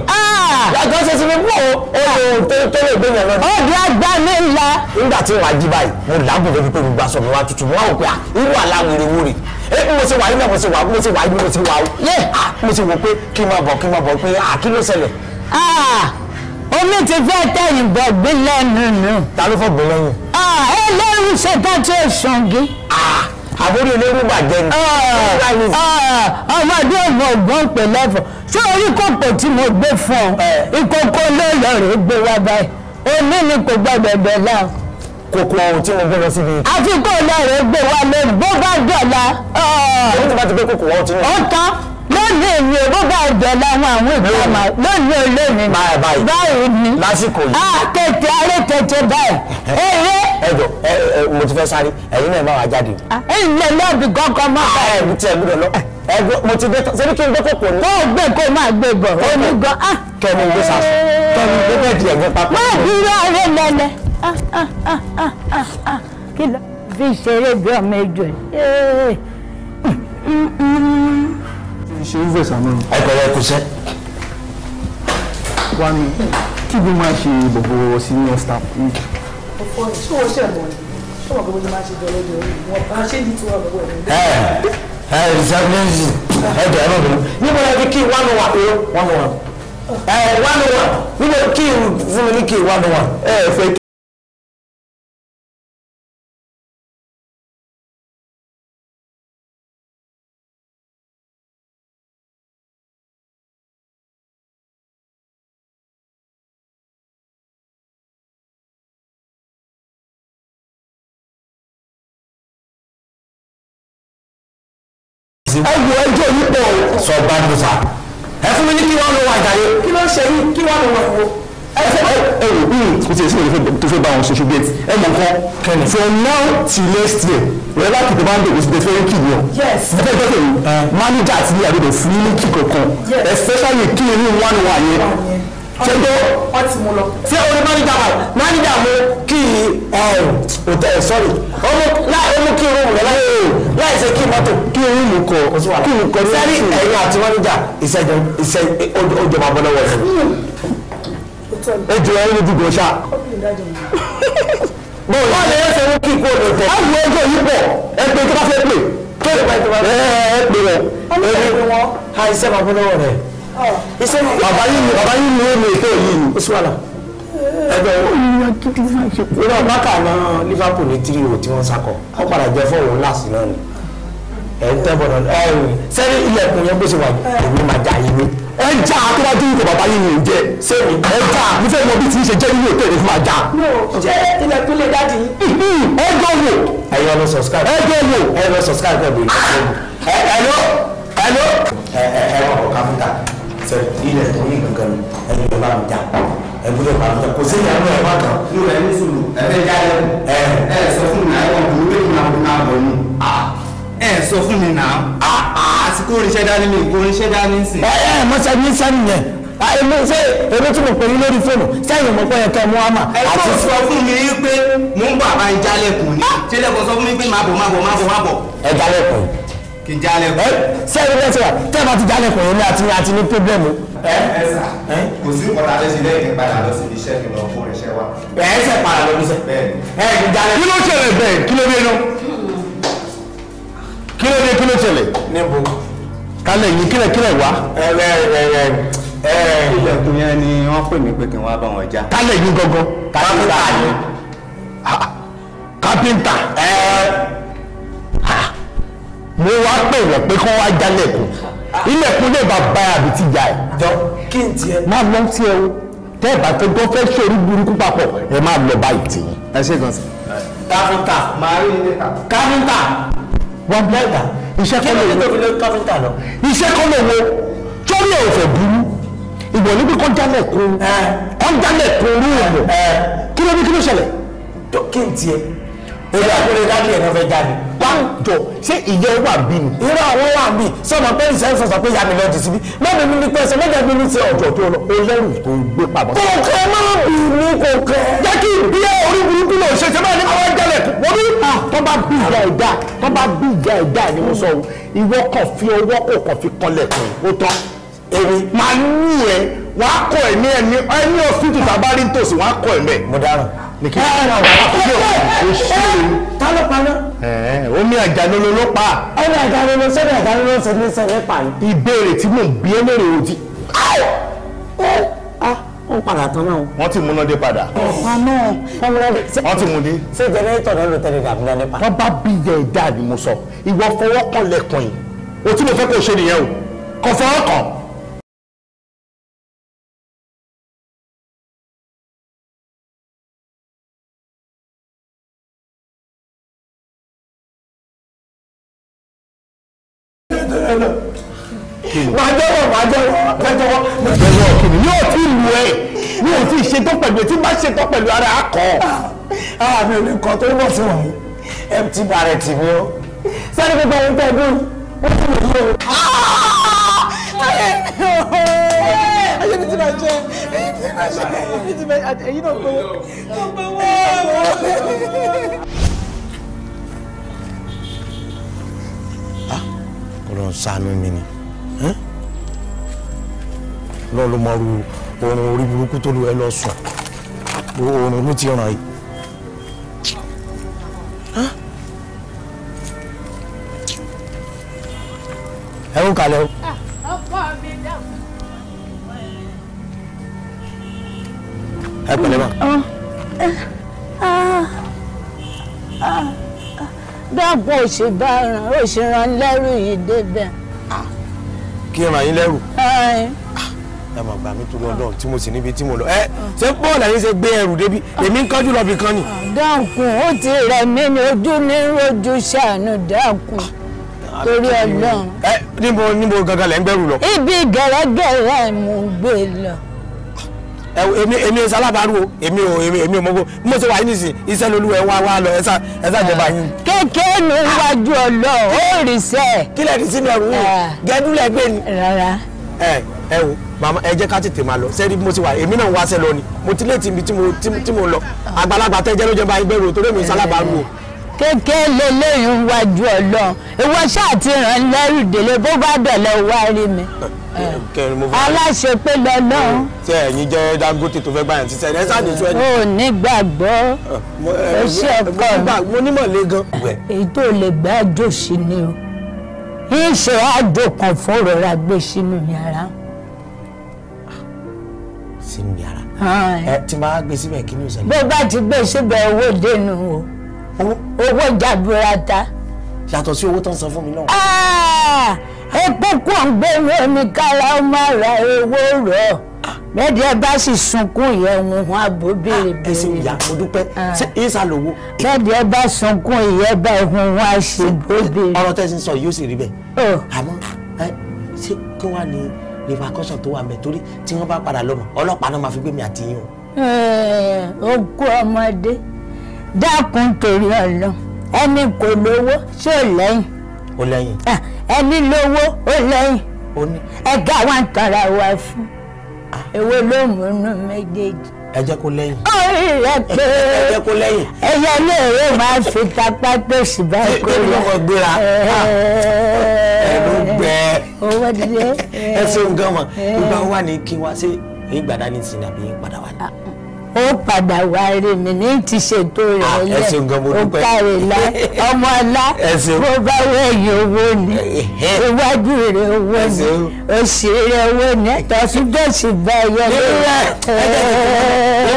Speaker 3: yàtọ̀ sí sinmi kù o o tó lè gbé yẹn lọ. ọdẹ àgbà mi ń la. nígbà tí wàá jí báyìí mo làágùn lórí pé mo gbà sọ mi wá tutù mo wá wò pé irú àláwèrè wò rè ẹ mo ṣe wà yín náà mo ṣe wà mo ṣe wà yín mo ṣe wà ó yẹ mo ṣe wò pé kí n máa bọ̀ kí n máa bọ̀ pé kí ló ṣẹlẹ̀. Ah, omi ti fẹ́ tẹ̀yìn bọ̀ gbé lẹ́nu nù. ta ló fọ́ gbé lẹ́yìn. Ah, ẹlẹ́rù ṣe tọ́jú òṣùngí. àbórí olóró bàjẹ́ ni. Ah, ọmọdé ọmọ ọgbọ́n pè lẹ́fọ̀ ṣé orí kòkò tí mo gbé fún ọ eh. ìkòkò lóòlọ́ọ̀rẹ́ gbé wá báyìí omi ni kò gbàgbẹ́ bẹ́ẹ̀ láà kókó ohun tí mo gbé lọ síbi. àfi kó o lọ rẹ gbé wa lórí bó bá dọ̀la. ó ti bá ti gbé kókó ohun tí mo. ó tán lónìí èyí bó bá dọ̀la wọn àwọn ìgbàmà lónìí olónìí. báyìí báyìí báyìí ni. lásìkò yìí. a ah, tètè alẹ́ tètè báyìí. eré. ẹ jọ ẹ ẹ mo ti fẹ́ sáré ẹ̀yin náà ẹ má wàá jáde. Ah, ẹ̀yin náà lọ́ọ̀bì gángan mọ́. Ah, ẹ ẹ ti ẹ gbúdọ̀ lọ ẹgbẹ́ mo ti gbé sẹ́ni kí n gbé kòkò ní. kó o gbé kó o máa gbé bọ̀ omi gan. kẹ́mi gbé sàṣọ kẹ́mi gbé bẹ́ẹ̀ di ẹ̀gbẹ́ papọ̀. má bí
Speaker 10: rárẹ̀ lẹ́lẹ̀ kí ló fi ṣeré bí ọmọ ejò ẹ.
Speaker 3: ṣe ń fẹsà náà. ọkọ rẹ kò sẹ. wá ní kí ló máa ṣe bọ̀bọ̀ senior staff. ọkọ
Speaker 9: tí wọn ṣe mọ ni ṣé wọn gbogbo máa ṣe jọ lóde orí wọn bá ṣe ní tiwọn gbogbo ẹ. ẹ
Speaker 3: ẹ reservation ẹ jẹ ẹ bọ bọ níbo la fi kí one one oh one
Speaker 9: one ẹ one oh oh one níbo kí
Speaker 1: fún mi ní kí one one ẹ fẹ. ẹwù ẹjọ́ yìí pọ̀
Speaker 7: o. sọ bá mi fà
Speaker 3: ẹ fún mi ní kí wọ́n lọ wà jáde. kí ló ń ṣe yín kí wọ́n lọ wà wo. ẹ ẹ ẹ o ti ẹsẹ ìfẹ́ tó fẹ́ bá wọn ṣoṣo bẹ́ẹ̀ ẹ mọ nǹkan from now till next year wẹ́n láti tó bá ń dòkó sí the fẹ́rẹ́ kì yẹn. ẹ fẹ́ gbẹ́sẹ̀ mi ah. manager àti ilé àdúgbò fún mi ní kí kankan especially kí ni one one yẹn ṣe tó ṣe orí mánìjà wa mánìjà mú kí òtẹ sọrí ó mú kí rúùmù rẹ láì ṣe kí mọ́tò kí rúùmù kọ kí rúùmù kọ sẹ́rí ẹ̀yìn àti mánìjà ìṣe ìjọba bọ́ lọ́wọ́ rẹ̀
Speaker 8: ó jẹ́ ẹ̀yìn ojú gòṣà
Speaker 3: bọ́ọ̀lù ọ̀lẹ́ yẹn ṣe mú kí kó lè tẹ̀. àwọn ọjọ́ yìí pọ̀ ẹgbẹ́ tó bá fẹ́ pè. tó lè bá ìtura rẹ̀. ẹ ẹ pè rẹ̀. ọmọ ìṣẹ́ mi wọ́n. àìsàn àbúrò rẹ̀ bàbá yìí ni bàbá yìí ni èmi ètò yìí ni ó sì wà náà ẹgbẹ́ ìrọ̀ bákà náà Liverpool ní tírì ò tí wọ́n sakọ̀ ó padà jẹ́ fọ́ọ̀rù láàsì náà ni ẹ̀ ń tẹ́bọ̀ náà ẹ̀ ń sẹ́rí ilẹ̀kùn yẹn bó ṣe wà èmi máa jà yìí ni ẹ ń jà tó bá dé ìkọ̀ bàbá yìí ni ò ń jẹ sẹ́mi ẹ jà mo fẹ́ mọ bí ti ń ṣe jẹ́ nínú òtẹ́ ìdí fún wa jà. ṣé ilẹ̀kùn lè dáàdì yìí. ẹ jọ wò. ẹ yọ lọ subscribe. ẹ jọ wò. ẹ lọ subscribe pẹ̀lú sẹ ilẹ̀ tó ní kankan ẹ gbọ́dọ̀ bá mi jà ẹ gbọ́dọ̀ bá mi jà kò sí ìyàwó ẹ̀ wá kan. ní o rẹ ní sùlù ẹ fẹ́ já ẹ ẹ ẹ sọ fún mi náà ẹ kàn dúró lórí náà náà bọ̀ ni. ẹ sọ fún mi náà àsìkò oríṣẹ́ dání mi ìgò oríṣẹ́ dání sí. ẹ ẹ mọ́ṣẹ́ ní sẹ́ni yẹn èmi ṣe èmi tí mo pè ní lórí fóònù sẹ́yìn mo pẹ́ ẹ̀kẹ́ mu ama. ẹ kò sọ fún mi pé mò ń bọ̀ àbá ń ni ṣé lẹ́kọ̀ọ́ sọ fún mi pé má bọ̀ má bọ̀ má bọ̀ má bọ̀. ẹ
Speaker 4: jálẹ̀kùn kì í jalè kù.
Speaker 3: sẹ́yìn lẹ́sẹ̀ wa tẹ́ ẹ bá ti jalè kù yẹn ní a ti ní pírọ́blẹ́mù. ẹ ẹ sà kò sí nǹkan tá a lè ṣe lẹ́yìn ìpadà lọ síbi
Speaker 11: iṣẹ́ mi lọ fún iṣẹ́
Speaker 10: wa.
Speaker 3: ẹ ẹ sẹ padà lọ bíṣẹ. bẹ́ẹ̀ni ẹ kì í jalè. kí ló ṣẹlẹ̀ bẹ́ẹ̀ kí ló dé náà kí ló dé kí ló ṣẹlẹ̀. níbo. kálẹ̀ yìí
Speaker 11: kílẹ̀ kílẹ̀ wá. ẹ ẹ ẹ ẹ ilẹ̀kùn yẹn ni wọ́n pè mí pé kí n wá bá wọn já. kálẹ̀ yìí gangan. kápẹ́ntà
Speaker 3: ah, ah. kápẹ́ntà. ẹ ẹ mo wá pè wọ́n pé kó wá jálẹ̀kùn ilẹ̀kùn lè bá bá àbí ti jà ẹ̀. jọ kí n tiẹ̀. má lọ sí ẹ o tẹ́ ẹ̀ bá tó gbọ́ fẹ́ ṣòrí burúkú papọ̀ ẹ má lọ báyìí tì í. ẹ ṣe gan sí. káfíńtà máa rí ilé ta. káfíńtà. wọn bẹ ẹgbà iṣẹ́ kọ́ lè wo iṣẹ́ kọ́ lè wo torí ẹ̀ ò fẹ́ burú ìwọ níbi kọ́ jálẹ̀kùn kọ́ jálẹ̀kùn rúùmù kí ló ní kí ló ṣẹlẹ̀. kí n tiẹ̀ ṣé àkúrẹ́ dájú ẹ̀ náà fẹ́ jáde. láwùjọ ṣé ìjẹ́ wà bí ni. irú àwọn wà bí sọmọ pé ìṣẹ́ sọ̀sọ̀ pé yàmi lọ́ọ́ di síbí mẹ́rin mi ni pé ẹsẹ̀ mẹ́jọ mi ní ti ọ̀jọ̀ tó lọ o lẹ́rù tó gbé pamọ́. kò kẹ́ má bì mí kò kẹ́. jẹ́ kí ìbí ẹ̀ orí burúkú lò ṣe ṣe báyìí ní àwọn jẹ́lẹ̀ wọ́n bí. tó bá bí ìjà ẹ̀dá tó bá bí ìjà ẹ̀dá ni mo sọ ìwọ kàn fi ọwọ́ kò kàn fi kọlẹ̀ kùn ó tán èmi máa ń ní ẹ wàá kọ ẹ̀mí ẹ̀mí ẹ̀mí ọ̀fíìtì tàbá rí nítòsí wàá kọ ẹ̀mí. mo dáràn ní kí ẹ ẹ ọ ṣe ta ló paná. ó ní àjàlólo ló pa. ó ní sọ́dọ̀ àjàlólo ṣe ní sẹ́lẹ̀ pa ni. ìbéèrè tí mò ń bí ẹ lóore òdì. wọ́n padà tán náà. wọ́n ti múná dé padà.
Speaker 10: ọ̀pá náà.
Speaker 3: wọ́n ti mú ní. ṣé jẹnẹrétọ̀ náà ló tẹ̀lé ìdààmú náà nípa. wọ́n bá bí iye ìdá ni mo sọ ìwọ fọwọ́ kan lẹ́kùn yìí òtún mo fẹ́ kó ṣe nìyẹn o kò mi ò lè kọ́ tó bọ̀ sí wọ̀nyí empty barrel tì mí o sẹ́ni gbogbo ohun tẹ́ dùn ó sì lè yé o. ayé mi ti máa jẹ èyí mi ti
Speaker 2: máa jẹ èyí náà gbowó tó gbowó.
Speaker 3: Ọlọ́run ṣàánú mi ni lọ́ọ́ ló mọ oorun orí burúkú tó lu ẹ lọ sùn oorun ló ti ràn yìí ẹ kú kalẹ̀
Speaker 2: o.
Speaker 7: ẹ pẹ̀lẹ́ ma.
Speaker 8: dábọ̀ òṣèbára òṣèrànlẹ́rù yìí débẹ̀.
Speaker 3: kí ẹ ràn yín lẹ́rù ẹ mọ̀ gbà mí tó lọ́dọ̀ ah. tí mo sì níbi tí mo lọ ẹ ṣé bọ́ọ̀lù ẹ̀yin ṣe gbé ẹrù débi ah. èmi ń kánjú lọ́bì kan ni. Ah,
Speaker 8: dákun ó ti rẹ̀ mí ni ojú mi ń rojú ṣàánú dákun
Speaker 3: torí ọlọ́run. ẹ níbo níbo gangan lẹ ń gbẹrù lọ.
Speaker 8: ibi gẹ̀rẹ́gẹ̀rẹ́ mò ń gbé lọ.
Speaker 3: ẹ èmi èmi ẹ sálábàárù o èmi ò èmi èmi ò mọ́gbó bí mo ṣe wà yín nìsín iṣẹ́ lolú ẹ wá wá lọ ẹ sá ẹ sá jẹba yín. kékeré ló ń wájú ọlọ́run ó rìṣẹ́. kílẹ̀ ní sínú ẹ̀rù gẹ́dúlẹ̀ gbé ni. rárá. ẹ ẹ wo màmá ẹ jẹ́ ká tètè máa lọ sẹ́ẹ̀rí bí mo ti wà èmi náà ń wáṣẹ́ lọ ni mo ti léètì ibi tí mo lọ àgbàlagbà tẹ́jẹ́ ló jẹ́ bá ẹgbẹ́ rò torí èmi sálábà rò.
Speaker 10: kékeré
Speaker 8: lélẹ́yìn wájú ọlọ́run ìwọ ṣáà ràn lẹ́rù délé bó bá dọ̀lẹ́ wá rí
Speaker 3: mi aláṣẹ pé lọ́lọ́run. tí ẹ̀yin jẹ́ Dangote tó fẹ́ gbà yẹn títẹ̀ ẹ̀ sáà ní sọ́ọ̀dì. o ní gbàgbọ́ ó ẹ̀kọ́ mo nímọ̀ lé gan. èyí tó lè gbà ni o ìṣe àdókan fún òrora gbé sínú yàrá sínú yàrá ẹ tí máa gbé síbẹ̀ kí ni ó ṣẹlẹ̀. bó bá ti gbé síbẹ̀ owó dénú o owó jaburata. yàtọ̀ sí owó tó ń san fún mi náà. Ah! epo kò ń gbé mi omi kára ó máa ra owó rọ̀ bẹ́ẹ̀ni ẹ bá sì sunkún ìyẹn wọn àbò béèrè béèrè. Ah, ẹ ṣe ìyá mo dúpẹ́ ah. ṣé ìsà lówó. bẹ́ẹ̀ni ẹ bá sunkún ìyẹn bá ìhun wọn àṣẹ béèrè. ọ̀rọ̀ tẹsán sọ yóò sì rí bẹ́ẹ̀ oh. àmọ́ ṣé kí wàá ní repercussion tó wà mẹ́ torí tí wọ́n bá padà lọ́mọ ọlọ́pàá náà máa fi gbé mi àti yín o.
Speaker 10: ogún ọmọdé dákun torí ọlọ ẹni kò lówó ṣé ò lẹ́yìn. ó lẹ́yìn. Ah, ẹni lówó ó lẹ́yìn.
Speaker 3: ó ní.
Speaker 8: ẹ̀gá wa ń tara fún. èwo ah. ló mú inú méjèèjì
Speaker 3: ẹ jẹ́ kó lẹ́yìn. ó rí rẹ pé ẹ jẹ́ kó lẹ́yìn. ẹyẹ náà yóò máa fi tapá tó sì bá kó lọ. ẹ ah, ẹ gbéra ẹnu gbẹ ẹ ṣeun gan mọ ìgbà wà ní kí wá sí ìgbàdá ní sinmi padà wà ní. Ah ó padà wá rí mi ní ti ṣètò rẹ̀ ah, lẹ̀ òkà rẹ̀ la ọmọ ọlá bó bá wẹ̀yìn owó ni iwájú rẹ̀ owó ni
Speaker 10: òsì rẹ̀ owó ni tọ́sídọ́sì bá yọ lórí ẹ̀ ẹ̀ ẹ̀ ẹ̀ ẹ̀ ẹ̀ ẹ̀ ẹ̀ ẹ̀ ẹ̀ ẹ̀ ẹ̀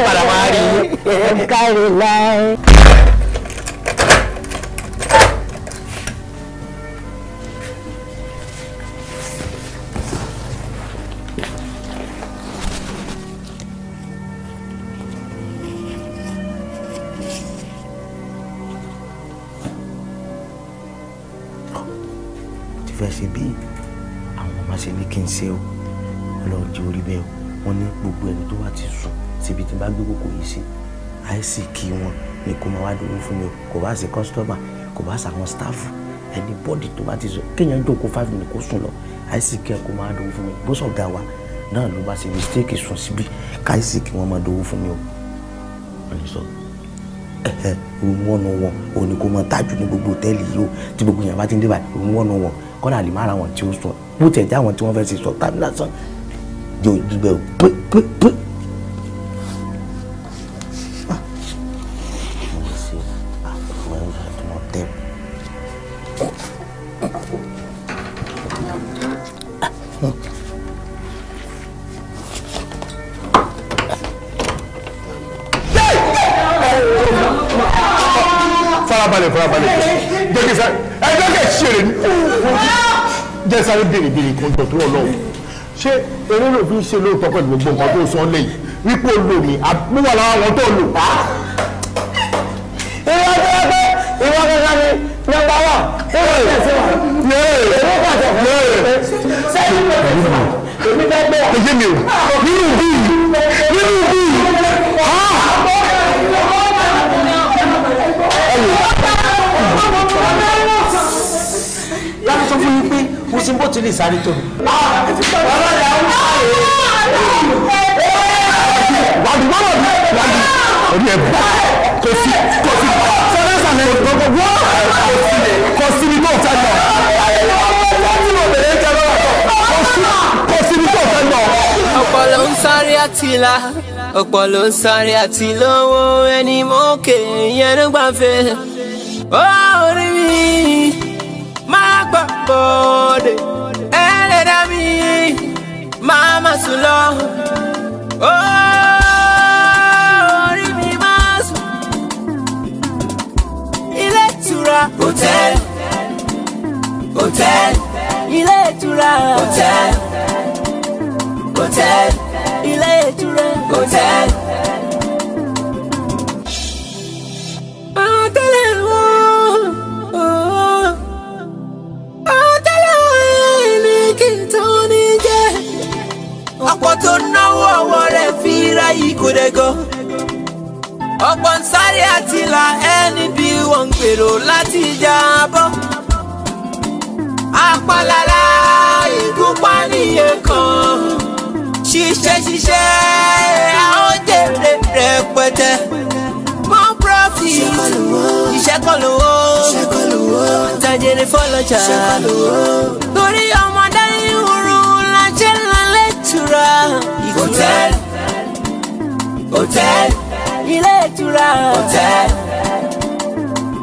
Speaker 10: ẹ̀ ẹ̀ ẹ̀
Speaker 7: ẹ̀ ẹ̀
Speaker 3: ṣe àìsí kí wọn ni kó máa wá dúró fún mi o kò bá sí kọ́sítọ́mà kò bá sàwọn sítáàfù ẹni bọ́ọ̀dì tó bá ti sọ kéèyàn jókòó five minutes kó sùn lọ àìsí kí ẹ kó máa dúró fún mi bó sọ̀gá wa náà ló bá ṣe mistake sùn síbi káìsí kí wọ́n máa dúró fún mi o wọ́n lè sọ ẹ̀hẹ̀ room one on oh one òun ni kó máa tájú ní gbogbo hòtẹ́ẹ̀lì yìí o tí gbogbo yàrá bá ti ń dé báyìí room one on oh one kọ́nà àlè má ara wọn tí ó sọ bó tẹ̀ jẹ́ àwọn tí wọ́n fẹ́ ṣe sọ tàbí lásán yóò gbígbẹ́ o pé pé pé ṣé eré ló fi ń ṣe lóòótọ́ pẹ̀lú gbogbo nǹkan tó sọ lẹ́yìn wípé ó lò mí àbúwà lára wọn tó lò pa. ìwọ tó yẹ pé ìwọ kankan ni nọ́mbà wà ó lè tẹ̀sí wa èmi pàṣẹ fún mi sẹ́yìn ló tẹ̀sí wa èmi fẹ́ gbé èyí mi ò nínú bíi nínú bíi láti sọ kùsùn bó ti lè sáré tó mi.
Speaker 7: wàdí wàdí wàdí orí ẹ bá kò sí
Speaker 2: ọpọlọ ń sáré àtìlá ọpọlọ ń sáré àtìlówó ẹni mọ́kè yẹn ló gbà fẹ́ bode ẹlẹ́dàá mi máa ma sùn lọ. orí mi máa sùn. ilé ìtura Hotel, hòtẹ́ẹ̀lì ilé ìtura Hotel. hòtẹ́ẹ̀lì ilé ìtura ọ̀pọ̀ tó náwó ọwọ́ rẹ̀ fi ráyè kódego ọ̀pọ̀ ń sáré àti là ẹni bí wọ́n ń gbèrò láti já bọ́ apalala ìgúnpá nìyẹn kan ṣiṣẹ́ ṣiṣẹ́ àwọn jèrè rẹpẹtẹ more profit iṣẹ́ kọ́ lówó tajere fọlọ́jà torí hòtẹ́ẹ̀lì hòtẹ́ẹ̀lì
Speaker 1: ilé ìtura hòtẹ́ẹ̀lì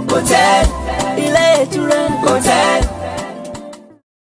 Speaker 1: hòtẹ́ẹ̀lì ilé ìtura Hotel.